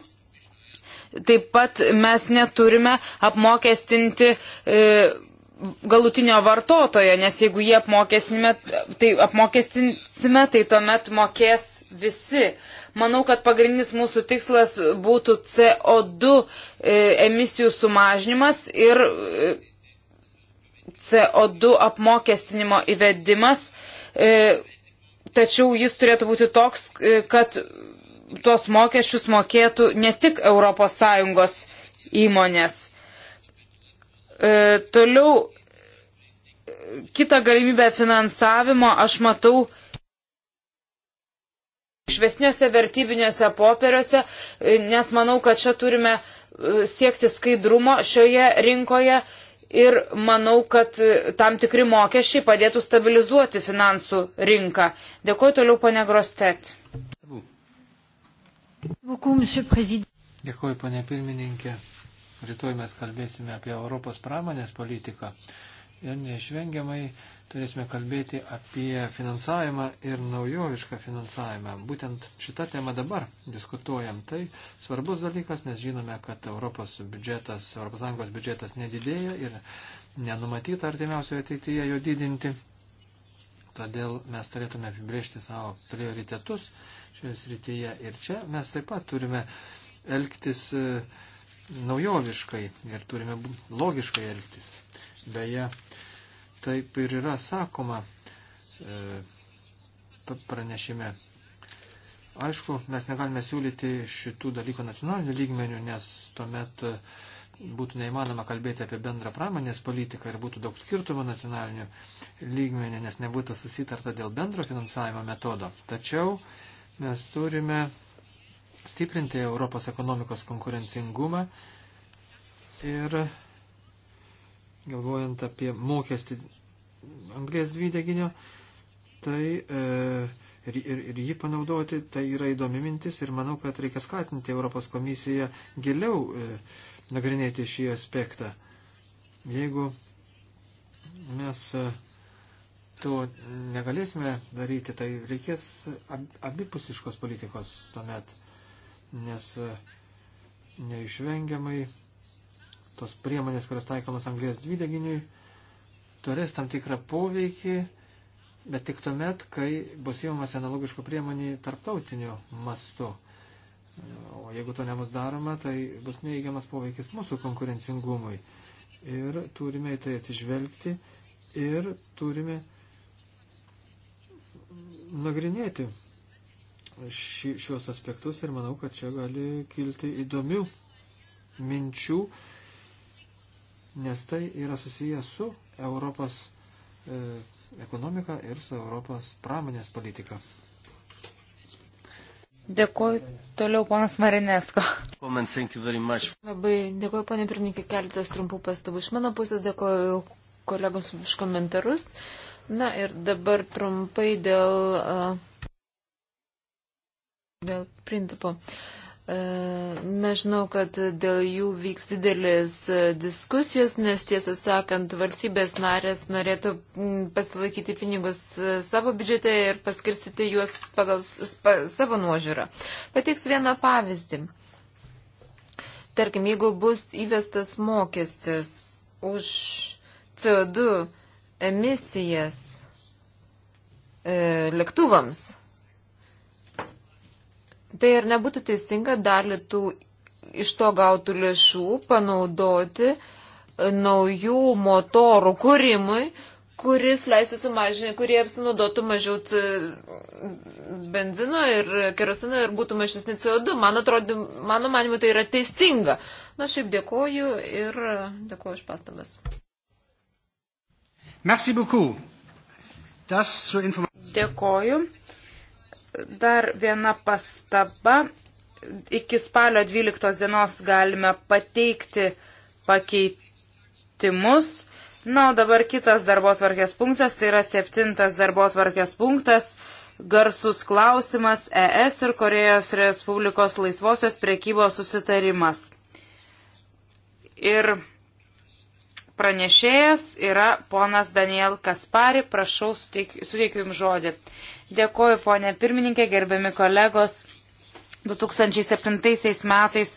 Taip pat mes neturime apmokestinti e, galutinio vartotojo, nes jeigu jie apmokestinsime, tai, apmokestinsime, tai tuomet mokės visi. Manau, kad pagrindinis mūsų tikslas būtų CO2 e, emisijų sumažinimas ir e, CO2 apmokestinimo įvedimas, e, tačiau jis turėtų būti toks, kad tuos mokesčius mokėtų ne tik ES įmonės. E, toliau kitą galimybę finansavimo aš matau švesniuose vertybiniuose popieriuose, e, nes manau, kad čia turime e, siekti skaidrumo šioje rinkoje ir manau, kad e, tam tikri mokesčiai padėtų stabilizuoti finansų rinką. Dėkuoju toliau, ponė Grostet. Dėkuoju, ponė pirmininkė. Rytoj mes kalbėsime apie Europos pramonės politiką ir neišvengiamai turėsime kalbėti apie finansavimą ir naujovišką finansavimą. Būtent šitą temą dabar diskutuojam. Tai svarbus dalykas, nes žinome, kad Europos biudžetas, ES biudžetas nedidėja ir nenumatyta artimiausioje ateityje jo didinti. Todėl mes turėtume apibriežti savo prioritetus šioje srityje. Ir čia mes taip pat turime elgtis. E, naujoviškai ir turime logiškai elgtis. Beje, taip ir yra sakoma e, pranešime. Aišku, mes negalime siūlyti šitų dalykų nacionalinių lygmenių, nes tuomet e, būtų neįmanoma kalbėti apie bendrą pramonės politiką ir būtų daug skirtumų nacionalinių lygmenių, nes nebūtų susitarta dėl bendro finansavimo metodo. Tačiau mes turime stiprinti Europos ekonomikos konkurencingumą ir galvojant apie mokestį anglės dvideginio, tai e, ir, ir, ir jį panaudoti, tai yra įdomi mintis ir manau, kad reikia skatinti Europos komisiją giliau e, nagrinėti šį aspektą. Jeigu mes e, to negalėsime daryti, tai reikės ab, abipusiškos politikos tuomet nes e, neišvengiamai tos priemonės, kurios taikomas anglės dvideginiui, turės tam tikrą poveikį, bet tik tuomet, kai bus įmamas analogiškų priemonių tarptautiniu mastu. O jeigu to nebus daroma, tai bus neįgiamas poveikis mūsų konkurencingumui. Ir turime į tai atsižvelgti ir turime nagrinėti ši, šios aspektus ir manau, kad čia gali kilti įdomių minčių, nes tai yra susijęs su Europos e, ekonomika ir su Europos pramonės politika. Dėkuoju toliau, ponas Marinesko. Labai dėkuoju, ponė pirmininkė, keletas trumpų pastabų. Iš mano pusės dėkuoju kolegams už komentarus. Na ir dabar trumpai dėl. Uh, dėl principo. Na, e, žinau, kad dėl jų vyks didelis e, diskusijos, nes tiesą sakant, valstybės narės norėtų pasilaikyti pinigus e, savo biudžete ir paskirstyti juos pagal pa, savo nuožiūrą. Pateiksiu vieną pavyzdį. Tarkim, jeigu bus įvestas mokestis už CO2 emisijas e, lėktuvams, Tai ir nebūtų teisinga dalį tų iš to gautų lėšų panaudoti e, naujų motorų kūrimui, kuris leistų sumažinti, kurie apsinaudotų mažiau benzino ir kerosino ir būtų mažesni CO2. Man atrodo, mano manimu, tai yra teisinga. Na, šiaip dėkoju ir dėkoju už pastabas. Merci beaucoup. Das zur Information. Dėkoju. Dar viena pastaba. Iki spalio 12 dienos galime pateikti pakeitimus. Na, o dabar kitas darbo tvarkės punktas, tai yra septintas darbo tvarkės punktas. Garsus klausimas ES ir Korejos Respublikos laisvosios priekybos susitarimas. Ir pranešėjas yra ponas Daniel Kaspari, prašau, suteikiu jums žodį. Uh, Dėkoju, ponė pirmininkė, gerbiami kolegos. 2007 metais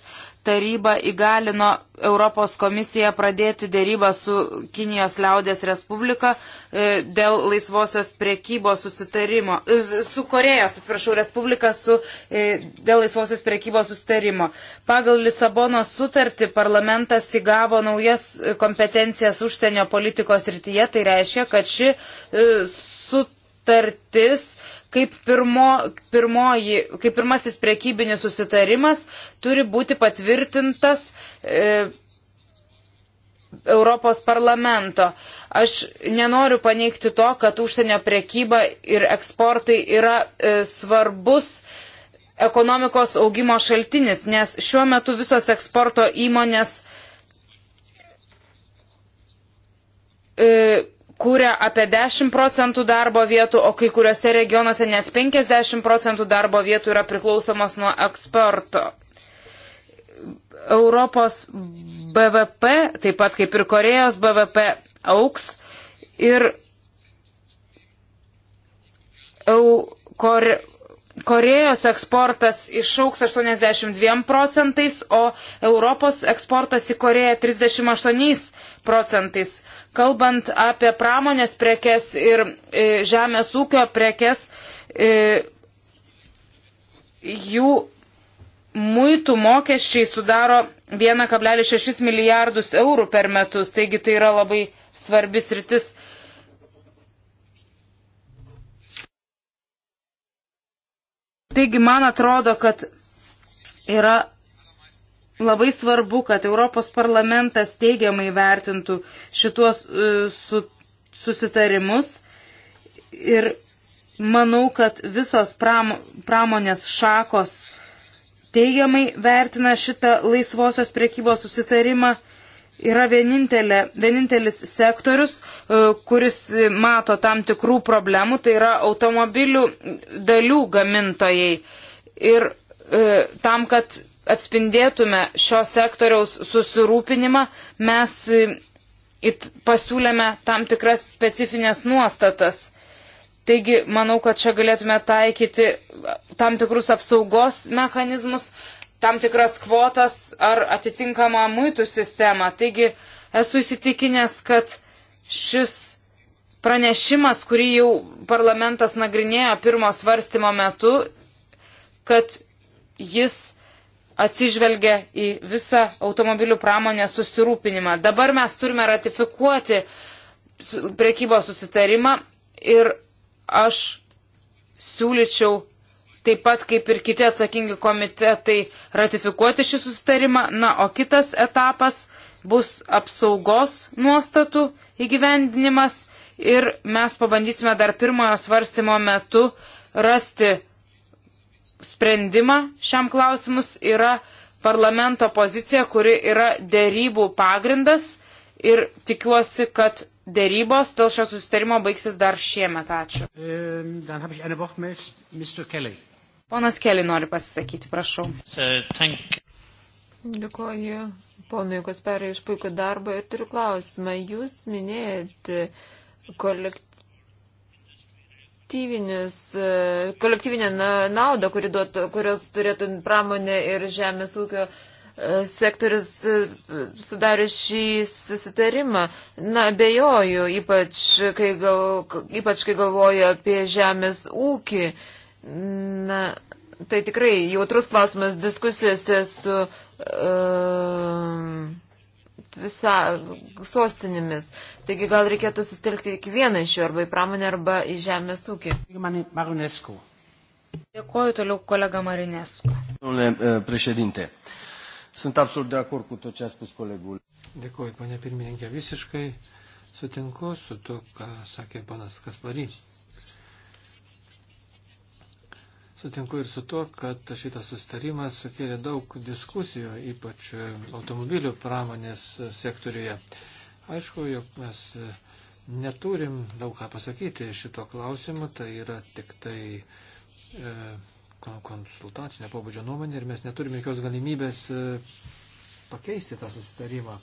taryba įgalino Europos komisiją pradėti dėrybą su Kinijos liaudės Respublika e, dėl laisvosios priekybos susitarimo, e, su Korejos, atsiprašau, Respublika su, e, dėl laisvosios priekybos susitarimo. Pagal Lisabono sutartį parlamentas įgavo naujas kompetencijas užsienio politikos rytyje, tai reiškia, kad ši su sutartis kaip, pirmo, pirmoji, kaip pirmasis prekybinis susitarimas turi būti patvirtintas e, Europos parlamento. Aš nenoriu paneigti to, kad užsienio prekyba ir eksportai yra e, svarbus ekonomikos augimo šaltinis, nes šiuo metu visos eksporto įmonės e, kūrė apie 10 procentų darbo vietų, o kai kuriuose regionuose net 50 procentų darbo vietų yra priklausomos nuo eksporto. Europos BVP, taip pat kaip ir Korejos BVP, auks ir eu, kore, Korejos eksportas išauks 82 procentais, o Europos eksportas į Koreją 38 procentais. Kalbant apie pramonės prekes ir e, žemės ūkio prekes, e, jų muitų mokesčiai sudaro 1,6 milijardus eurų per metus, taigi tai yra labai svarbis rytis Taigi, man atrodo, kad yra labai svarbu, kad Europos parlamentas teigiamai vertintų šituos e, su, susitarimus ir manau, kad visos pram, pramonės šakos teigiamai vertina šitą laisvosios priekybos susitarimą yra vienintelė, vienintelis sektorius, e, kuris mato tam tikrų problemų, tai yra automobilių dalių gamintojai. Ir e, tam, kad atspindėtume šio sektoriaus susirūpinimą, mes e, pasiūlėme tam tikras specifines nuostatas. Taigi, manau, kad čia galėtume taikyti tam tikrus apsaugos mechanizmus, tam tikras kvotas ar atitinkamą muitų sistemą. Taigi esu įsitikinęs, kad šis pranešimas, kurį jau parlamentas nagrinėjo pirmo svarstymo metu, kad jis atsižvelgia į visą automobilių pramonę susirūpinimą. Dabar mes turime ratifikuoti priekybos susitarimą ir aš siūlyčiau taip pat kaip ir kiti atsakingi komitetai ratifikuoti šį sustarimą. Na, o kitas etapas bus apsaugos nuostatų įgyvendinimas ir mes pabandysime dar pirmojo svarstymo metu rasti sprendimą šiam klausimus. Yra parlamento pozicija, kuri yra dėrybų pagrindas ir tikiuosi, kad dėrybos dėl šio susitarimo baigsis dar šiemet. Ačiū. Um, Ponas Keli nori pasisakyti, prašau. Dėkuoju ponui Kasperui iš puikų darbą ir turiu klausimą. Jūs minėjote kolektyvinę naudą, duot, kurios turėtų pramonė ir žemės ūkio e, sektorius e, sudarė šį susitarimą. Na, bejoju, ypač kai, gal, ypač kai galvoju apie žemės ūkį. Uh, Na, tai tikrai jautrus klausimas diskusijose su uh, visa sostinėmis. Taigi gal reikėtų sustelkti tik vieną iš jų, arba į pramonę, arba į žemės ūkį. Marinescu. Dėkuoju toliau kolega Marinescu. Domnule e, președinte, sunt absolut de acord cu tot ce a spus colegul. Dėkuoju, ponia pirmininkė, visiškai sutinku su to, ką sakė ponas Kasparys. Sutinku ir su tuo, kad šitas sustarimas sukėlė daug diskusijų, ypač automobilių pramonės sektoriuje. Aišku, jog mes neturim daug ką pasakyti šito klausimu, tai yra tik tai e, konsultacinė pobūdžio nuomonė ir mes neturime jokios galimybės e, pakeisti tą susitarimą.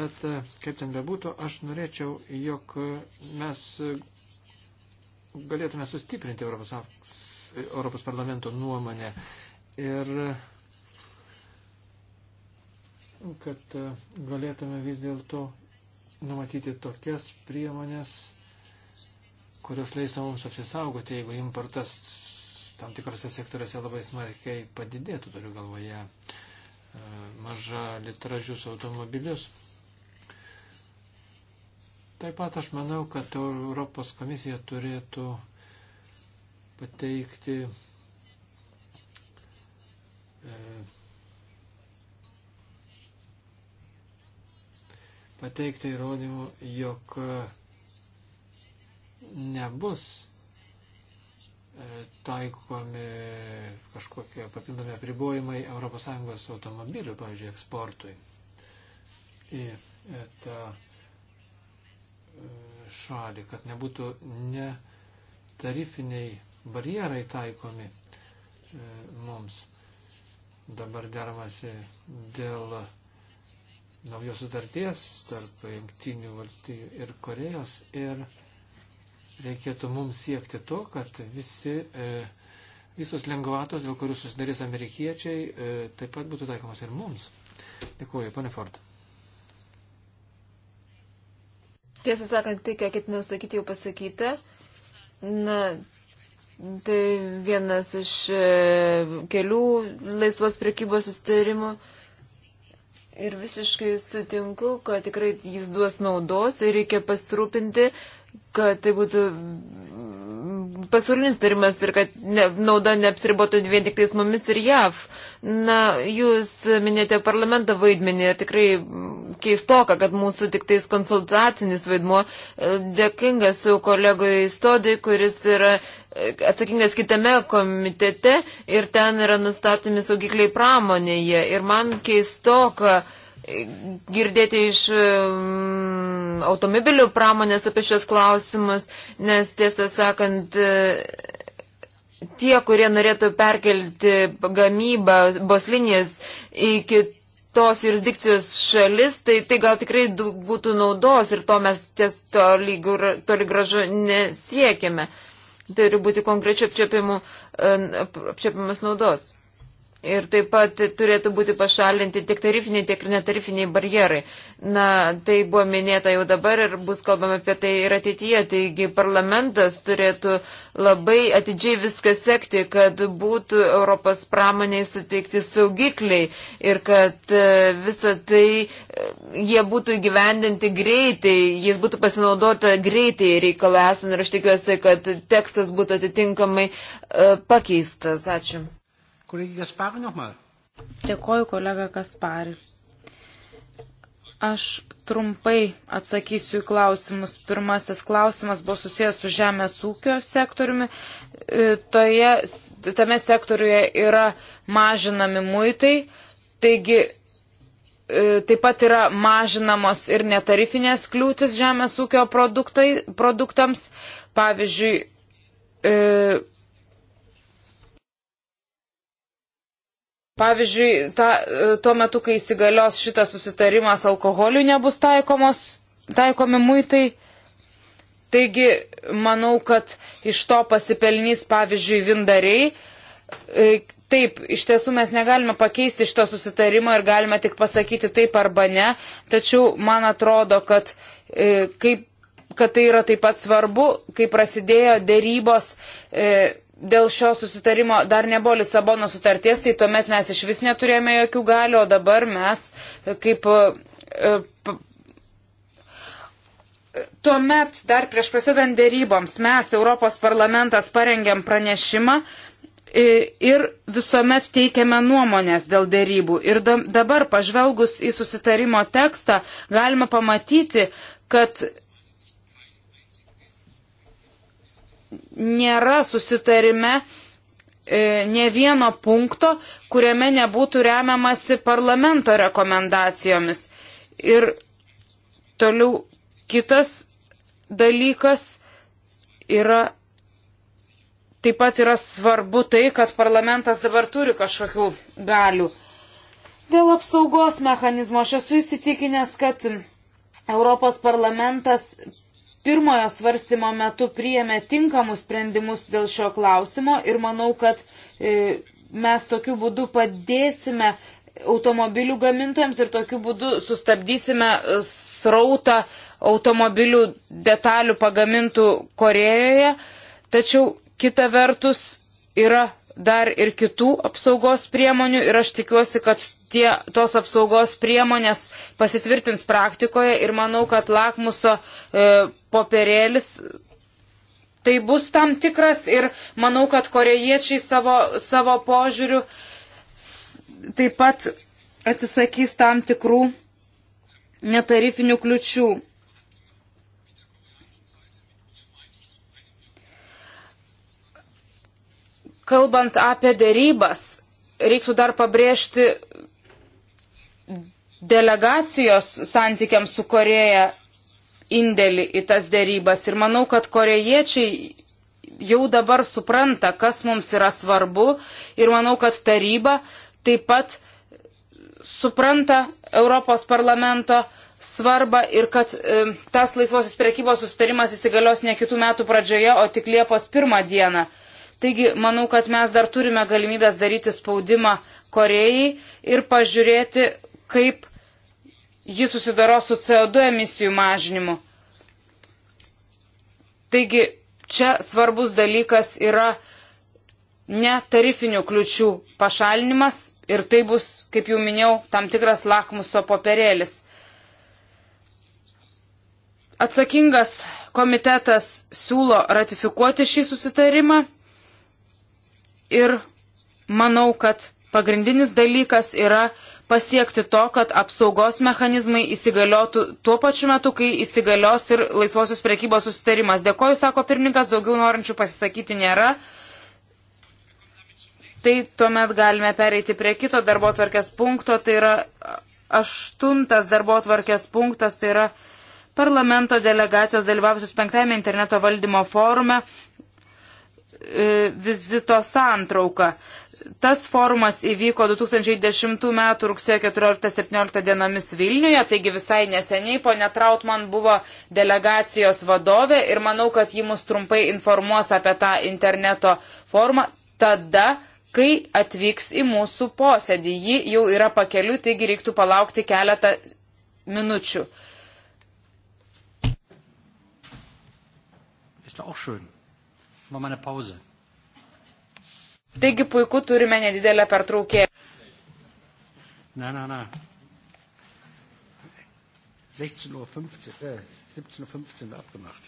Bet e, kaip ten bebūtų, aš norėčiau, jog mes e, galėtume sustiprinti ES Europos parlamento nuomonę. Ir kad galėtume vis dėlto numatyti tokias priemonės, kurios leistų mums apsisaugoti, jeigu importas tam tikrose sektoriuose labai smarkiai padidėtų, turiu galvoje, e, maža litražius automobilius. Taip pat aš manau, kad Europos komisija turėtų pateikti e, pateikti įrodymų, jog nebus e, taikomi kažkokie papildomi apribojimai ES automobilių, pavyzdžiui, eksportui į e, tą šalį, kad nebūtų ne tarifiniai barjerai taikomi e, mums. Dabar deramasi dėl naujos sutarties tarp Junktinių valstybių ir Korejos ir reikėtų mums siekti to, kad visi, e, visos lengvatos, dėl kurių susidarys amerikiečiai, e, taip pat būtų taikomas ir mums. Dėkuoju, pane Ford. Tiesą sakant, tai, ką ketinau sakyti, jau pasakyta. Na, Tai vienas iš e, kelių laisvos prekybos sustarimų. Ir visiškai sutinku, kad tikrai jis duos naudos ir reikia pasirūpinti, kad tai būtų pasaulinis turimas ir kad ne, nauda neapsiribotų vien tik tais mumis ir JAV. Na, jūs minėjote parlamento vaidmenį, tikrai keistoka, kad mūsų tik tais konsultacinis vaidmuo. Dėkingas su kolegoje Stodai, kuris yra e, atsakingas kitame komitete ir ten yra nustatomi saugikliai pramonėje. Ir man keistoka, kad girdėti iš mm, automobilių pramonės apie šios klausimus, nes tiesą sakant, tie, kurie norėtų perkelti gamybą boslinės į kitos jurisdikcijos šalis, tai tai gal tikrai būtų naudos ir to mes ties toli, toli gražu nesiekime. Tai turi būti konkrečiai apčiopiamas e, naudos. Ir taip pat turėtų būti pašalinti tiek tarifiniai, tiek ir netarifiniai barjerai. Na, tai buvo minėta jau dabar ir bus kalbama apie tai ir ateityje. Taigi parlamentas turėtų labai atidžiai viską sekti, kad būtų Europos pramoniai suteikti saugikliai ir kad e, visa tai e, jie būtų įgyvendinti greitai, jis būtų pasinaudota greitai reikalą esant ir aš tikiuosi, kad tekstas būtų atitinkamai e, pakeistas. Ačiū. Kolegė Gaspar nochmal. Dėkoju, kolega Gaspar. Aš trumpai atsakysiu į klausimus. Pirmasis klausimas buvo susijęs su žemės ūkio sektoriumi. E, toje, tame sektoriuje yra mažinami muitai, taigi e, taip pat yra mažinamos ir netarifinės kliūtis žemės ūkio produktai, produktams. Pavyzdžiui, e, Pavyzdžiui, ta, e, tuo metu, kai įsigalios šitas susitarimas, alkoholiui nebus taikomos, taikomi muitai. Taigi, manau, kad iš to pasipelnys, pavyzdžiui, vindariai. E, taip, iš tiesų mes negalime pakeisti šito susitarimo ir galime tik pasakyti taip arba ne, tačiau man atrodo, kad, e, kaip, kad tai yra taip pat svarbu, kai prasidėjo dėrybos. E, dėl šio susitarimo dar nebuvo Lisabono sutarties, tai tuomet mes iš vis neturėjome jokių galių, o dabar mes e, kaip. E, e, tuomet dar prieš prasidant dėryboms mes, Europos parlamentas, parengėm pranešimą ir visuomet teikiame nuomonės dėl dėrybų. Ir dabar pažvelgus į susitarimo tekstą galima pamatyti, kad nėra susitarime e, ne vieno punkto, kuriame nebūtų remiamasi parlamento rekomendacijomis. Ir toliau kitas dalykas yra, taip pat yra svarbu tai, kad parlamentas dabar turi kažkokių galių. Dėl apsaugos mechanizmo aš esu įsitikinęs, kad Europos parlamentas pirmojo svarstymo metu priėmė tinkamus sprendimus dėl šio klausimo ir manau, kad e, mes tokiu būdu padėsime automobilių gamintojams ir tokiu būdu sustabdysime e, srautą automobilių detalių pagamintų Korejoje. Tačiau kita vertus yra dar ir kitų apsaugos priemonių ir aš tikiuosi, kad tie, tos apsaugos priemonės pasitvirtins praktikoje ir manau, kad lakmuso e, popierėlis tai bus tam tikras ir manau, kad korejiečiai savo, savo požiūrių taip pat atsisakys tam tikrų netarifinių kliučių. Kalbant apie dėrybas, reiktų dar pabrėžti delegacijos santykiams su Koreja indėlį į tas dėrybas. Ir manau, kad korejiečiai jau dabar supranta, kas mums yra svarbu. Ir manau, kad taryba taip pat supranta Europos parlamento svarbą ir kad e, tas laisvosios priekybos sustarimas įsigalios ne kitų metų pradžioje, o tik Liepos pirmą dieną. Taigi, manau, kad mes dar turime galimybės daryti spaudimą Korejai ir pažiūrėti, kaip ji susidaro su CO2 emisijų mažinimu. Taigi, čia svarbus dalykas yra netarifinių kliučių pašalinimas ir tai bus, kaip jau minėjau, tam tikras lakmuso popierėlis. Atsakingas komitetas siūlo ratifikuoti šį susitarimą Ir manau, kad pagrindinis dalykas yra pasiekti to, kad apsaugos mechanizmai įsigaliotų tuo pačiu metu, kai įsigalios ir laisvosios priekybos susitarimas. Dėkoju, sako pirmininkas, daugiau norinčių pasisakyti nėra. Tai tuomet galime pereiti prie kito darbo tvarkės punkto, tai yra aštuntas darbo tvarkės punktas, tai yra parlamento delegacijos dalyvavusius penktame interneto valdymo forume E, vizito santrauką. Tas forumas įvyko 2010 m. rugsėjo 14-17 dienomis Vilniuje, taigi visai neseniai ponė Trautman buvo delegacijos vadovė ir manau, kad ji mus trumpai informuos apie tą interneto formą tada, kai atvyks į mūsų posėdį. Ji jau yra pakeliu, taigi reiktų palaukti keletą minučių. Ist auch schön. Taigi puiku, turime nedidelę pertraukėlę. Na, na, na. 16.15 Uhr, äh, 17.15 Uhr abgemacht.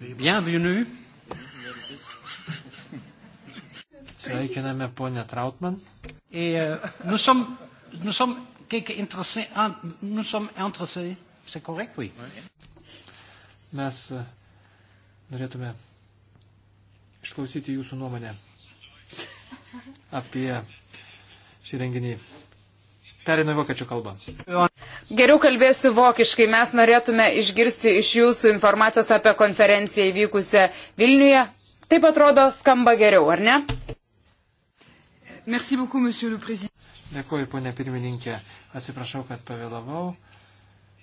Bienvenue. Sveikiname ponę Trautman. Et euh, nous sommes, nous sommes quelque intéressés, nous sommes intéressés, c'est correct, oui. Mes euh, norėtume išklausyti jūsų nuomonę apie šį renginį. Perinu į vokiečių kalbą. Geriau kalbėsiu vokiškai. Mes norėtume išgirsti iš jūsų informacijos apie konferenciją įvykusią Vilniuje. Taip atrodo, skamba geriau, ar ne? Beaucoup, Dėkuoju, ponė pirmininkė. Atsiprašau, kad pavėlavau.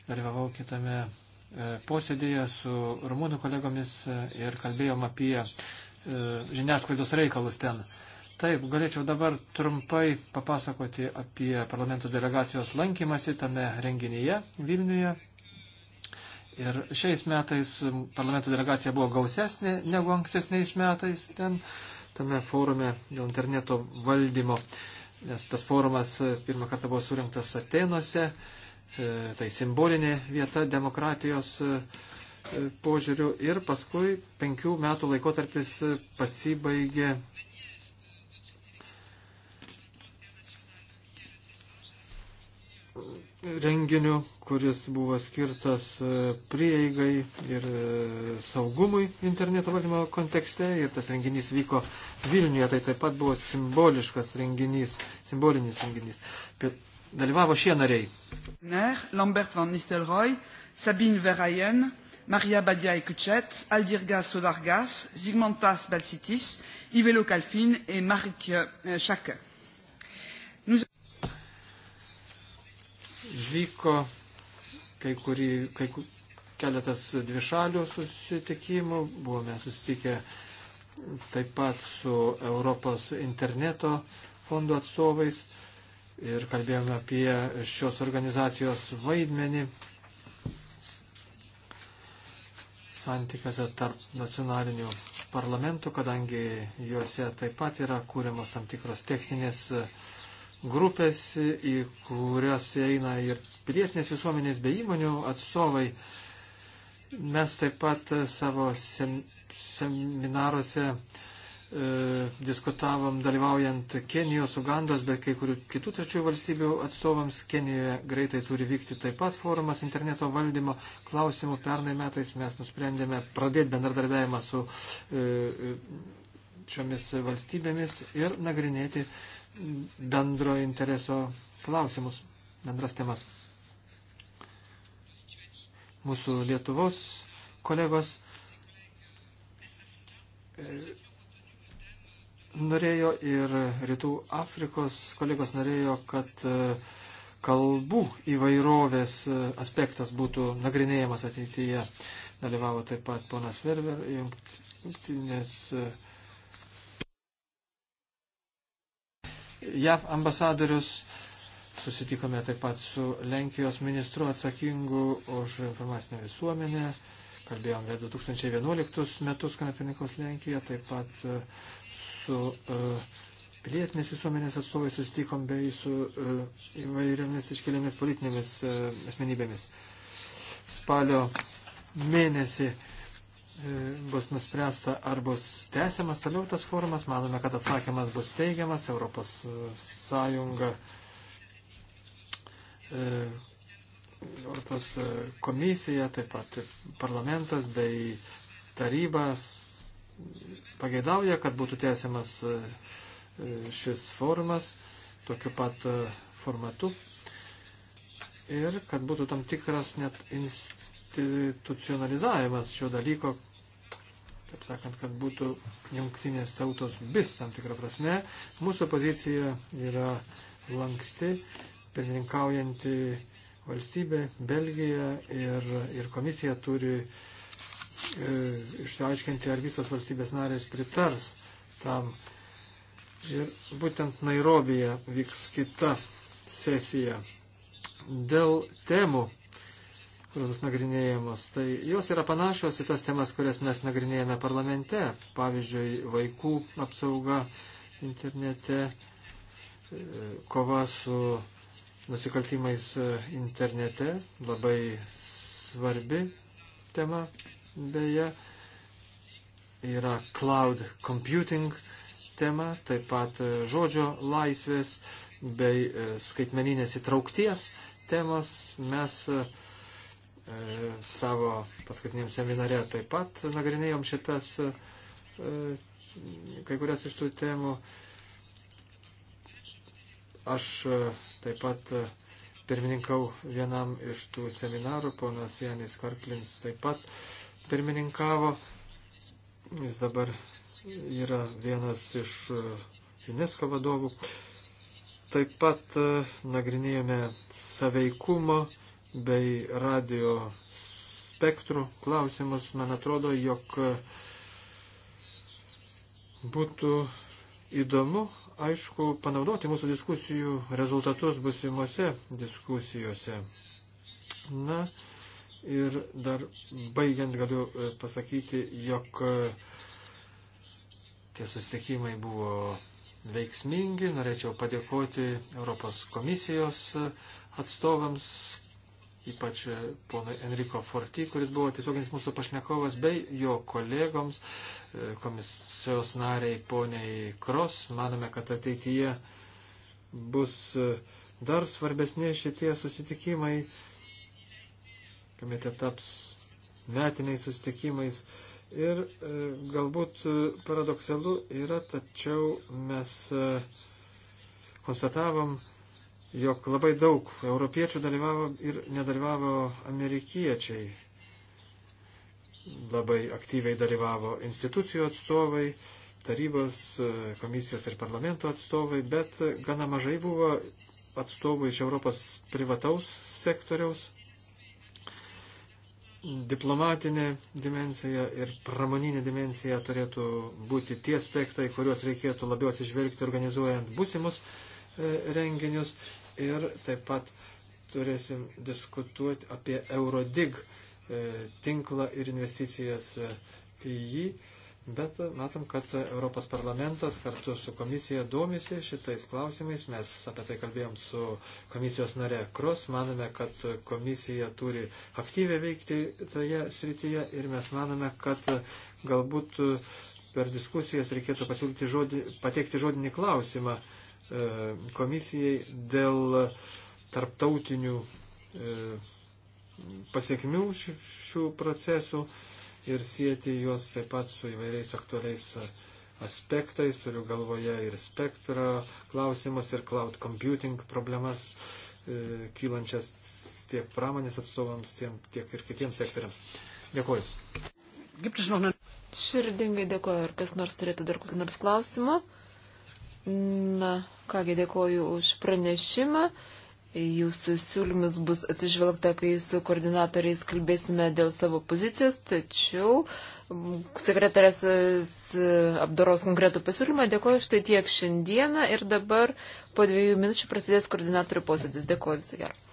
Dalyvavau kitame e, posėdėje su rumūnų kolegomis e, ir kalbėjom apie e, žiniasklaidos reikalus ten. Taip, galėčiau dabar trumpai papasakoti apie parlamento delegacijos lankymasi tame renginyje Vilniuje. Ir šiais metais parlamento delegacija buvo gausesnė negu ankstesniais metais ten, tame forume dėl interneto valdymo, nes tas forumas pirmą kartą buvo surinktas Atenuose, e, tai simbolinė vieta demokratijos e, požiūrių ir paskui penkių metų laikotarpis pasibaigė renginiu, kuris buvo skirtas e, prieigai ir e, saugumui interneto valdymo kontekste. Ir tas renginys vyko Vilniuje, tai taip pat buvo simboliškas renginys, simbolinis renginys. Dalyvavo šie nariai. Ner, Lambert van Nistelrooy, Sabine Verayen, Maria Badia Ekuchet, Aldirga Sodargas, Zigmantas Balsitis, Ivelo Kalfin et Marc euh, Chacun. Nous... Vyko kai, kurį, kai keletas dvišalių susitikimų, buvome susitikę taip pat su Europos interneto fondo atstovais ir kalbėjome apie šios organizacijos vaidmenį santykiuose tarp nacionalinių parlamentų, kadangi juose taip pat yra kūriamos tam tikros techninės uh, grupės, į kurias eina ir pilietinės visuomenės bei įmonių atstovai. Mes taip pat savo sem, seminaruose e, diskutavom dalyvaujant Kenijos, Ugandos, bet kai kurių kitų trečiųjų valstybių atstovams Kenijoje greitai turi vykti taip pat forumas interneto valdymo klausimų. Pernai metais mes nusprendėme pradėti bendradarbiavimą su e, e, šiomis valstybėmis ir nagrinėti bendro intereso klausimus, bendras temas. Mūsų Lietuvos kolegos e, norėjo ir Rytų Afrikos kolegos norėjo, kad e, kalbų įvairovės e, aspektas būtų nagrinėjamas ateityje. Dalyvavo taip pat ponas Verver, jungtinės. Jungt, JAV ambasadorius, susitikome taip pat su Lenkijos ministru atsakingu už informacinę visuomenę, kalbėjom apie 2011 metus, kuomet pirmininkos Lenkija, taip pat e, su uh, pilietinės visuomenės atstovai susitikom bei su uh, įvairiomis iškeliamis politinėmis uh, asmenybėmis. Spalio mėnesį uh, E, bus nuspręsta, ar bus tęsiamas toliau tas forumas. Manome, kad atsakymas bus teigiamas. Europos e, Sąjunga, e, Europos komisija, taip pat parlamentas bei tarybas pageidauja, kad būtų tęsiamas šis forumas tokiu pat formatu ir kad būtų tam tikras net institucionalizavimas šio dalyko, taip sakant, kad būtų jungtinės tautos bis tam tikrą prasme. Mūsų pozicija yra lanksti, pirmininkaujanti valstybė, Belgija ir, ir komisija turi e, išsiaiškinti, ar visos valstybės narės pritars tam. Ir būtent Nairobija vyks kita sesija. Dėl temų kurios bus nagrinėjamos, tai jos yra panašios į tas temas, kurias mes nagrinėjame parlamente, pavyzdžiui, vaikų apsauga internete, kova su nusikaltimais internete, labai svarbi tema, beje, yra cloud computing tema, taip pat žodžio laisvės bei skaitmeninės įtraukties temos. Mes uh, E, savo paskutiniam seminare taip pat nagrinėjom šitas e, kai kurias iš tų temų. Aš e, taip pat pirmininkau vienam iš tų seminarų, ponas Janis Karklins taip pat pirmininkavo. Jis dabar yra vienas iš UNESCO vadovų. Taip pat nagrinėjome saveikumo bei radio spektrų klausimus, man atrodo, jog būtų įdomu, aišku, panaudoti mūsų diskusijų rezultatus busimuose diskusijose. Na ir dar baigiant galiu e, pasakyti, jog e, tie susitikimai buvo veiksmingi. Norėčiau padėkoti Europos komisijos atstovams, ypač e, ponui Enriko Forti, kuris buvo tiesioginis mūsų pašnekovas, bei jo kolegoms, e, komisijos nariai poniai Kros. Manome, kad ateityje bus e, dar svarbesni šitie susitikimai, kuomet jie taps metiniais susitikimais. Ir e, galbūt paradoksalu yra, tačiau mes e, konstatavom, jog labai daug europiečių dalyvavo ir nedalyvavo amerikiečiai. Labai aktyviai dalyvavo institucijų atstovai, tarybos, komisijos ir parlamento atstovai, bet gana mažai buvo atstovų iš Europos privataus sektoriaus, diplomatinė dimensija ir pramoninė dimensija turėtų būti tie aspektai, kuriuos reikėtų labiau atsižvelgti organizuojant būsimus e, renginius ir taip pat turėsim diskutuoti apie Eurodig e, tinklą ir investicijas e, į jį. Bet e, matom, kad Europos parlamentas kartu su komisija domisi šitais klausimais. Mes apie tai kalbėjom su komisijos nare Kros. Manome, kad komisija turi aktyviai veikti toje srityje ir mes manome, kad galbūt per diskusijas reikėtų pasiūlyti žodį, pateikti žodinį klausimą E, komisijai dėl tarptautinių e, pasiekmių šių procesų ir sieti juos taip pat su įvairiais aktualiais aspektais, turiu galvoje ir spektro klausimus, ir cloud computing problemas e, kylančias tiek pramonės atstovams, tiek, tiek ir kitiems sektoriams. Dėkuoju. Širdingai dėkuoju. Ar kas nors turėtų dar kokį nors klausimą? Na, kągi dėkoju už pranešimą. Jūsų siūlymus bus atsižvelgta, kai su koordinatoriais kalbėsime dėl savo pozicijos, tačiau sekretarės apdoros konkretų pasiūlymą. Dėkoju štai tiek šiandieną ir dabar po dviejų minučių prasidės koordinatorių posėdis. Dėkoju visą gerą.